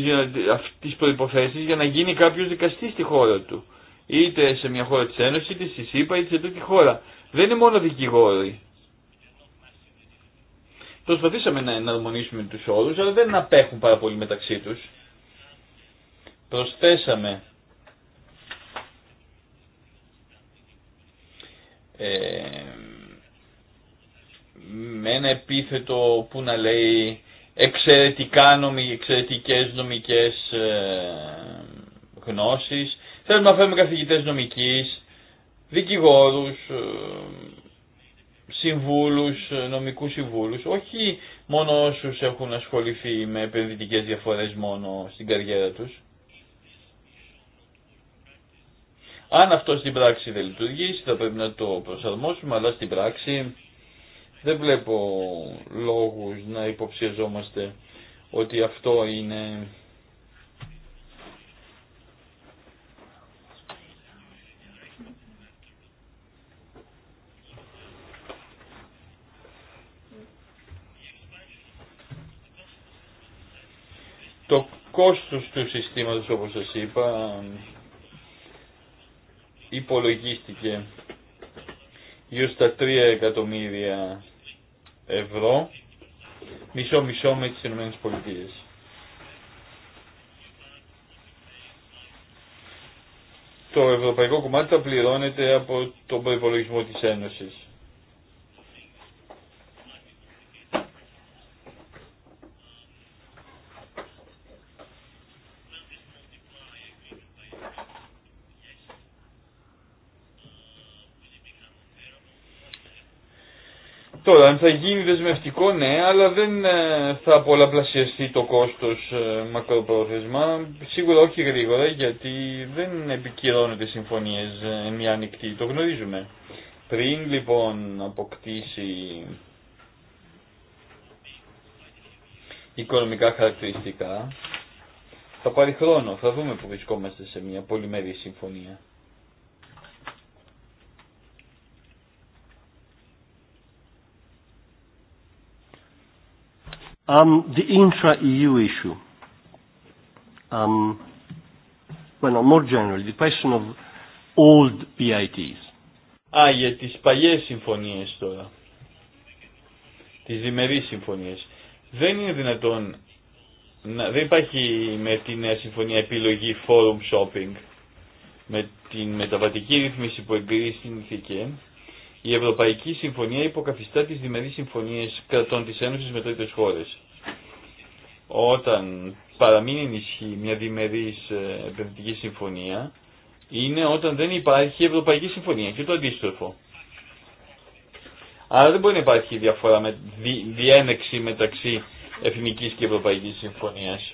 τις, προϋποθέσεις για να γίνει κάποιος δικαστή στη χώρα του. Είτε σε μια χώρα της Ένωσης, είτε στη ΣΥΠΑ, είτε σε τέτοια χώρα. Δεν είναι μόνο δικηγόροι. Προσπαθήσαμε να εναρμονίσουμε τους όρους, αλλά δεν απέχουν πάρα πολύ μεταξύ τους. Προσθέσαμε ε, με ένα επίθετο που να λέει εξαιρετικά νομι, εξαιρετικές νομικές ε, γνώσεις. Θέλουμε να φέρουμε καθηγητές νομικής, δικηγόρους, ε, συμβούλους, νομικούς συμβούλους, όχι μόνο όσους έχουν ασχοληθεί με επενδυτικές διαφορές μόνο στην καριέρα τους. Αν αυτό στην πράξη δεν λειτουργήσει θα πρέπει να το προσαρμόσουμε, αλλά στην πράξη δεν βλέπω λόγους να υποψιαζόμαστε ότι αυτό είναι κόστος του συστήματος όπως σας είπα υπολογίστηκε γύρω στα 3 εκατομμύρια ευρώ μισό μισό με τις Ηνωμένες Πολιτείες. Το ευρωπαϊκό κομμάτι θα πληρώνεται από τον προϋπολογισμό της Ένωσης. Τώρα, αν θα γίνει δεσμευτικό, ναι, αλλά δεν ε, θα πολλαπλασιαστεί το κόστος ε, μακροπρόθεσμα. Σίγουρα όχι γρήγορα, γιατί δεν επικυρώνεται συμφωνίες ε, μια ανοιχτή, το γνωρίζουμε. Πριν λοιπόν αποκτήσει οικονομικά χαρακτηριστικά, θα πάρει χρόνο, θα δούμε που βρισκόμαστε σε μια πολυμερή συμφωνία. Um, the intra-EU issue. Um, well, more generally, the question of old Α, για τις παλιές συμφωνίες τώρα. Τις διμερείς συμφωνίες. Δεν είναι δυνατόν, να, δεν υπάρχει με τη νέα συμφωνία επιλογή forum shopping. Με την μεταβατική ρύθμιση που εγκρίθηκε η Ευρωπαϊκή Συμφωνία υποκαθιστά τις διμερείς συμφωνίες κρατών της Ένωσης με τρίτες χώρες. Όταν παραμείνει ενισχύ μια διμερής ε, επενδυτική συμφωνία, είναι όταν δεν υπάρχει Ευρωπαϊκή Συμφωνία και το αντίστροφο. Άρα δεν μπορεί να υπάρχει διαφορά με, διένεξη μεταξύ Εθνικής και Ευρωπαϊκής Συμφωνίας.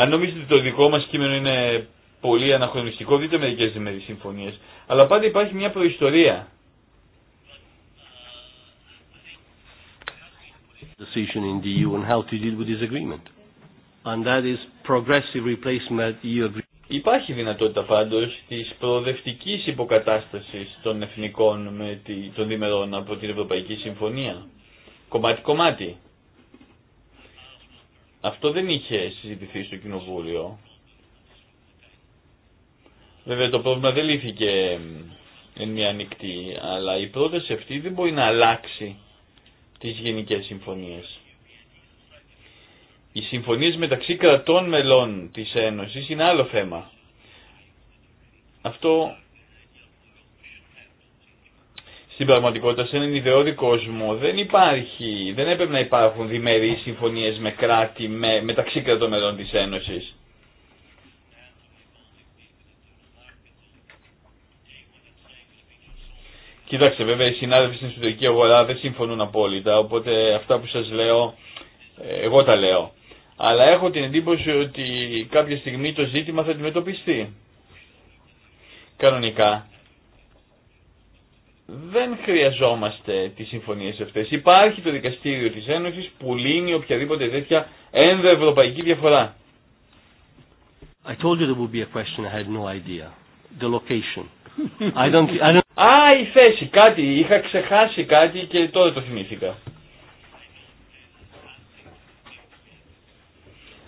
Αν νομίζετε ότι το δικό μας κείμενο είναι πολύ αναχρονιστικό, δείτε μερικές διμερείς συμφωνίες. Αλλά πάντα υπάρχει μια προϊστορία. decision in the e how to deal with And that is progressive replacement e Υπάρχει δυνατότητα πάντως της προοδευτικής υποκατάστασης των εθνικών με τη, των δημερών από την Ευρωπαϊκή Συμφωνία. Κομμάτι-κομμάτι. Αυτό δεν είχε συζητηθεί στο Κοινοβούλιο. Βέβαια το πρόβλημα δεν λύθηκε εν μια νυχτή, αλλά η πρόταση αυτή δεν μπορεί να αλλάξει τις γενικές συμφωνίες. Οι συμφωνίες μεταξύ κρατών μελών της Ένωσης είναι άλλο θέμα. Αυτό στην πραγματικότητα σε έναν ιδεώδη κόσμο δεν υπάρχει, δεν έπρεπε να υπάρχουν διμερεί συμφωνίε με κράτη με, μεταξύ κρατών μελών της Ένωσης. Κοιτάξτε, βέβαια οι συνάδελφοι στην εσωτερική αγορά δεν συμφωνούν απόλυτα, οπότε αυτά που σας λέω, ε, εγώ τα λέω. Αλλά έχω την εντύπωση ότι κάποια στιγμή το ζήτημα θα αντιμετωπιστεί. Κανονικά, δεν χρειαζόμαστε τις συμφωνίες αυτές. Υπάρχει το δικαστήριο της Ένωσης που λύνει οποιαδήποτε τέτοια ενδοευρωπαϊκή διαφορά. I told you there Α, η θέση, κάτι. Είχα ξεχάσει κάτι και τώρα το θυμήθηκα.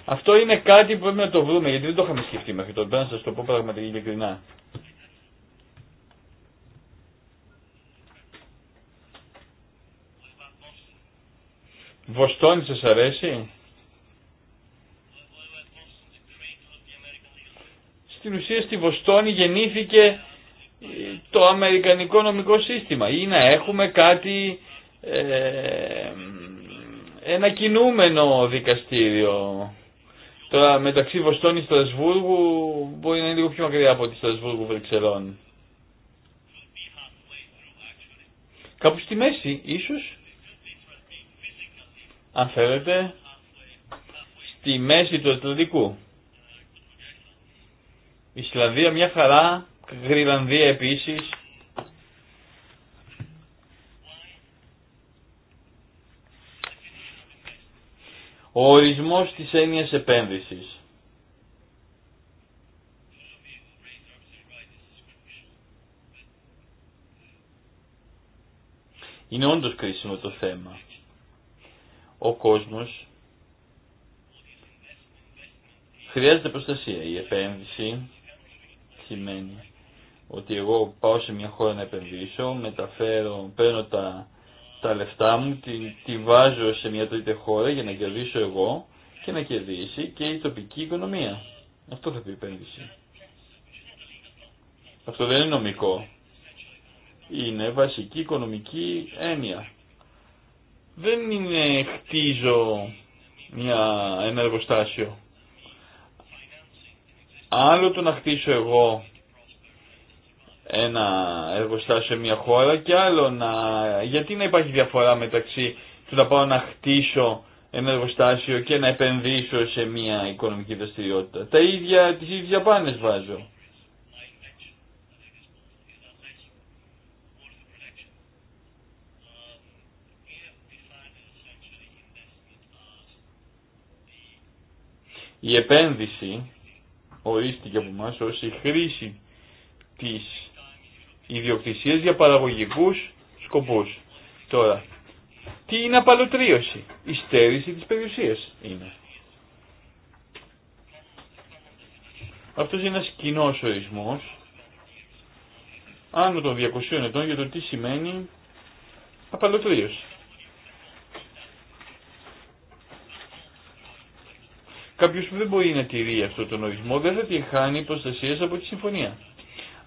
Αυτό είναι κάτι που πρέπει να το βρούμε, γιατί δεν το είχαμε σκεφτεί μέχρι τώρα. να σας το πω πραγματικά ειλικρινά. Βοστόνη σας αρέσει. Στην ουσία στη Βοστόνη γεννήθηκε ε, το αμερικανικό νομικό σύστημα ή να έχουμε κάτι ε, ένα κινούμενο δικαστήριο. Τώρα μεταξύ Βοστόνη Στρασβούργου μπορεί να είναι λίγο πιο μακριά από τη Στρασβούργου Βρυξελών. Κάπου στη μέση ίσως αν θέλετε, στη μέση του Ατλαντικού. Ισλανδία μια χαρά, Γρυλανδία επίσης. Ο ορισμός της έννοιας επένδυσης. Είναι όντως κρίσιμο το θέμα ο κόσμος χρειάζεται προστασία. Η επένδυση σημαίνει ότι εγώ πάω σε μια χώρα να επενδύσω, μεταφέρω, παίρνω τα, τα λεφτά μου, τη, βάζω σε μια τρίτη χώρα για να κερδίσω εγώ και να κερδίσει και η τοπική οικονομία. Αυτό θα πει επένδυση. Αυτό δεν είναι νομικό. Είναι βασική οικονομική έννοια δεν είναι χτίζω μια, ένα εργοστάσιο. Άλλο το να χτίσω εγώ ένα εργοστάσιο σε μια χώρα και άλλο να... Γιατί να υπάρχει διαφορά μεταξύ του να πάω να χτίσω ένα εργοστάσιο και να επενδύσω σε μια οικονομική δραστηριότητα. Τα ίδια, τις ίδιες πάνες βάζω. Η επένδυση ορίστηκε από εμάς ως η χρήση της ιδιοκτησίας για παραγωγικούς σκοπούς. Τώρα, τι είναι απαλωτρίωση. Η στέρηση της περιουσίας είναι. Αυτός είναι ένας κοινός ορισμός άνω των 200 ετών για το τι σημαίνει απαλωτρίωση. Κάποιο που δεν μπορεί να τηρεί αυτόν τον ορισμό δεν θα τη χάνει προστασία από τη συμφωνία.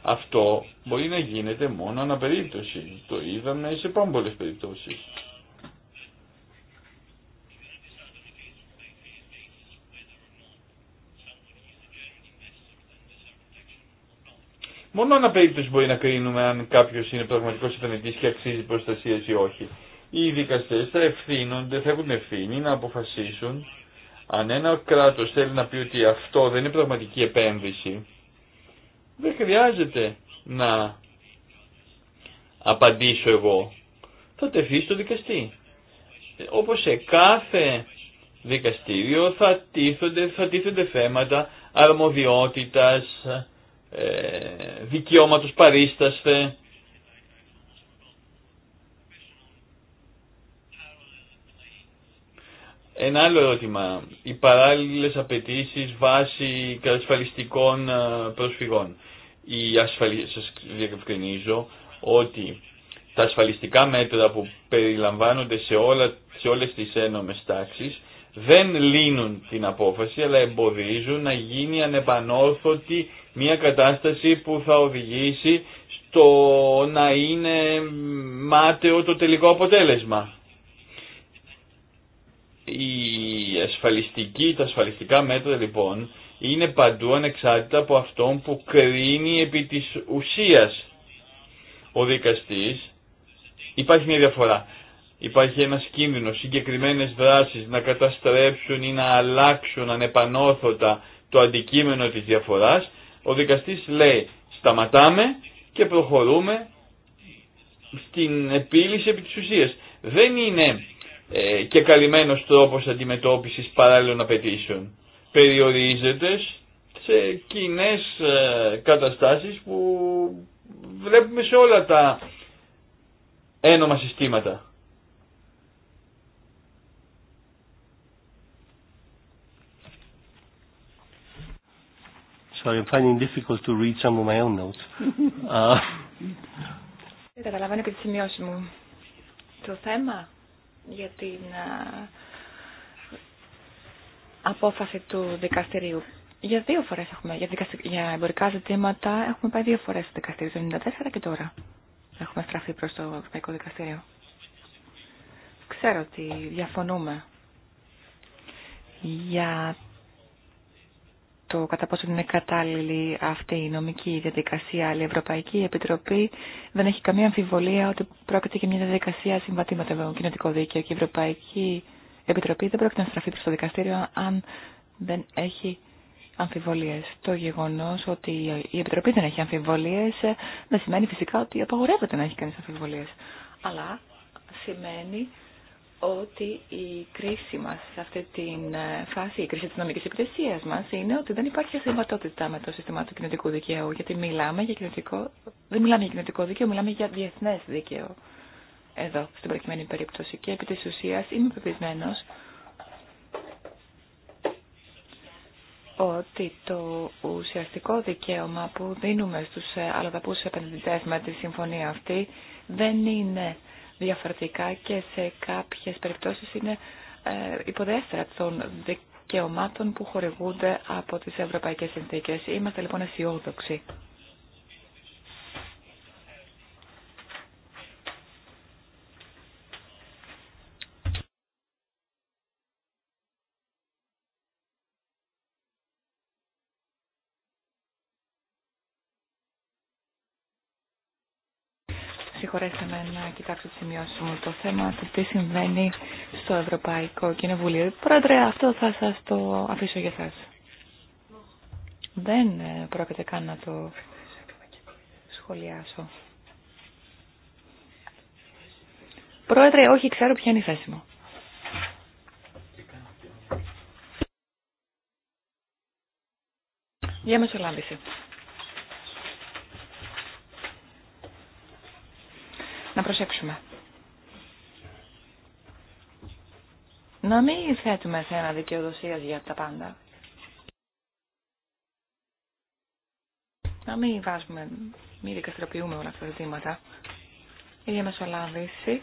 Αυτό μπορεί να γίνεται μόνο αναπερίπτωση. Το είδαμε σε πάμπολε περιπτώσει. Μόνο περίπτωση μπορεί να κρίνουμε αν κάποιο είναι πραγματικό επενδυτή και αξίζει προστασία ή όχι. Οι δικαστέ θα ευθύνονται, θα έχουν ευθύνη να αποφασίσουν αν ένα κράτος θέλει να πει ότι αυτό δεν είναι πραγματική επένδυση, δεν χρειάζεται να απαντήσω εγώ. Θα τεθεί στο δικαστή. Όπως σε κάθε δικαστήριο θα τίθονται, θα τίθονται θέματα αρμοδιότητας, ε, δικαιώματος παρίστασθε, Ένα άλλο ερώτημα. Οι παράλληλες απαιτήσει βάσει κατασφαλιστικών ε, προσφυγών. Η ασφαλι... Σας διευκρινίζω ότι τα ασφαλιστικά μέτρα που περιλαμβάνονται σε, όλα, σε όλες τις ένομες τάξεις δεν λύνουν την απόφαση αλλά εμποδίζουν να γίνει ανεπανόρθωτη μια κατάσταση που θα οδηγήσει στο να είναι μάταιο το τελικό αποτέλεσμα. Η ασφαλιστική, τα ασφαλιστικά μέτρα λοιπόν είναι παντού ανεξάρτητα από αυτόν που κρίνει επί της ουσίας ο δικαστής. Υπάρχει μια διαφορά. Υπάρχει ένας κίνδυνος, συγκεκριμένες δράσεις να καταστρέψουν ή να αλλάξουν ανεπανόρθωτα το αντικείμενο της διαφοράς. Ο δικαστής λέει σταματάμε και προχωρούμε στην επίλυση επί της ουσίας. Δεν είναι ε, και καλυμμένος τρόπος αντιμετώπισης παράλληλων απαιτήσεων. Περιορίζεται σε κοινέ ε, καταστάσεις που βλέπουμε σε όλα τα ένομα συστήματα. Sorry, I'm finding difficult to read some of my own notes. Uh, Δεν καταλαβαίνω και μου. Το θέμα για την ε, απόφαση του δικαστηρίου. Για δύο φορές έχουμε, για, δικαστη... για εμπορικά ζητήματα έχουμε πάει δύο φορές στο δικαστήριο, το 1994 και τώρα έχουμε στραφεί προς το Ευρωπαϊκό Δικαστήριο. Ξέρω ότι διαφωνούμε για το κατά πόσο είναι κατάλληλη αυτή η νομική διαδικασία, αλλά η Ευρωπαϊκή Επιτροπή δεν έχει καμία αμφιβολία ότι πρόκειται για μια διαδικασία συμβατή με το κοινωτικό δίκαιο και η Ευρωπαϊκή Επιτροπή δεν πρόκειται να στραφεί προς το δικαστήριο αν δεν έχει αμφιβολίες. Το γεγονός ότι η Επιτροπή δεν έχει αμφιβολίες δεν σημαίνει φυσικά ότι απαγορεύεται να έχει κανεί αμφιβολίες. Αλλά σημαίνει ότι η κρίση μας σε αυτή τη ε, φάση, η κρίση της νομικής υπηρεσία μας είναι ότι δεν υπάρχει ασυμβατότητα με το σύστημα του κοινωτικού δικαίου, γιατί μιλάμε για κοινωτικό, δεν μιλάμε για κοινωτικό δίκαιο, μιλάμε για διεθνές δίκαιο εδώ, στην προκειμένη περίπτωση. Και επί της ουσίας είμαι πεπισμένο ότι το ουσιαστικό δικαίωμα που δίνουμε στους ε, αλλοδαπούς επενδυτές με τη συμφωνία αυτή δεν είναι διαφορετικά και σε κάποιες περιπτώσεις είναι ε, υποδέστερα των δικαιωμάτων που χορηγούνται από τις ευρωπαϊκές συνθήκες. Είμαστε λοιπόν αισιόδοξοι με να κοιτάξω τη σημειώσει μου το θέμα του τι συμβαίνει στο Ευρωπαϊκό Κοινοβούλιο. Πρόεδρε, αυτό θα σας το αφήσω για σας. Δεν ε, πρόκειται καν να το σχολιάσω. Πρόεδρε, όχι, ξέρω ποια είναι η θέση μου. Για μεσολάβηση. να προσέξουμε. Να μην θέτουμε σε ένα δικαιοδοσία για τα πάντα. Να μην βάζουμε, μην δικαστροποιούμε όλα αυτά τα ζητήματα. Η διαμεσολάβηση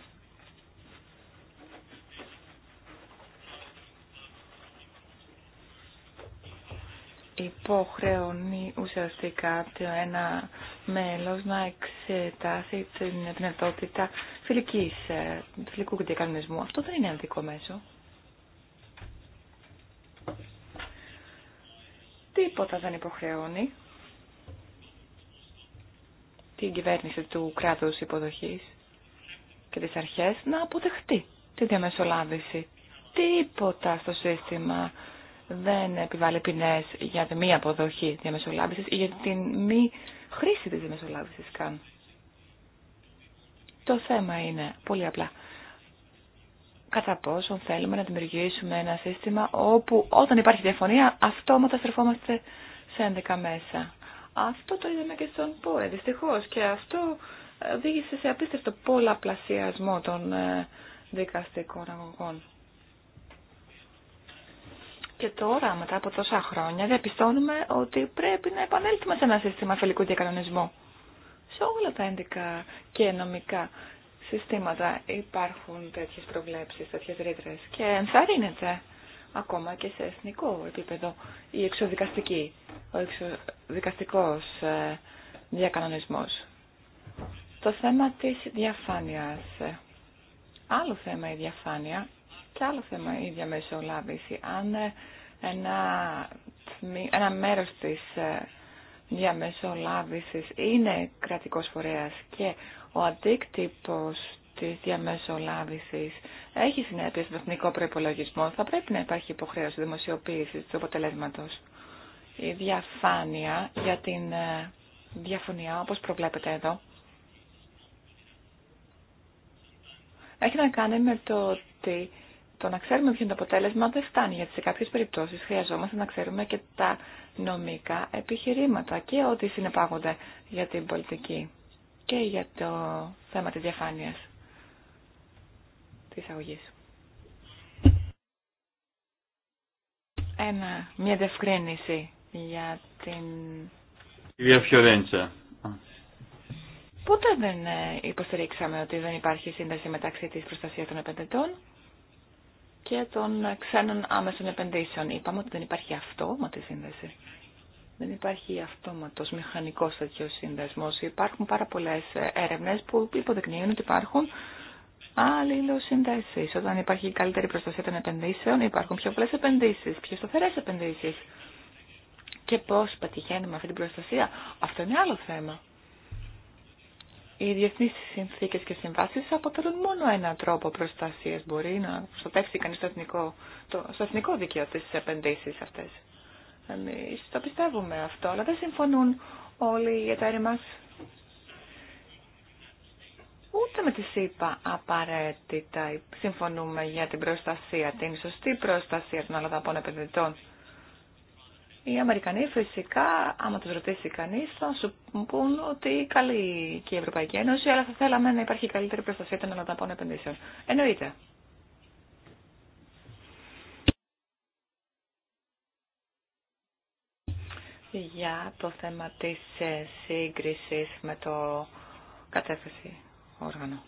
υποχρεώνει ουσιαστικά το ένα μέλος να εξετάσει την δυνατότητα φιλικής, ε, φιλικού διακανονισμού. Αυτό δεν είναι ενδικό μέσο. Τίποτα δεν υποχρεώνει την κυβέρνηση του κράτους υποδοχής και τις αρχές να αποδεχτεί τη διαμεσολάβηση. Τίποτα στο σύστημα δεν επιβάλλει ποινέ για τη μη αποδοχή διαμεσολάβηση ή για τη μη χρήση της διαμεσολάβηση καν. Το θέμα είναι πολύ απλά. Κατά πόσον θέλουμε να δημιουργήσουμε ένα σύστημα όπου όταν υπάρχει διαφωνία αυτόματα στρεφόμαστε σε 11 μέσα. Αυτό το είδαμε και στον ΠΟΕ Δυστυχώ. και αυτό οδήγησε σε απίστευτο πολλαπλασιασμό των ε, δικαστικών αγωγών. Και τώρα, μετά από τόσα χρόνια, διαπιστώνουμε ότι πρέπει να επανέλθουμε σε ένα σύστημα φιλικού διακανονισμού. Σε όλα τα ένδικα και νομικά συστήματα υπάρχουν τέτοιες προβλέψεις, τέτοιες ρήτρες και ενθαρρύνεται ακόμα και σε εθνικό επίπεδο η εξοδικαστική, ο εξοδικαστικός ε, διακανονισμός. Το θέμα της διαφάνειας. Άλλο θέμα η διαφάνεια και άλλο θέμα, η διαμεσολάβηση. Αν ε, ένα, ένα μέρος της ε, διαμεσολάβησης είναι κρατικός φορέας και ο αντίκτυπος της διαμεσολάβησης έχει συνέπειες στον εθνικό προϋπολογισμό, θα πρέπει να υπάρχει υποχρέωση δημοσιοποίησης του αποτελέσματος. Η διαφάνεια για την ε, διαφωνία, όπως προβλέπετε εδώ, έχει να κάνει με το ότι το να ξέρουμε ποιο είναι το αποτέλεσμα δεν φτάνει, γιατί σε κάποιε περιπτώσει χρειαζόμαστε να ξέρουμε και τα νομικά επιχειρήματα και ό,τι συνεπάγονται για την πολιτική και για το θέμα της διαφάνειας της αγωγής. Ένα, μια διευκρίνηση για την... Κυρία Φιωρέντσα. Πότε δεν ε, υποστηρίξαμε ότι δεν υπάρχει σύνδεση μεταξύ της προστασίας των επενδυτών και των ξένων άμεσων επενδύσεων. Είπαμε ότι δεν υπάρχει αυτόματη σύνδεση. Δεν υπάρχει αυτόματο μηχανικό τέτοιο σύνδεσμό. Υπάρχουν πάρα πολλέ έρευνε που υποδεικνύουν ότι υπάρχουν αλληλοσυνδέσει. Όταν υπάρχει καλύτερη προστασία των επενδύσεων, υπάρχουν πιο πολλέ επενδύσεις, πιο σταθερέ επενδύσει. Και πώ πετυχαίνουμε αυτή την προστασία, αυτό είναι άλλο θέμα. Οι διεθνεί συνθήκες και συμβάσει αποτελούν μόνο έναν τρόπο προστασίας. Μπορεί να προστατεύσει κανείς το εθνικό, το, στο εθνικό δίκαιο τη επενδύσεις αυτέ. Εμεί το πιστεύουμε αυτό, αλλά δεν συμφωνούν όλοι οι εταίροι μα. Ούτε με τη ΣΥΠΑ απαραίτητα συμφωνούμε για την προστασία, την σωστή προστασία των αλλοδαπών επενδυτών οι Αμερικανοί φυσικά, άμα του ρωτήσει κανείς, θα σου πούν ότι καλή και η Ευρωπαϊκή Ένωση, αλλά θα θέλαμε να υπάρχει καλύτερη προστασία των αναταπών επενδύσεων. Εννοείται. Για το θέμα της ε, σύγκρισης με το κατέθεση όργανο.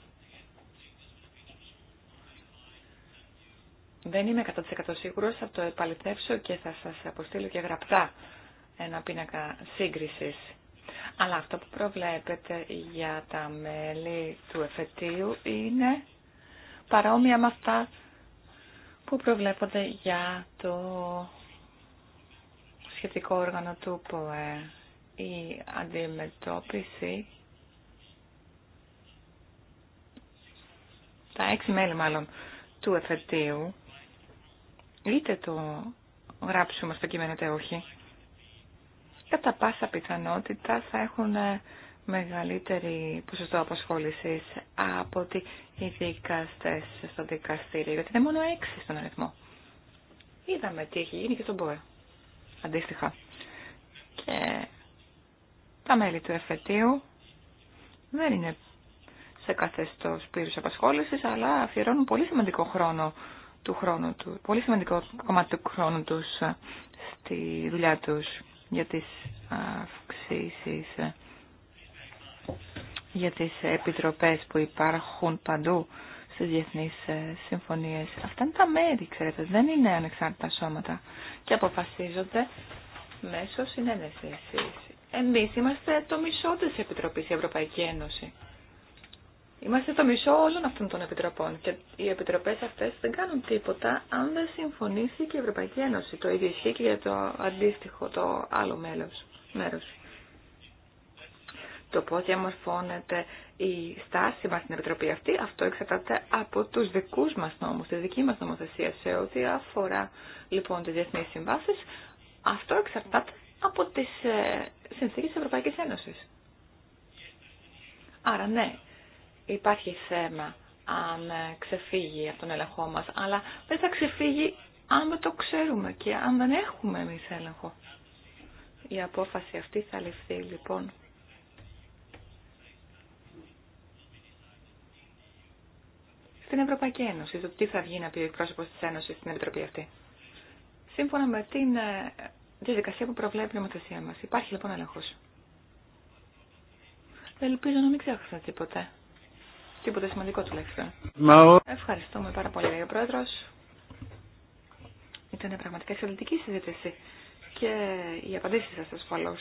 Δεν είμαι 100% σίγουρος, θα το επαληθεύσω και θα σας αποστείλω και γραπτά ένα πίνακα σύγκρισης. Αλλά αυτό που προβλέπετε για τα μέλη του εφετείου είναι παρόμοια με αυτά που προβλέπονται για το σχετικό όργανο του ΠΟΕ. Η αντιμετώπιση, τα έξι μέλη μάλλον του εφετείου, είτε το γράψουμε στο κείμενο είτε όχι, κατά πάσα πιθανότητα θα έχουν ε, μεγαλύτερη ποσοστό απασχόληση από ότι οι δικαστέ στο δικαστήριο, γιατί είναι μόνο έξι στον αριθμό. Είδαμε τι έχει γίνει και στον ΠΟΕ, αντίστοιχα. Και τα μέλη του εφετείου δεν είναι σε καθεστώς πλήρους απασχόλησης, αλλά αφιερώνουν πολύ σημαντικό χρόνο του χρόνου του, πολύ σημαντικό κομμάτι του χρόνου τους ε, στη δουλειά τους για τις αυξήσεις, ε, για τις επιτροπές που υπάρχουν παντού στις διεθνείς ε, συμφωνίες. Αυτά είναι τα μέρη, ξέρετε, δεν είναι ανεξάρτητα σώματα και αποφασίζονται μέσω συνένεσης. Εμείς είμαστε το μισό της Επιτροπής η Ευρωπαϊκή Ένωση. Είμαστε το μισό όλων αυτών των επιτροπών και οι επιτροπές αυτές δεν κάνουν τίποτα αν δεν συμφωνήσει και η Ευρωπαϊκή Ένωση. Το ίδιο ισχύει και για το αντίστοιχο, το άλλο μέλος, μέρος. Το πώς διαμορφώνεται η στάση μας στην Επιτροπή αυτή, αυτό εξαρτάται από τους δικούς μας νόμους, τη δική μας νομοθεσία σε ό,τι αφορά λοιπόν τις διεθνείς συμβάσεις. Αυτό εξαρτάται από τις ε, συνθήκες της Ευρωπαϊκής Ένωσης. Άρα ναι, υπάρχει θέμα αν ξεφύγει από τον έλεγχό μας, αλλά δεν θα ξεφύγει αν δεν το ξέρουμε και αν δεν έχουμε εμεί έλεγχο. Η απόφαση αυτή θα ληφθεί λοιπόν. Στην Ευρωπαϊκή Ένωση, το τι θα βγει να πει ο εκπρόσωπος της Ένωσης στην Επιτροπή αυτή. Σύμφωνα με την ε, διαδικασία που προβλέπει η νομοθεσία μας. Υπάρχει λοιπόν έλεγχος. Ελπίζω να μην ξέχασα τίποτα. Τίποτα σημαντικό τουλάχιστον. Μα... Ευχαριστούμε πάρα πολύ, ο Πρόεδρο. Ήταν πραγματικά εξαιρετική συζήτηση και οι απαντήσει σα ασφαλώ.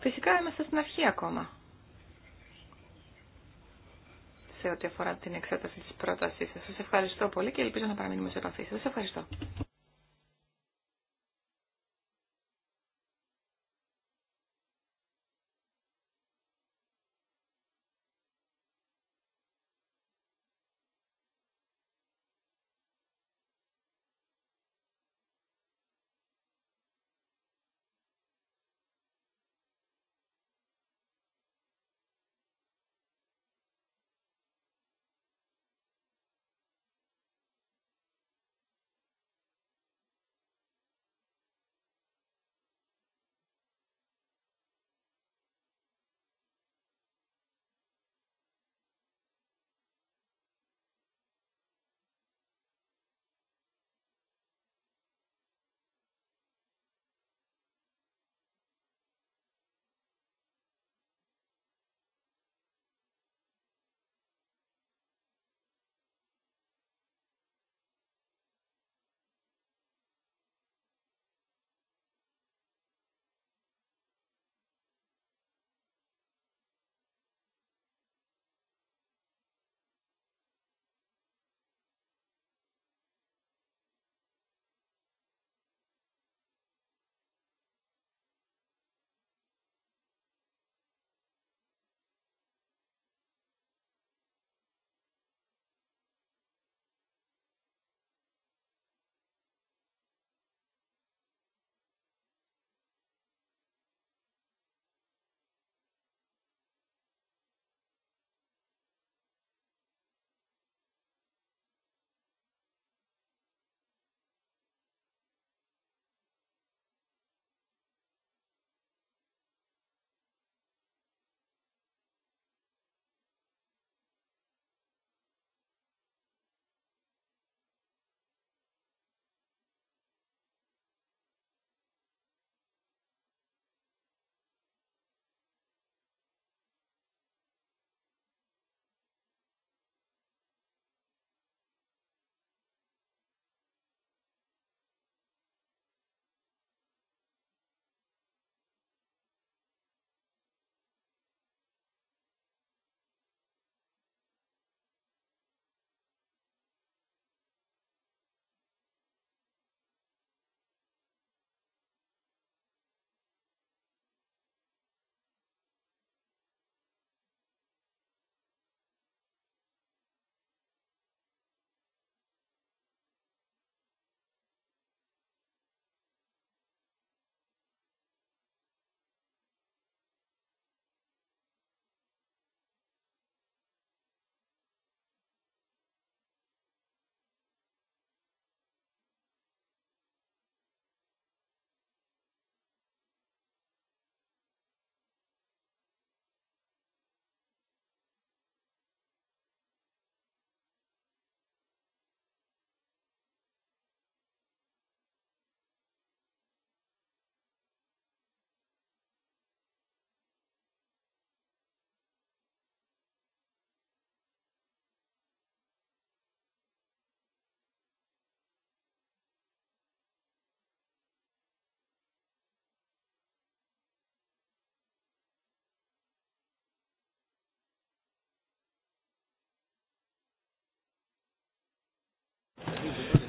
Φυσικά είμαστε στην αρχή ακόμα σε ό,τι αφορά την εξέταση της πρότασής σα. Σας ευχαριστώ πολύ και ελπίζω να παραμείνουμε σε επαφή. Σας ευχαριστώ.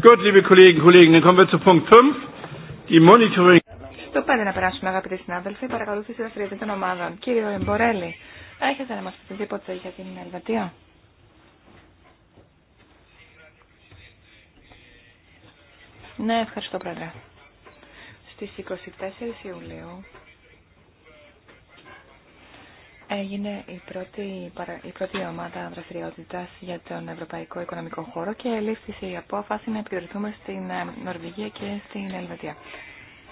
Gut, liebe Kollegen, Kollegen, dann kommen wir zu Punkt 5. Die Monitoring. Στο 5 να περάσουμε, αγαπητοί συνάδελφοι, παρακολούθηση δραστηριοτήτων των ομάδων. Κύριο Εμπορέλη, έχετε να μα πείτε τίποτα για την Ελβετία. Ναι, ευχαριστώ, Πρόεδρε. Στι 24 Ιουλίου έγινε η πρώτη, η πρώτη ομάδα δραστηριότητα για τον Ευρωπαϊκό Οικονομικό Χώρο και λήφθησε η απόφαση να επικοινωνηθούμε στην ε, Νορβηγία και στην Ελβετία.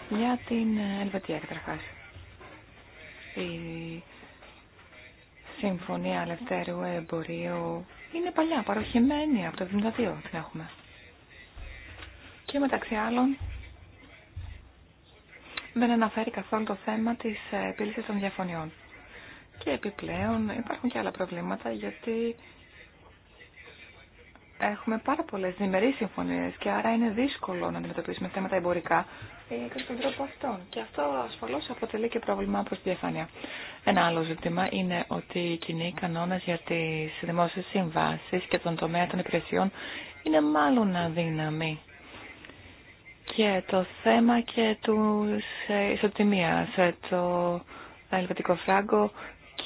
Για την ε, Ελβετία, καταρχά. Η Συμφωνία Ελευθέρου Εμπορίου είναι παλιά, παροχημένη από το 1972 την έχουμε. Και μεταξύ άλλων δεν αναφέρει καθόλου το θέμα της ε, επίλυσης των διαφωνιών. Και επιπλέον υπάρχουν και άλλα προβλήματα γιατί έχουμε πάρα πολλέ διμερεί συμφωνίε και άρα είναι δύσκολο να αντιμετωπίσουμε θέματα εμπορικά ε, κατά τον τρόπο αυτόν. Και αυτό ασφαλώ αποτελεί και πρόβλημα προ τη διαφάνεια. Ένα άλλο ζήτημα είναι ότι οι κοινοί κανόνε για τι δημόσιε συμβάσει και τον τομέα των υπηρεσιών είναι μάλλον αδύναμοι. Και το θέμα και του ε, ισοτιμία, ε, το ελβετικό φράγκο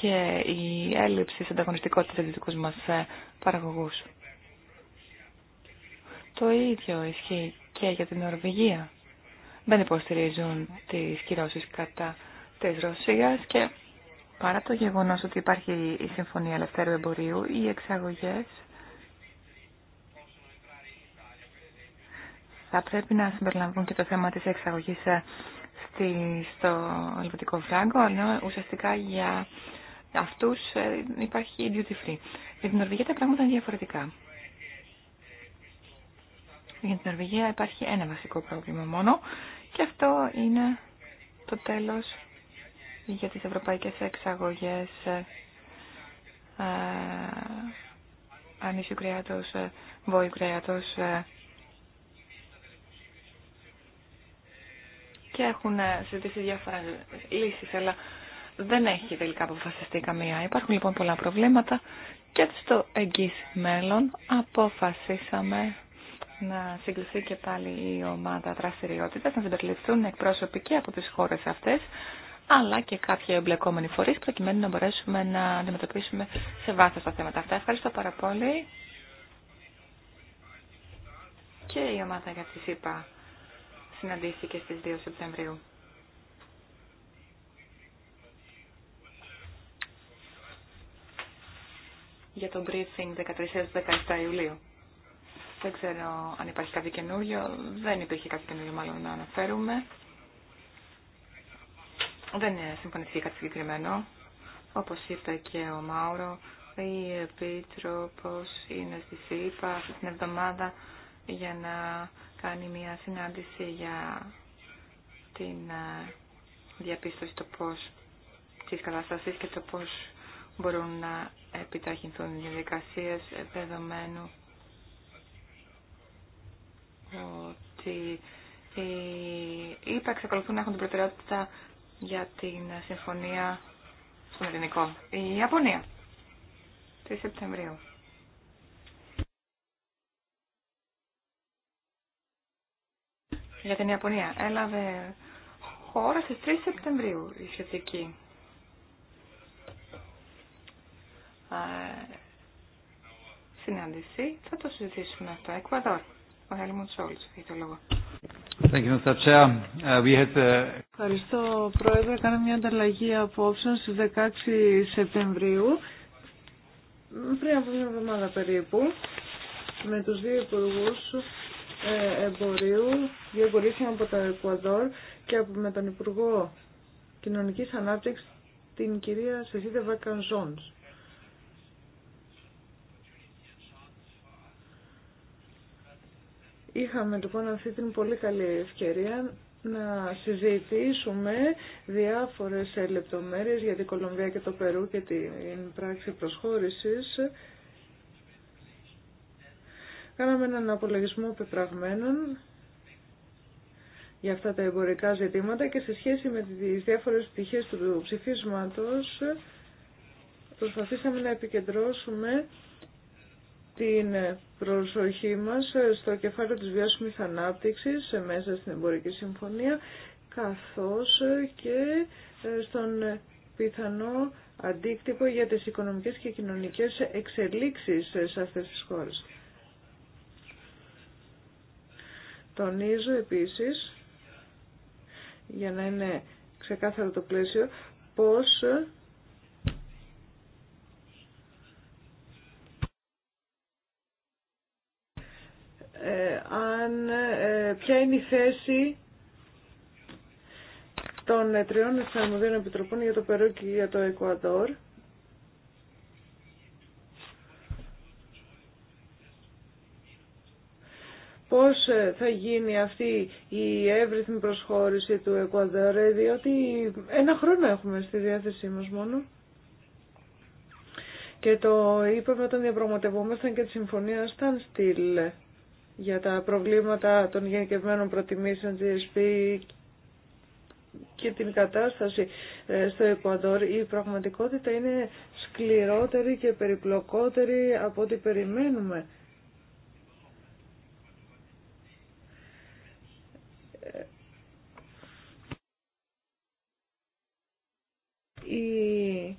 και η έλλειψη συνταγωνιστικότητα για δυτικού μα ε, παραγωγού. Το ίδιο ισχύει και για την Νορβηγία. Δεν υποστηρίζουν τι κυρώσει κατά τη Ρωσία και παρά το γεγονό ότι υπάρχει η Συμφωνία Ελευθέρου Εμπορίου, οι εξαγωγέ θα πρέπει να συμπεριλαμβάνουν και το θέμα της εξαγωγή ε, στο ελβετικό φράγκο, ενώ ουσιαστικά για αυτούς ε, υπάρχει duty free. Για την Νορβηγία τα πράγματα είναι διαφορετικά. Για την Νορβηγία υπάρχει ένα βασικό πρόβλημα μόνο και αυτό είναι το τέλος για τις ευρωπαϊκές εξαγωγές ε, ε, ανήσιου κρέατος, βόηου κρέατος και έχουν συζητήσει διάφορα λύσεις, αλλά δεν έχει τελικά αποφασιστεί καμία. Υπάρχουν λοιπόν πολλά προβλήματα και στο εγγύς μέλλον αποφασίσαμε να συγκληθεί και πάλι η ομάδα δραστηριότητας, να συμπεριληφθούν εκπρόσωποι και από τις χώρες αυτές, αλλά και κάποιοι εμπλεκόμενοι φορείς, προκειμένου να μπορέσουμε να αντιμετωπίσουμε σε βάθος τα θέματα αυτά. Ευχαριστώ πάρα πολύ. Και η ομάδα για τη ΣΥΠΑ συναντήθηκε στις 2 Σεπτεμβρίου. για το briefing 13-17 Ιουλίου. Δεν ξέρω αν υπάρχει κάτι καινούριο. Δεν υπήρχε κάτι καινούριο μάλλον να αναφέρουμε. Δεν συμφωνηθεί κάτι συγκεκριμένο. Όπως είπε και ο Μάουρο, η Επίτροπος είναι στη ΣΥΠΑ αυτή την εβδομάδα για να κάνει μια συνάντηση για την ε, διαπίστωση το πώς της κατάστασης και το πώς μπορούν να επιταχυνθούν οι διαδικασίε δεδομένου ότι οι ΥΠΑ εξακολουθούν να έχουν την προτεραιότητα για την συμφωνία στον ελληνικό. Η Ιαπωνία, 3 Σεπτεμβρίου. Για την Ιαπωνία έλαβε χώρα στις 3 Σεπτεμβρίου η σχετική συνάντηση θα το συζητήσουμε αυτό. Εκουαδόρ. Ο Χέλμουντ Σόλτ έχει το λόγο. Uh, uh, Ευχαριστώ, Πρόεδρε. Κάναμε μια ανταλλαγή απόψεων στις 16 Σεπτεμβρίου, πριν από μια εβδομάδα περίπου, με τους δύο υπουργού ε, εμπορίου, δύο από το Εκουαδόρ και με τον Υπουργό Κοινωνικής Ανάπτυξης, την κυρία Σεσίδε Βακανζόντς. Είχαμε λοιπόν αυτή την πολύ καλή ευκαιρία να συζητήσουμε διάφορες λεπτομέρειες για την Κολομβία και το Περού και την πράξη προσχώρησης. Κάναμε έναν απολογισμό πεπραγμένων για αυτά τα εμπορικά ζητήματα και σε σχέση με τις διάφορες πτυχές του ψηφίσματος προσπαθήσαμε να επικεντρώσουμε την προσοχή μας στο κεφάλαιο της βιώσιμης ανάπτυξης μέσα στην εμπορική συμφωνία καθώς και ε, στον πιθανό αντίκτυπο για τις οικονομικές και κοινωνικές εξελίξεις σε αυτές τις χώρες. Τονίζω επίσης, για να είναι ξεκάθαρο το πλαίσιο, πως Ε, αν, ε, ποια είναι η θέση των ε, τριών εξαρμοδίων επιτροπών για το Περού και για το Εκουαδόρ. Πώς θα γίνει αυτή η εύρυθμη προσχώρηση του Εκουαδόρ, διότι ένα χρόνο έχουμε στη διάθεσή μας μόνο. Και το είπαμε όταν διαπραγματευόμασταν και τη συμφωνία στάνστιλ για τα προβλήματα των γενικευμένων προτιμήσεων GSP και την κατάσταση ε, στο Εκουαδόρ, η πραγματικότητα είναι σκληρότερη και περιπλοκότερη από ό,τι περιμένουμε. Ε, η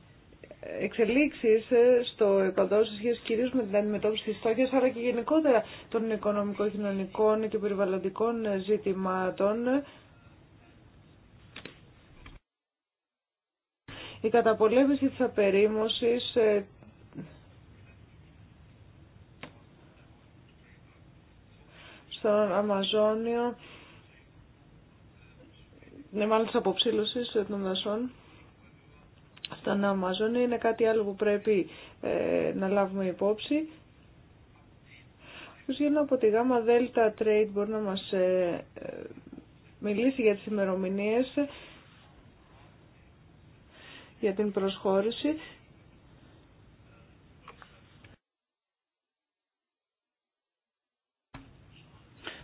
εξελίξεις ε, στο εκατό σχέση κυρίως με την αντιμετώπιση τη στόχης αλλά και γενικότερα των οικονομικο κοινωνικών και περιβαλλοντικών ε, ζητημάτων. Η καταπολέμηση της απερίμωσης ε, στον Αμαζόνιο, ναι μάλλον της αποψήλωσης των δασών, στον αμαζώνει είναι κάτι άλλο που πρέπει ε, να λάβουμε υπόψη. που γίνω από τη ΓΑΜΑ ΔΕΛΤΑ Trade μπορεί να μας ε, ε μιλήσει για τις ημερομηνίε για την προσχώρηση.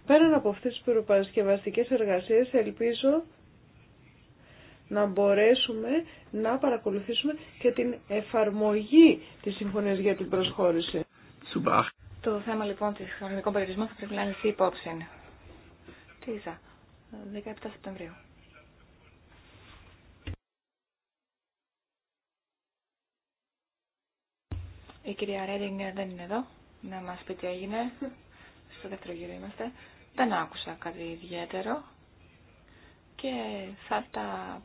Πέραν από αυτές τις προπαρασκευαστικές εργασίες ελπίζω να μπορέσουμε να παρακολουθήσουμε και την εφαρμογή της Συμφωνίας για την Προσχώρηση. Το θέμα λοιπόν της χρονικών περιορισμών θα πρέπει να λυθεί υπόψη. Τίσα. 17 Σεπτεμβρίου. Η κυρία Ρέντινγκ δεν είναι εδώ να μας πει τι έγινε. Στο δεύτερο γύρο είμαστε. Δεν άκουσα κάτι ιδιαίτερο και θα τα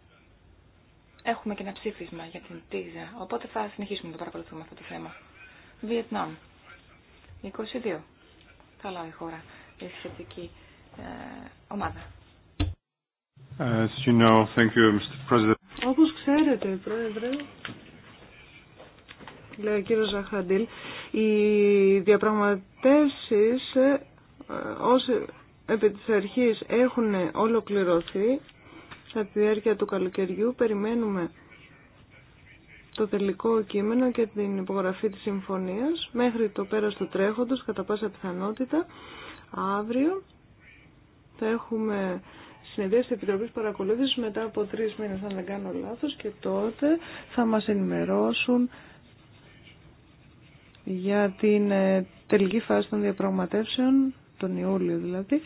έχουμε και ένα ψήφισμα για την ΤΙΖΑ, οπότε θα συνεχίσουμε να το παρακολουθούμε αυτό το θέμα. Βιετνάμ. 22. Καλά η χώρα η σχετική ε, ομάδα. As you know, thank you, Mr. Όπως ξέρετε, Πρόεδρε, λέει ο κύριο Ζαχαντήλ, οι διαπραγματεύσεις ε, επί της αρχής έχουν ολοκληρωθεί στα τη διάρκεια του καλοκαιριού περιμένουμε το τελικό κείμενο και την υπογραφή της συμφωνίας μέχρι το πέρας του τρέχοντος κατά πάσα πιθανότητα αύριο θα έχουμε συνεδρία της Επιτροπής Παρακολούθησης μετά από τρεις μήνες αν δεν κάνω λάθος και τότε θα μας ενημερώσουν για την ε, τελική φάση των διαπραγματεύσεων τον Ιούλιο δηλαδή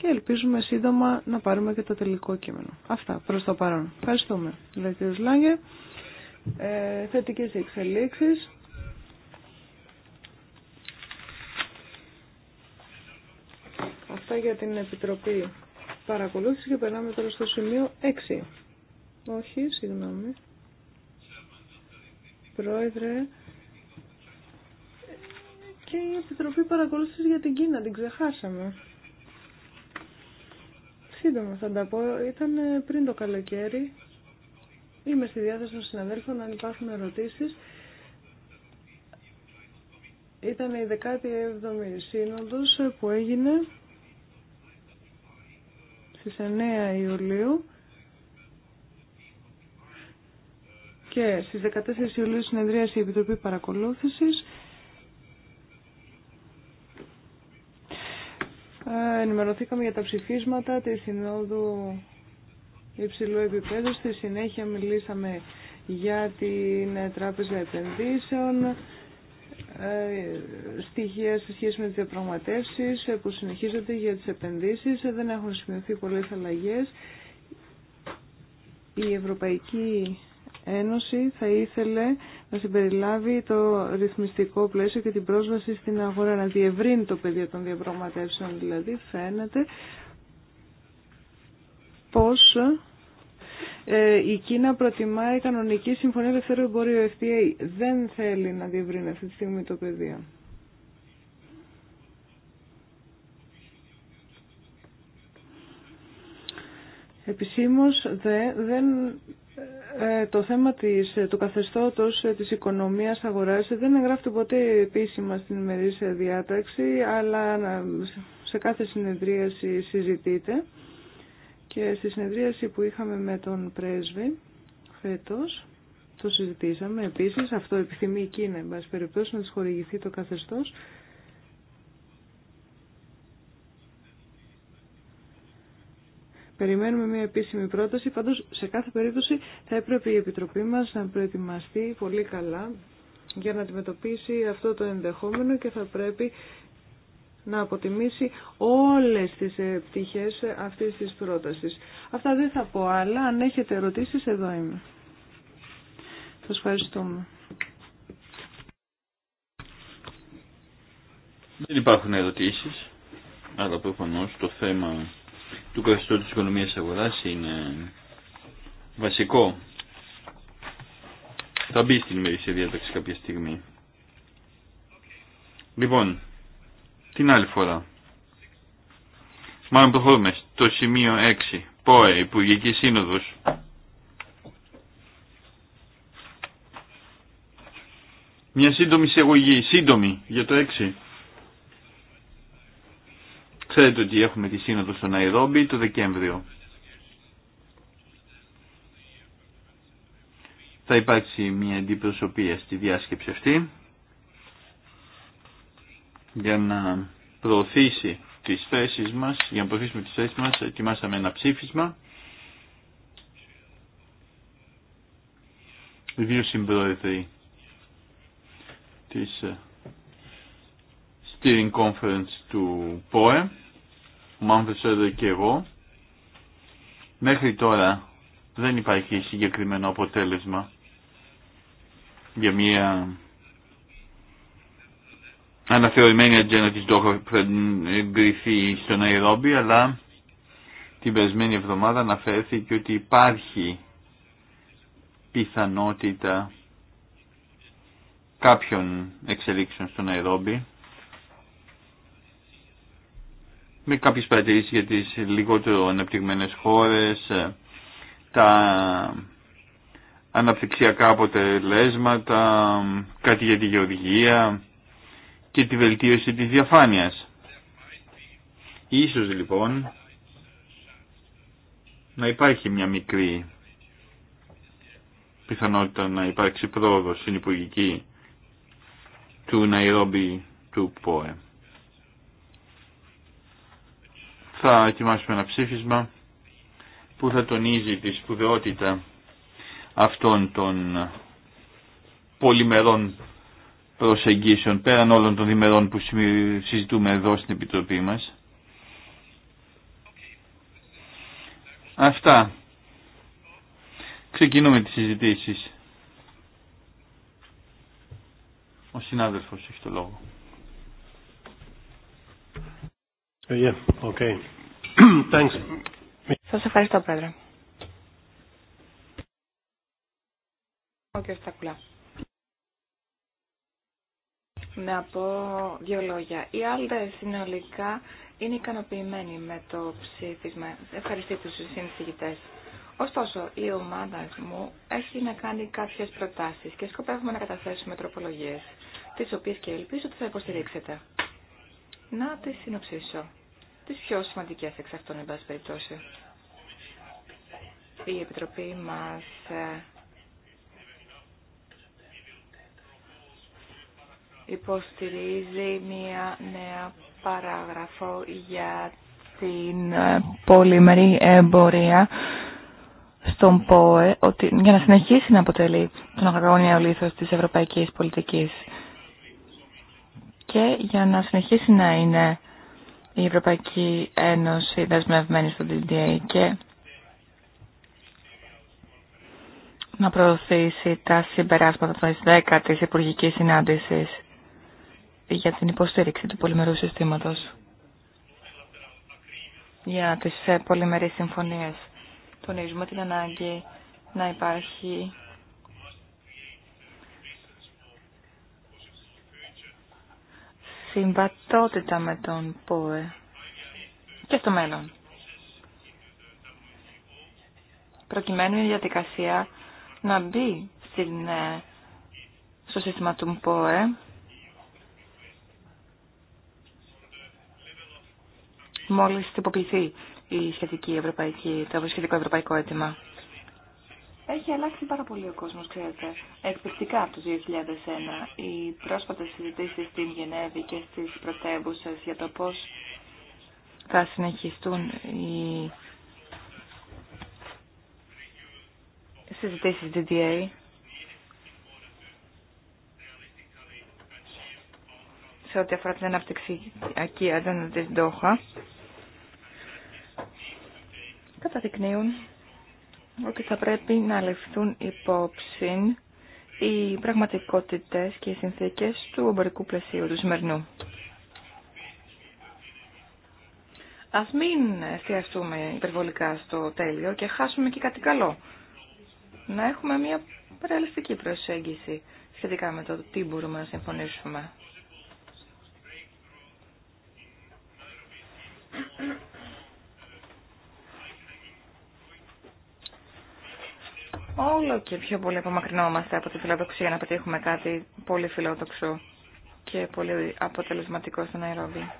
και ελπίζουμε σύντομα να πάρουμε και το τελικό κείμενο. Αυτά προς το παρόν. Ευχαριστούμε. Λέει Λάγκε. Ε, θετικές εξελίξεις. Αυτά για την Επιτροπή Παρακολούθηση και περνάμε τώρα στο σημείο 6. Όχι, συγγνώμη. Πρόεδρε, και η Επιτροπή Παρακολούθησης για την Κίνα, την ξεχάσαμε. Σύντομα θα τα πω. Ήταν ε, πριν το καλοκαίρι. Είμαι στη διάθεση των συναδέλφων αν υπάρχουν ερωτήσεις. Ήταν η 17η σύνοδος που έγινε στις 9 Ιουλίου και στις 14 Ιουλίου συνεδρίασε η Επιτροπή Παρακολούθησης ενημερωθήκαμε για τα ψηφίσματα τη Συνόδου Υψηλού Επιπέδου. Στη συνέχεια μιλήσαμε για την Τράπεζα Επενδύσεων, ε, στοιχεία σε σχέση με τις διαπραγματεύσεις που συνεχίζονται για τις επενδύσεις. Δεν έχουν σημειωθεί πολλές αλλαγές. Η Ευρωπαϊκή Ένωση θα ήθελε να συμπεριλάβει το ρυθμιστικό πλαίσιο και την πρόσβαση στην αγορά, να διευρύνει το πεδίο των διαπραγματεύσεων. Δηλαδή φαίνεται πως ε, η Κίνα προτιμάει κανονική συμφωνία ελευθερού εμπορίου. Δεν θέλει να διευρύνει αυτή τη στιγμή το πεδίο. Επισήμως δε, δεν, ε, το θέμα της, ε, του καθεστώτος ε, της οικονομίας αγοράς δεν εγγράφεται ποτέ επίσημα στην ημερήσια διάταξη, αλλά σε κάθε συνεδρίαση συζητείται. Και στη συνεδρίαση που είχαμε με τον πρέσβη φέτος, το συζητήσαμε επίσης, αυτό επιθυμεί η Κίνα, εν περιπτώσει, να της χορηγηθεί το καθεστώς. Περιμένουμε μια επίσημη πρόταση, Παντώ σε κάθε περίπτωση θα έπρεπε η Επιτροπή μας να προετοιμαστεί πολύ καλά για να αντιμετωπίσει αυτό το ενδεχόμενο και θα πρέπει να αποτιμήσει όλες τις ε, πτυχές αυτής της πρότασης. Αυτά δεν θα πω άλλα. Αν έχετε ερωτήσεις, εδώ είμαι. Σας ευχαριστούμε. Δεν υπάρχουν ερωτήσεις, αλλά προφανώς το θέμα του καθεστώτου της οικονομίας αγοράς είναι βασικό. Θα μπει στην ημερήσια διάταξη κάποια στιγμή. Λοιπόν, την άλλη φορά. Μάλλον προχωρούμε στο σημείο 6. ΠΟΕ, Υπουργική Σύνοδος. Μια σύντομη εισαγωγή, σύντομη για το 6. Ξέρετε ότι έχουμε τη σύνοδο στο Ναϊρόμπι το Δεκέμβριο. Θα υπάρξει μια αντιπροσωπεία στη διάσκεψη αυτή για να προωθήσει τις θέσεις μας, για να προωθήσουμε τις θέσεις μας, ετοιμάσαμε ένα ψήφισμα. Οι δύο συμπρόεδροι της ε, Steering Conference του ΠΟΕ εδώ και εγώ, μέχρι τώρα δεν υπάρχει συγκεκριμένο αποτέλεσμα για μια αναθεωρημένη ατζέντα της Ντόχα που θα εγκριθεί στο Ναϊρόμπι, αλλά την περασμένη εβδομάδα αναφέρθηκε ότι υπάρχει πιθανότητα κάποιων εξελίξεων στο Ναϊρόμπι με κάποιες παρατηρήσεις για τις λιγότερο αναπτυγμένες χώρες, ε, τα αναπτυξιακά αποτελέσματα, κάτι για τη γεωργία και τη βελτίωση της διαφάνειας. Ίσως λοιπόν να υπάρχει μια μικρή πιθανότητα να υπάρξει πρόοδος στην Υπουργική του Ναϊρόμπι του ΠΟΕ. θα ετοιμάσουμε ένα ψήφισμα που θα τονίζει τη σπουδαιότητα αυτών των πολυμερών προσεγγίσεων πέραν όλων των διμερών που συζητούμε εδώ στην Επιτροπή μας. Αυτά. Ξεκινούμε τις συζητήσεις. Ο συνάδελφος έχει το λόγο. Yeah, Σας ευχαριστώ, Πρόεδρε. Ο κ. Στακουλά. Να πω δύο λόγια. Οι άλλοι συνολικά είναι ικανοποιημένοι με το ψήφισμα. Ευχαριστή τους συνθηγητές. Ωστόσο, η ομάδα μου έχει να κάνει κάποιες προτάσεις και σκοπεύουμε να καταθέσουμε τροπολογίες, τις οποίες και ελπίζω ότι θα υποστηρίξετε. Να τις συνοψίσω τις πιο σημαντικές εξ αυτών, εν πάση περιπτώσει. Η Επιτροπή μας ε, υποστηρίζει μία νέα παράγραφο για την ε, πολυμερή εμπορία στον ΠΟΕ ότι για να συνεχίσει να αποτελεί τον αγαγόνια λίθος της ευρωπαϊκής πολιτικής και για να συνεχίσει να είναι η Ευρωπαϊκή Ένωση δεσμευμένη στο DDA και να προωθήσει τα συμπεράσματα των 10 της Υπουργικής Συνάντησης για την υποστήριξη του πολυμερού συστήματος για τις ε, πολυμερείς συμφωνίες. Τονίζουμε την ανάγκη να υπάρχει συμβατότητα με τον ΠΟΕ και στο μέλλον. Προκειμένου η διαδικασία να μπει στην, ε, στο σύστημα του ΠΟΕ μόλις τυποποιηθεί η σχετική ευρωπαϊκή, το σχετικό ευρωπαϊκό αίτημα. Έχει αλλάξει πάρα πολύ ο κόσμο. ξέρετε. Εκπληκτικά από το 2001. Οι πρόσφατε συζητήσει στην Γενέβη και στι πρωτεύουσε για το πώ θα συνεχιστούν οι συζητήσεις DDA σε ό,τι αφορά την αναπτυξιακή ατζέντα της Ντόχα καταδεικνύουν ότι θα πρέπει να ληφθούν υπόψη οι πραγματικότητες και οι συνθήκες του εμπορικού πλαισίου του σημερινού. Ας μην εστιαστούμε υπερβολικά στο τέλειο και χάσουμε και κάτι καλό. Να έχουμε μια ρεαλιστική προσέγγιση σχετικά με το τι μπορούμε να συμφωνήσουμε. όλο και πιο πολύ απομακρυνόμαστε από τη φιλοδοξία να πετύχουμε κάτι πολύ φιλόδοξο και πολύ αποτελεσματικό στην Αερόβη.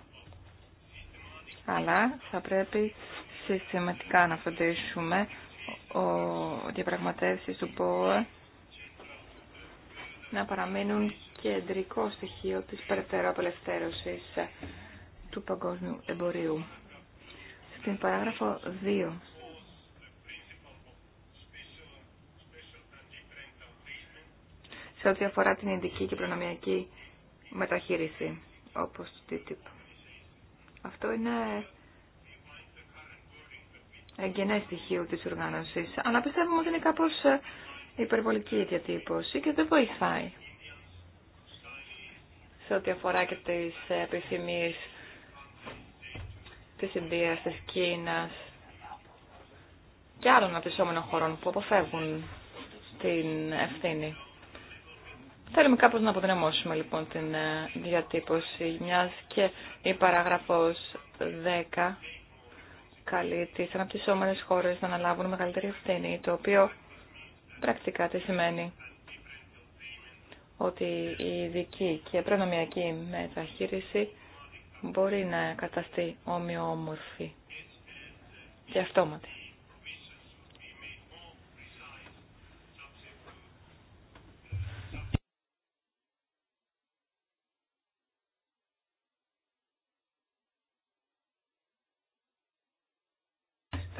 Αλλά θα πρέπει συστηματικά να φροντίσουμε ο διαπραγματεύσει του ΠΟΕ να παραμείνουν κεντρικό στοιχείο της περαιτέρω απελευθέρωσης του παγκόσμιου εμπορίου. Στην παράγραφο 2 σε ό,τι αφορά την ειδική και προνομιακή μεταχείριση, όπως το TTIP. Αυτό είναι εγγενέ στοιχείο της οργάνωσης, αλλά πιστεύουμε ότι είναι κάπως ε, υπερβολική η διατύπωση και δεν βοηθάει σε ό,τι αφορά και τις ε, επιθυμίες της Ινδίας, της Κίνας και άλλων αναπτυσσόμενων χωρών που αποφεύγουν την ευθύνη. Θέλουμε κάπως να αποδυναμώσουμε λοιπόν την ε, διατύπωση, μιας και η παράγραφος 10 καλεί τις αναπτυσσόμενες χώρες να αναλάβουν μεγαλύτερη ευθύνη, το οποίο πρακτικά τι σημαίνει ότι η ειδική και προνομιακή μεταχείριση μπορεί να καταστεί ομοιόμορφη και αυτόματη.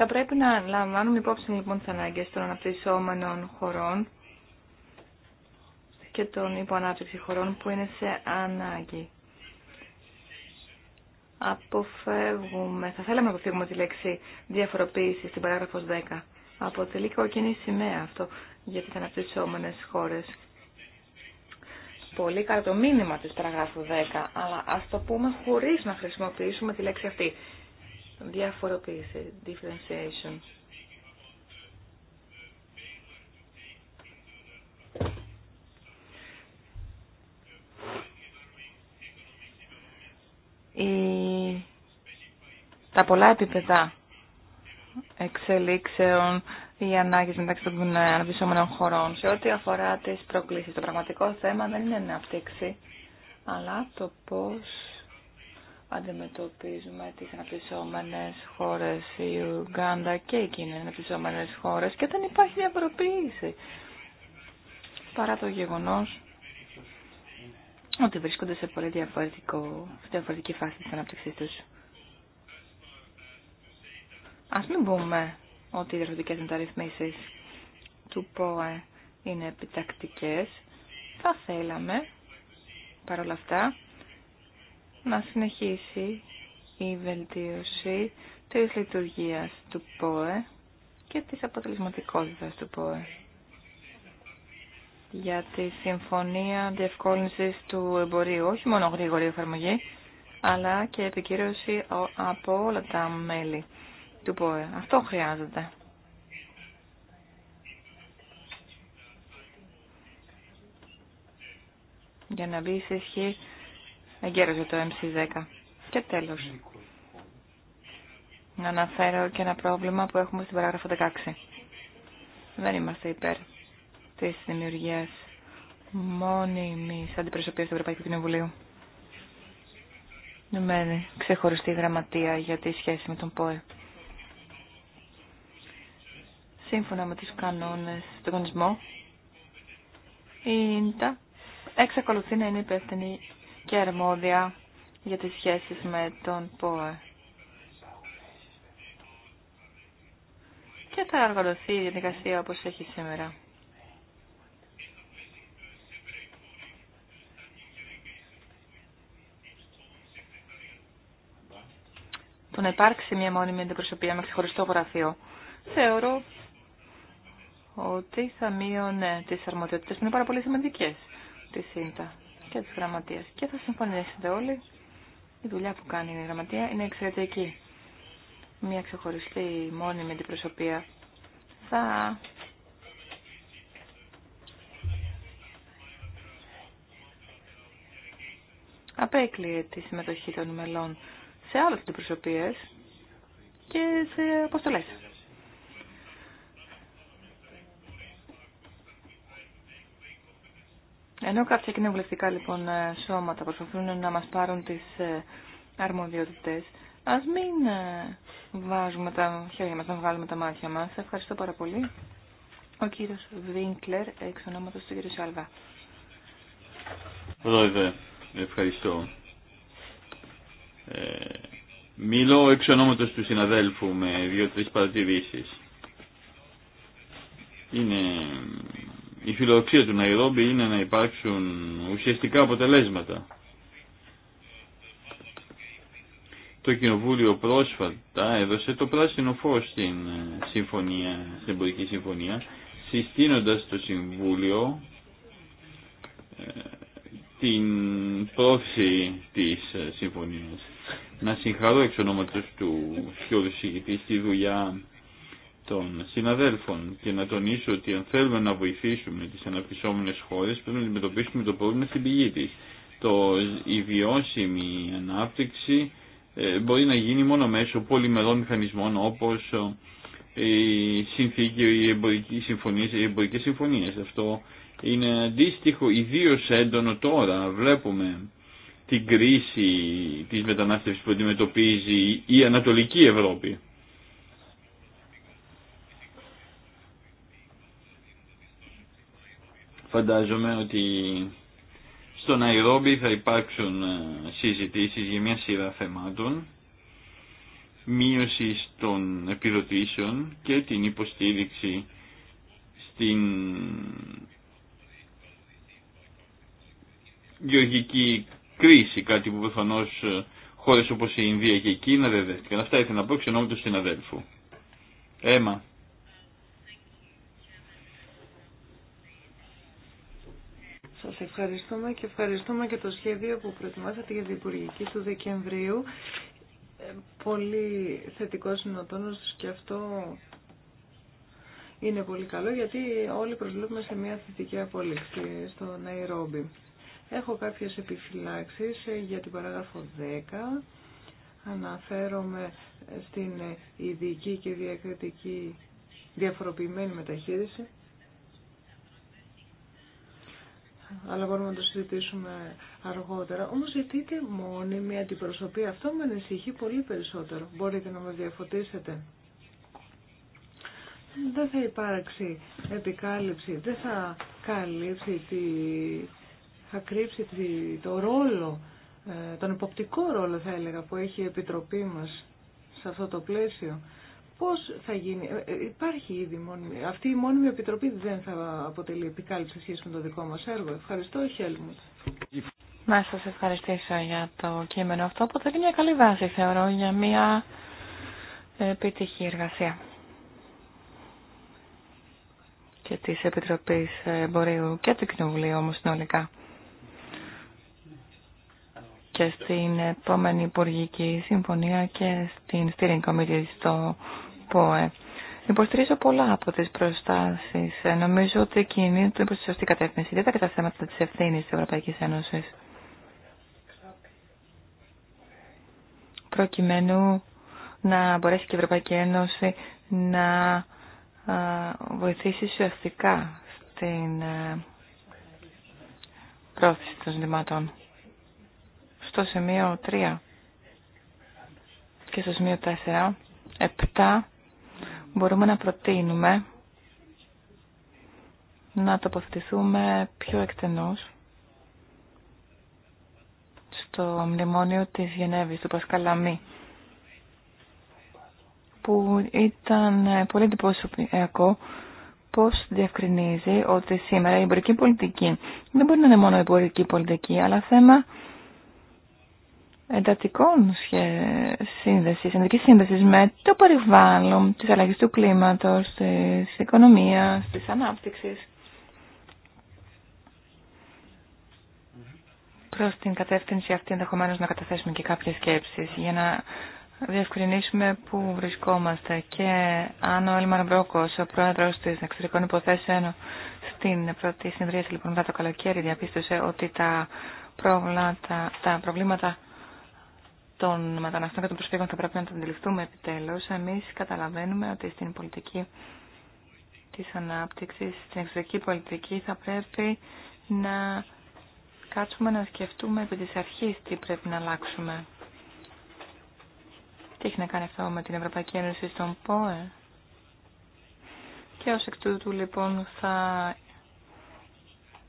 Θα πρέπει να λαμβάνουμε υπόψη λοιπόν τι ανάγκε των αναπτυσσόμενων χωρών και των υποανάπτυξη χωρών που είναι σε ανάγκη. Αποφεύγουμε, θα θέλαμε να αποφύγουμε τη λέξη διαφοροποίηση στην παράγραφο 10. Αποτελεί κοκκινή σημαία αυτό για τι αναπτυσσόμενες χώρε. Πολύ καλό το μήνυμα της παραγράφου 10, αλλά α το πούμε χωρί να χρησιμοποιήσουμε τη λέξη αυτή. Διαφοροποίηση, differentiation. Τα πολλά επίπεδα εξελίξεων η ανάγκε μεταξύ των αναπτυσσόμενων χωρών. Σε ό,τι αφορά τις προκλησεις το πραγματικό θέμα δεν είναι να αναπτύξει. αλλά το πως αντιμετωπίζουμε τις αναπτυσσόμενες χώρες, η Ουγγάντα και οι οι αναπτυσσόμενες χώρες και δεν υπάρχει διαφοροποίηση. Παρά το γεγονός ότι βρίσκονται σε πολύ διαφορετική φάση της ανάπτυξής τους. Ας μην πούμε ότι οι διαφορετικές μεταρρυθμίσεις του ΠΟΕ είναι επιτακτικές. Θα θέλαμε, παρόλα αυτά, να συνεχίσει η βελτίωση της λειτουργίας του ΠΟΕ και της αποτελεσματικότητας του ΠΟΕ για τη Συμφωνία Διευκόλυνσης του Εμπορίου, όχι μόνο γρήγορη εφαρμογή, αλλά και επικύρωση από όλα τα μέλη του ΠΟΕ. Αυτό χρειάζεται. Για να μπει σε εγκαίρωσε το MC10. Και τέλος. Να αναφέρω και ένα πρόβλημα που έχουμε στην παράγραφο 16. Δεν είμαστε υπέρ της δημιουργίας μόνιμης αντιπροσωπείας του Ευρωπαϊκού Κοινοβουλίου. Με ξεχωριστή γραμματεία για τη σχέση με τον ΠΟΕ. Σύμφωνα με τις κανόνες του κανονισμού, η ΙΝΤΑ εξακολουθεί να είναι υπεύθυνη και αρμόδια για τις σχέσεις με τον ΠΟΕ. Και θα αργολωθεί η διαδικασία όπως έχει σήμερα. Το να υπάρξει μια μόνιμη αντιπροσωπεία με ξεχωριστό γραφείο θεωρώ ότι θα μείωνε τις αρμοδιότητες που είναι πάρα πολύ σημαντικές τη ΣΥΝΤΑ και της γραμματείας. Και θα συμφωνήσετε όλοι, η δουλειά που κάνει η γραμματεία είναι εξαιρετική. Μια ξεχωριστή μόνιμη αντιπροσωπεία θα απέκλειε τη συμμετοχή των μελών σε άλλες αντιπροσωπείες και σε αποστολές. Ενώ κάποια κοινοβουλευτικά λοιπόν ε, σώματα προσπαθούν να μας πάρουν τις ε, αρμοδιότητες, ας μην ε, βάζουμε τα χέρια μας, να βγάλουμε τα μάτια μας. Ευχαριστώ πάρα πολύ. Ο κύριος Βίνκλερ, εξ ονόματος του κύριου Σάλβα. Πρόεδρε, ευχαριστώ. Ε, μιλώ εξ ονόματος του συναδέλφου με δύο-τρεις παρατηρήσεις. Είναι η φιλοδοξία του Ναϊρόμπι είναι να υπάρξουν ουσιαστικά αποτελέσματα. Το Κοινοβούλιο πρόσφατα έδωσε το πράσινο φως στην, συμφωνία, στην εμπορική συμφωνία συστήνοντας το Συμβούλιο ε, την πρόθεση της συμφωνίας. Να συγχαρώ εξ ονόματος του Σιόλου Συγητή στη δουλειά των συναδέλφων και να τονίσω ότι αν θέλουμε να βοηθήσουμε τις αναπτυσσόμενες χώρες πρέπει να αντιμετωπίσουμε το πρόβλημα στην πηγή της. Το, η βιώσιμη ανάπτυξη ε, μπορεί να γίνει μόνο μέσω πολυμερών μηχανισμών όπως ε, η συνθήκη, οι εμπορικές συμφωνίες, οι εμπορικές συμφωνίες. Αυτό είναι αντίστοιχο, ιδίω έντονο τώρα. Βλέπουμε την κρίση της μετανάστευσης που αντιμετωπίζει η Ανατολική Ευρώπη. Φαντάζομαι ότι στο Ναϊρόμπι θα υπάρξουν ε, συζητήσεις για μια σειρά θεμάτων, μείωση των επιδοτήσεων και την υποστήριξη στην γεωργική κρίση, κάτι που προφανώ ε, χώρες όπως η Ινδία και η Κίνα δεν δέχτηκαν. Αυτά ήθελα να πω εξ του συναδέλφου. Έμα. ευχαριστούμε και ευχαριστούμε και το σχέδιο που προετοιμάσατε για την Υπουργική του Δεκεμβρίου. Ε, πολύ θετικό είναι ο τόνος και αυτό είναι πολύ καλό γιατί όλοι προσβλέπουμε σε μια θετική απόλυξη στο Ναϊρόμπι. Έχω κάποιες επιφυλάξεις ε, για την παράγραφο 10. Αναφέρομαι στην ειδική και διακριτική διαφοροποιημένη μεταχείριση αλλά μπορούμε να το συζητήσουμε αργότερα. Όμως ζητείτε την αντιπροσωπή. Αυτό με ανησυχεί πολύ περισσότερο. Μπορείτε να με διαφωτίσετε. Δεν θα υπάρξει επικάλυψη, δεν θα καλύψει, τη, θα κρύψει το ρόλο, ε, τον υποπτικό ρόλο θα έλεγα που έχει η Επιτροπή μας σε αυτό το πλαίσιο. Πώς θα γίνει, ε, ε, υπάρχει ήδη μόνιμη, αυτή η μόνιμη επιτροπή δεν θα αποτελεί επικάλυψη σχέση με το δικό μας έργο. Ευχαριστώ, Χέλμουτ. Να σας ευχαριστήσω για το κείμενο αυτό. Αποτελεί μια καλή βάση, θεωρώ, για μια επιτυχή εργασία και της Επιτροπής Εμπορίου και του Κοινοβουλίου όμως συνολικά. Και στην επόμενη Υπουργική Συμφωνία και στην Steering Committee στο ε. Υποστηρίζω πολλά από τις προστάσεις. Ε, νομίζω ότι κινείται προς τη σωστή κατεύθυνση, ιδιαίτερα και τα θέματα τη ευθύνη τη Ευρωπαϊκή Ένωση. Προκειμένου να μπορέσει και η Ευρωπαϊκή Ένωση να βοηθήσει ουσιαστικά στην ε, πρόθεση των ζητημάτων. Στο σημείο 3 και στο σημείο 4, 7 μπορούμε να προτείνουμε να τοποθετηθούμε πιο εκτενώς στο μνημόνιο της Γενέβης, του Πασκαλαμή που ήταν πολύ εντυπωσιακό πώς διευκρινίζει ότι σήμερα η εμπορική πολιτική δεν μπορεί να είναι μόνο εμπορική πολιτική, αλλά θέμα εντατικών σύνδεσης, εντατικής σύνδεσης με το περιβάλλον, τις αλλαγές του κλίματος, της οικονομίας, της ανάπτυξης. Προς την κατεύθυνση αυτή ενδεχομένω να καταθέσουμε και κάποιες σκέψεις για να διευκρινίσουμε πού βρισκόμαστε και αν ο Έλμαρ Μπρόκος, ο πρόεδρος της εξωτερικών υποθέσεων στην πρώτη συνδρία λοιπόν μετά το καλοκαίρι διαπίστωσε ότι τα, προβλάτα, τα προβλήματα των μεταναστών και των προσφύγων θα πρέπει να το αντιληφθούμε επιτέλους. Εμείς καταλαβαίνουμε ότι στην πολιτική της ανάπτυξης, στην εξωτερική πολιτική θα πρέπει να κάτσουμε να σκεφτούμε επί της αρχή τι πρέπει να αλλάξουμε. Τι έχει να κάνει αυτό με την Ευρωπαϊκή Ένωση στον ΠΟΕ. Και ως εκ τούτου λοιπόν θα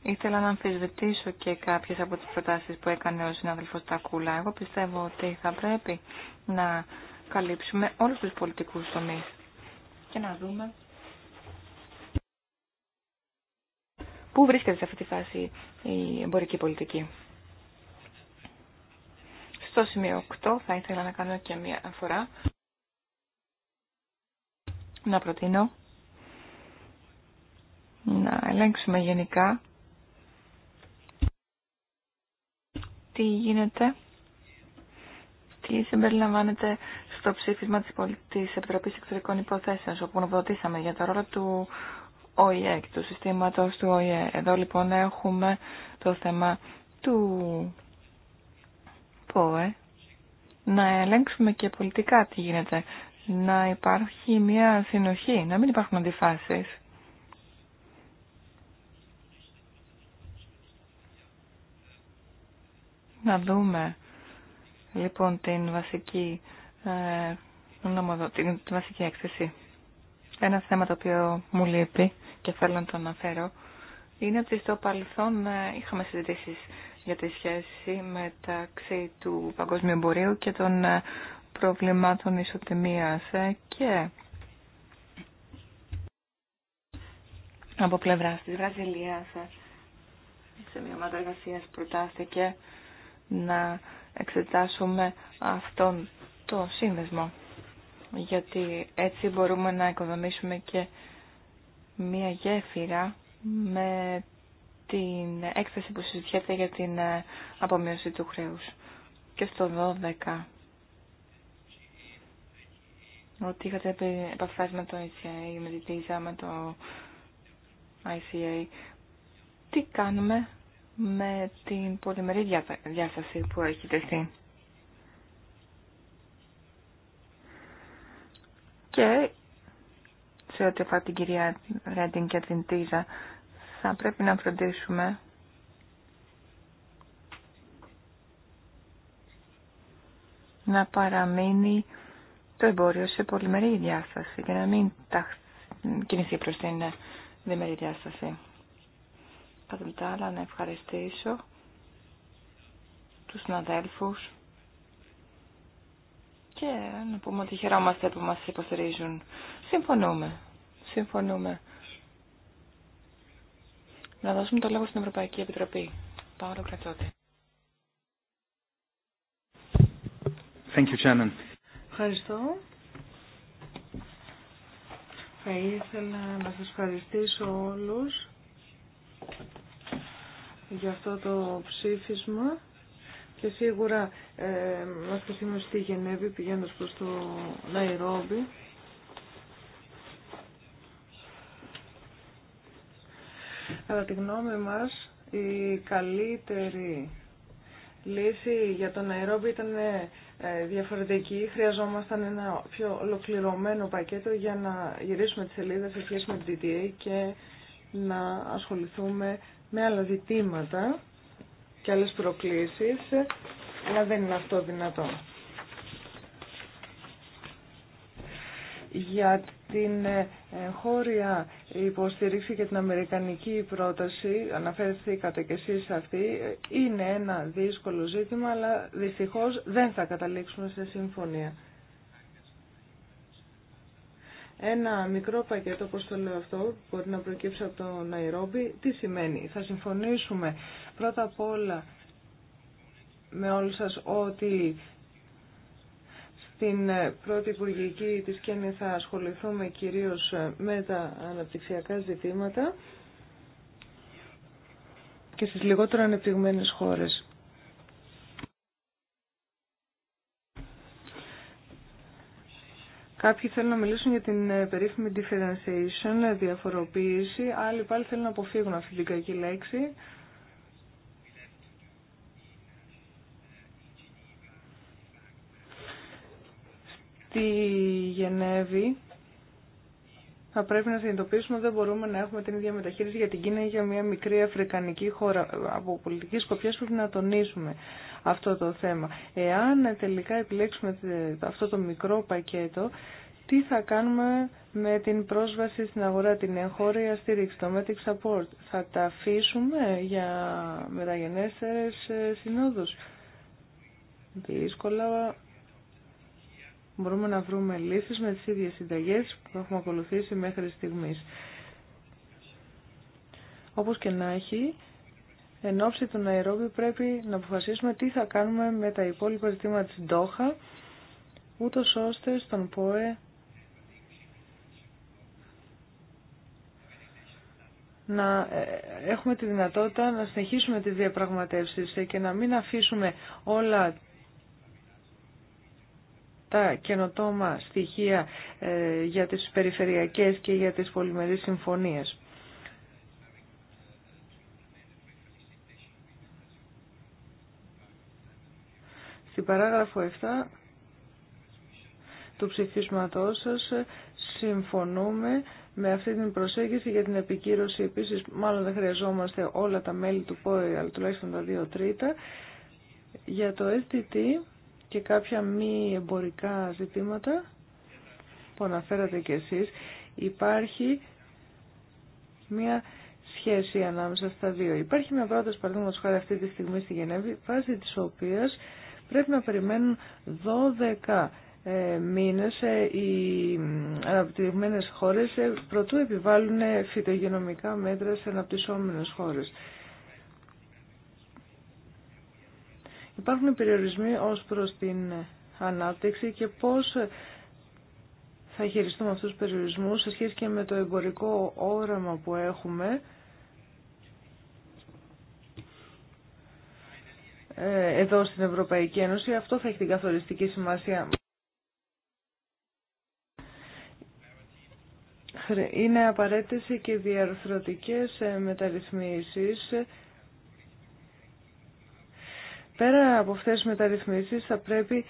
Ήθελα να αμφισβητήσω και κάποιες από τις προτάσεις που έκανε ο συνάδελφος Τακούλα. Εγώ πιστεύω ότι θα πρέπει να καλύψουμε όλους τους πολιτικούς τομείς και να δούμε πού βρίσκεται σε αυτή τη φάση η εμπορική πολιτική. Στο σημείο 8 θα ήθελα να κάνω και μία αφορά να προτείνω να ελέγξουμε γενικά τι γίνεται, τι συμπεριλαμβάνεται στο ψήφισμα της, της Επιτροπής Εξωτερικών Υποθέσεων, όπου γνωμοδοτήσαμε για το ρόλο του ΟΗΕ και του συστήματος του ΟΗΕ. Εδώ λοιπόν έχουμε το θέμα του ΠΟΕ, να ελέγξουμε και πολιτικά τι γίνεται, να υπάρχει μια συνοχή, να μην υπάρχουν αντιφάσεις να δούμε λοιπόν την βασική, ε, την, βασική έκθεση. Ένα θέμα το οποίο μου λείπει και θέλω να το αναφέρω είναι ότι στο παρελθόν ε, είχαμε συζητήσει για τη σχέση μεταξύ του παγκόσμιου εμπορίου και των ε, προβλημάτων ισοτιμίας ε, και από πλευρά της Βραζιλίας σε μια ομάδα εργασία προτάστηκε να εξετάσουμε αυτόν το σύνδεσμο. Γιατί έτσι μπορούμε να οικοδομήσουμε και μία γέφυρα με την έκθεση που συζητιέται για την ε, απομείωση του χρέους. Και στο 12 ότι είχατε επαφές με το ICA, με την ΤΙΖΑ, με το ICA. Τι κάνουμε με την πολυμερή διάσταση που έχει τεθεί. Και σε ό,τι αφορά την κυρία Ρέντιν και την Τίζα, θα πρέπει να φροντίσουμε να παραμείνει το εμπόριο σε πολυμερή διάσταση και να μην τα κινηθεί προς την διμερή διάσταση. Κατά άλλα να ευχαριστήσω τους συναδέλφους και να πούμε ότι χαιρόμαστε που μας υποστηρίζουν. Συμφωνούμε. Συμφωνούμε. Να δώσουμε το λόγο στην Ευρωπαϊκή Επιτροπή. Παύλο Κρατσότη. Thank you, Chairman. Ευχαριστώ. Θα ήθελα να σας ευχαριστήσω όλους για αυτό το ψήφισμα και σίγουρα ε, μας το σήμερα στη Γενέβη πηγαίνοντας προς το Ναϊρόμπι. Αλλά τη γνώμη μας η καλύτερη λύση για το Ναϊρόμπι ήταν ε, διαφορετική. Χρειαζόμασταν ένα πιο ολοκληρωμένο πακέτο για να γυρίσουμε τις σελίδα σε σχέση με την DTA και να ασχοληθούμε με άλλα ζητήματα και άλλες προκλήσεις, αλλά δεν είναι αυτό δυνατό. Για την ε, χώρια υποστήριξη και την αμερικανική πρόταση, αναφέρθηκατε και εσείς σε αυτή, ε, είναι ένα δύσκολο ζήτημα, αλλά δυστυχώς δεν θα καταλήξουμε σε συμφωνία. Ένα μικρό πακέτο, όπως το λέω αυτό, που μπορεί να προκύψει από το Ναϊρόμπι, τι σημαίνει. Θα συμφωνήσουμε πρώτα απ' όλα με όλους σας ότι στην πρώτη υπουργική της Κέννη θα ασχοληθούμε κυρίως με τα αναπτυξιακά ζητήματα και στις λιγότερο ανεπτυγμένες χώρες. Κάποιοι θέλουν να μιλήσουν για την ε, περίφημη differentiation, ε, διαφοροποίηση, άλλοι πάλι θέλουν να αποφύγουν αυτή την κακή λέξη. Στη Γενέβη θα πρέπει να συνειδητοποιήσουμε ότι δεν μπορούμε να έχουμε την ίδια μεταχείριση για την Κίνα ή για μια μικρή αφρικανική χώρα. Από πολιτική σκοπιά πρέπει να τονίσουμε αυτό το θέμα. Εάν τελικά επιλέξουμε αυτό το μικρό πακέτο, τι θα κάνουμε με την πρόσβαση στην αγορά, την εγχώρια στήριξη, το Metic Support. Θα τα αφήσουμε για μεταγενέστερες ε, συνόδους. Δύσκολα μπορούμε να βρούμε λύσεις με τις ίδιες συνταγές που έχουμε ακολουθήσει μέχρι στιγμής. Όπως και να έχει, εν ώψη του Ναϊρόμπι πρέπει να αποφασίσουμε τι θα κάνουμε με τα υπόλοιπα ζητήματα της Ντόχα, ούτως ώστε στον ΠΟΕ να ε, έχουμε τη δυνατότητα να συνεχίσουμε τις διαπραγματεύσεις και να μην αφήσουμε όλα τα καινοτόμα στοιχεία ε, για τις περιφερειακές και για τις πολυμερείς συμφωνίες. Στην παράγραφο 7 του ψηφίσματός σας ε, συμφωνούμε με αυτή την προσέγγιση για την επικύρωση επίσης μάλλον δεν χρειαζόμαστε όλα τα μέλη του ΠΟΕ αλλά τουλάχιστον τα δύο τρίτα για το STT και κάποια μη εμπορικά ζητήματα που αναφέρατε κι εσείς. Υπάρχει μια σχέση ανάμεσα στα δύο. Υπάρχει μια πρόταση παραδείγματο χάρη αυτή τη στιγμή στη Γενέβη, βάσει της οποίας πρέπει να περιμένουν 12 ε, μήνες ε, οι αναπτυγμένες χώρες ε, προτού επιβάλλουν φυτογενομικά μέτρα σε αναπτυσσόμενες χώρες. Υπάρχουν περιορισμοί ως προς την ανάπτυξη και πώς θα χειριστούμε αυτούς τους περιορισμούς σε σχέση και με το εμπορικό όραμα που έχουμε. Ε, εδώ στην Ευρωπαϊκή Ένωση αυτό θα έχει την καθοριστική σημασία. Είναι απαραίτητες και διαρθρωτικές ε, μεταρρυθμίσεις Πέρα από αυτές τις μεταρρυθμίσεις θα πρέπει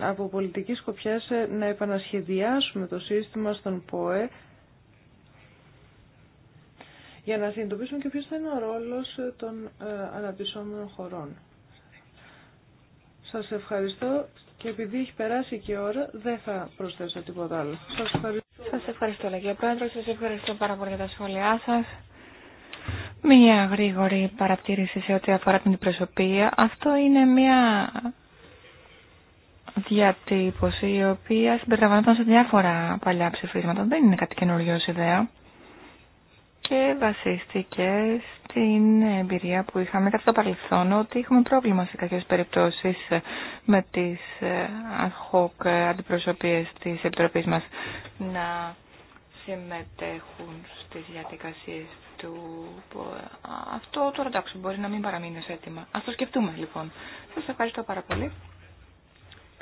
από πολιτική σκοπιά ε, να επανασχεδιάσουμε το σύστημα στον ΠΟΕ για να συνειδητοποιήσουμε και ποιος θα είναι ο ρόλος ε, των ε, αναπτυσσόμενων χωρών. Σας ευχαριστώ και επειδή έχει περάσει και η ώρα δεν θα προσθέσω τίποτα άλλο. Σας ευχαριστώ. Σας ευχαριστώ, Λαγία Σας ευχαριστώ πάρα πολύ για τα σχόλιά σας. Μία γρήγορη παρατήρηση σε ό,τι αφορά την προσωπία. Αυτό είναι μία διατύπωση η οποία συμπεριλαμβανόταν σε διάφορα παλιά ψηφίσματα. Δεν είναι κάτι καινούριο ιδέα. Και βασίστηκε στην εμπειρία που είχαμε κατά το παρελθόν ότι είχαμε πρόβλημα σε κάποιες περιπτώσεις με τις ε, ad hoc ε, αντιπροσωπείες της Επιτροπής μας να συμμετέχουν στις διαδικασίες του Αυτό τώρα εντάξει μπορεί να μην παραμείνει ως έτοιμα. Ας το σκεφτούμε λοιπόν. Σας ευχαριστώ πάρα πολύ.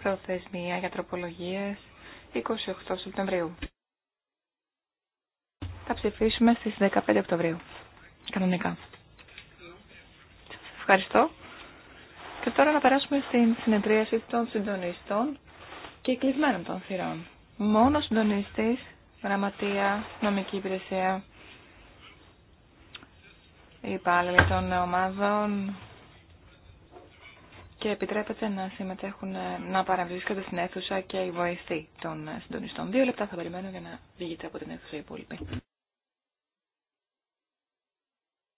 Προθεσμία για τροπολογίες 28 Σεπτεμβρίου. Θα ψηφίσουμε στις 15 Οκτωβρίου. Κανονικά. Σας ευχαριστώ. Και τώρα να περάσουμε στην συνεδρίαση των συντονιστών και κλεισμένων των θυρών. Μόνο συντονιστή γραμματεία, νομική υπηρεσία, υπάλληλοι των ομάδων και επιτρέπεται να συμμετέχουν, να παραβρίσκονται στην αίθουσα και οι βοηθοί των συντονιστών. Δύο λεπτά θα περιμένω για να βγείτε από την αίθουσα οι υπόλοιποι.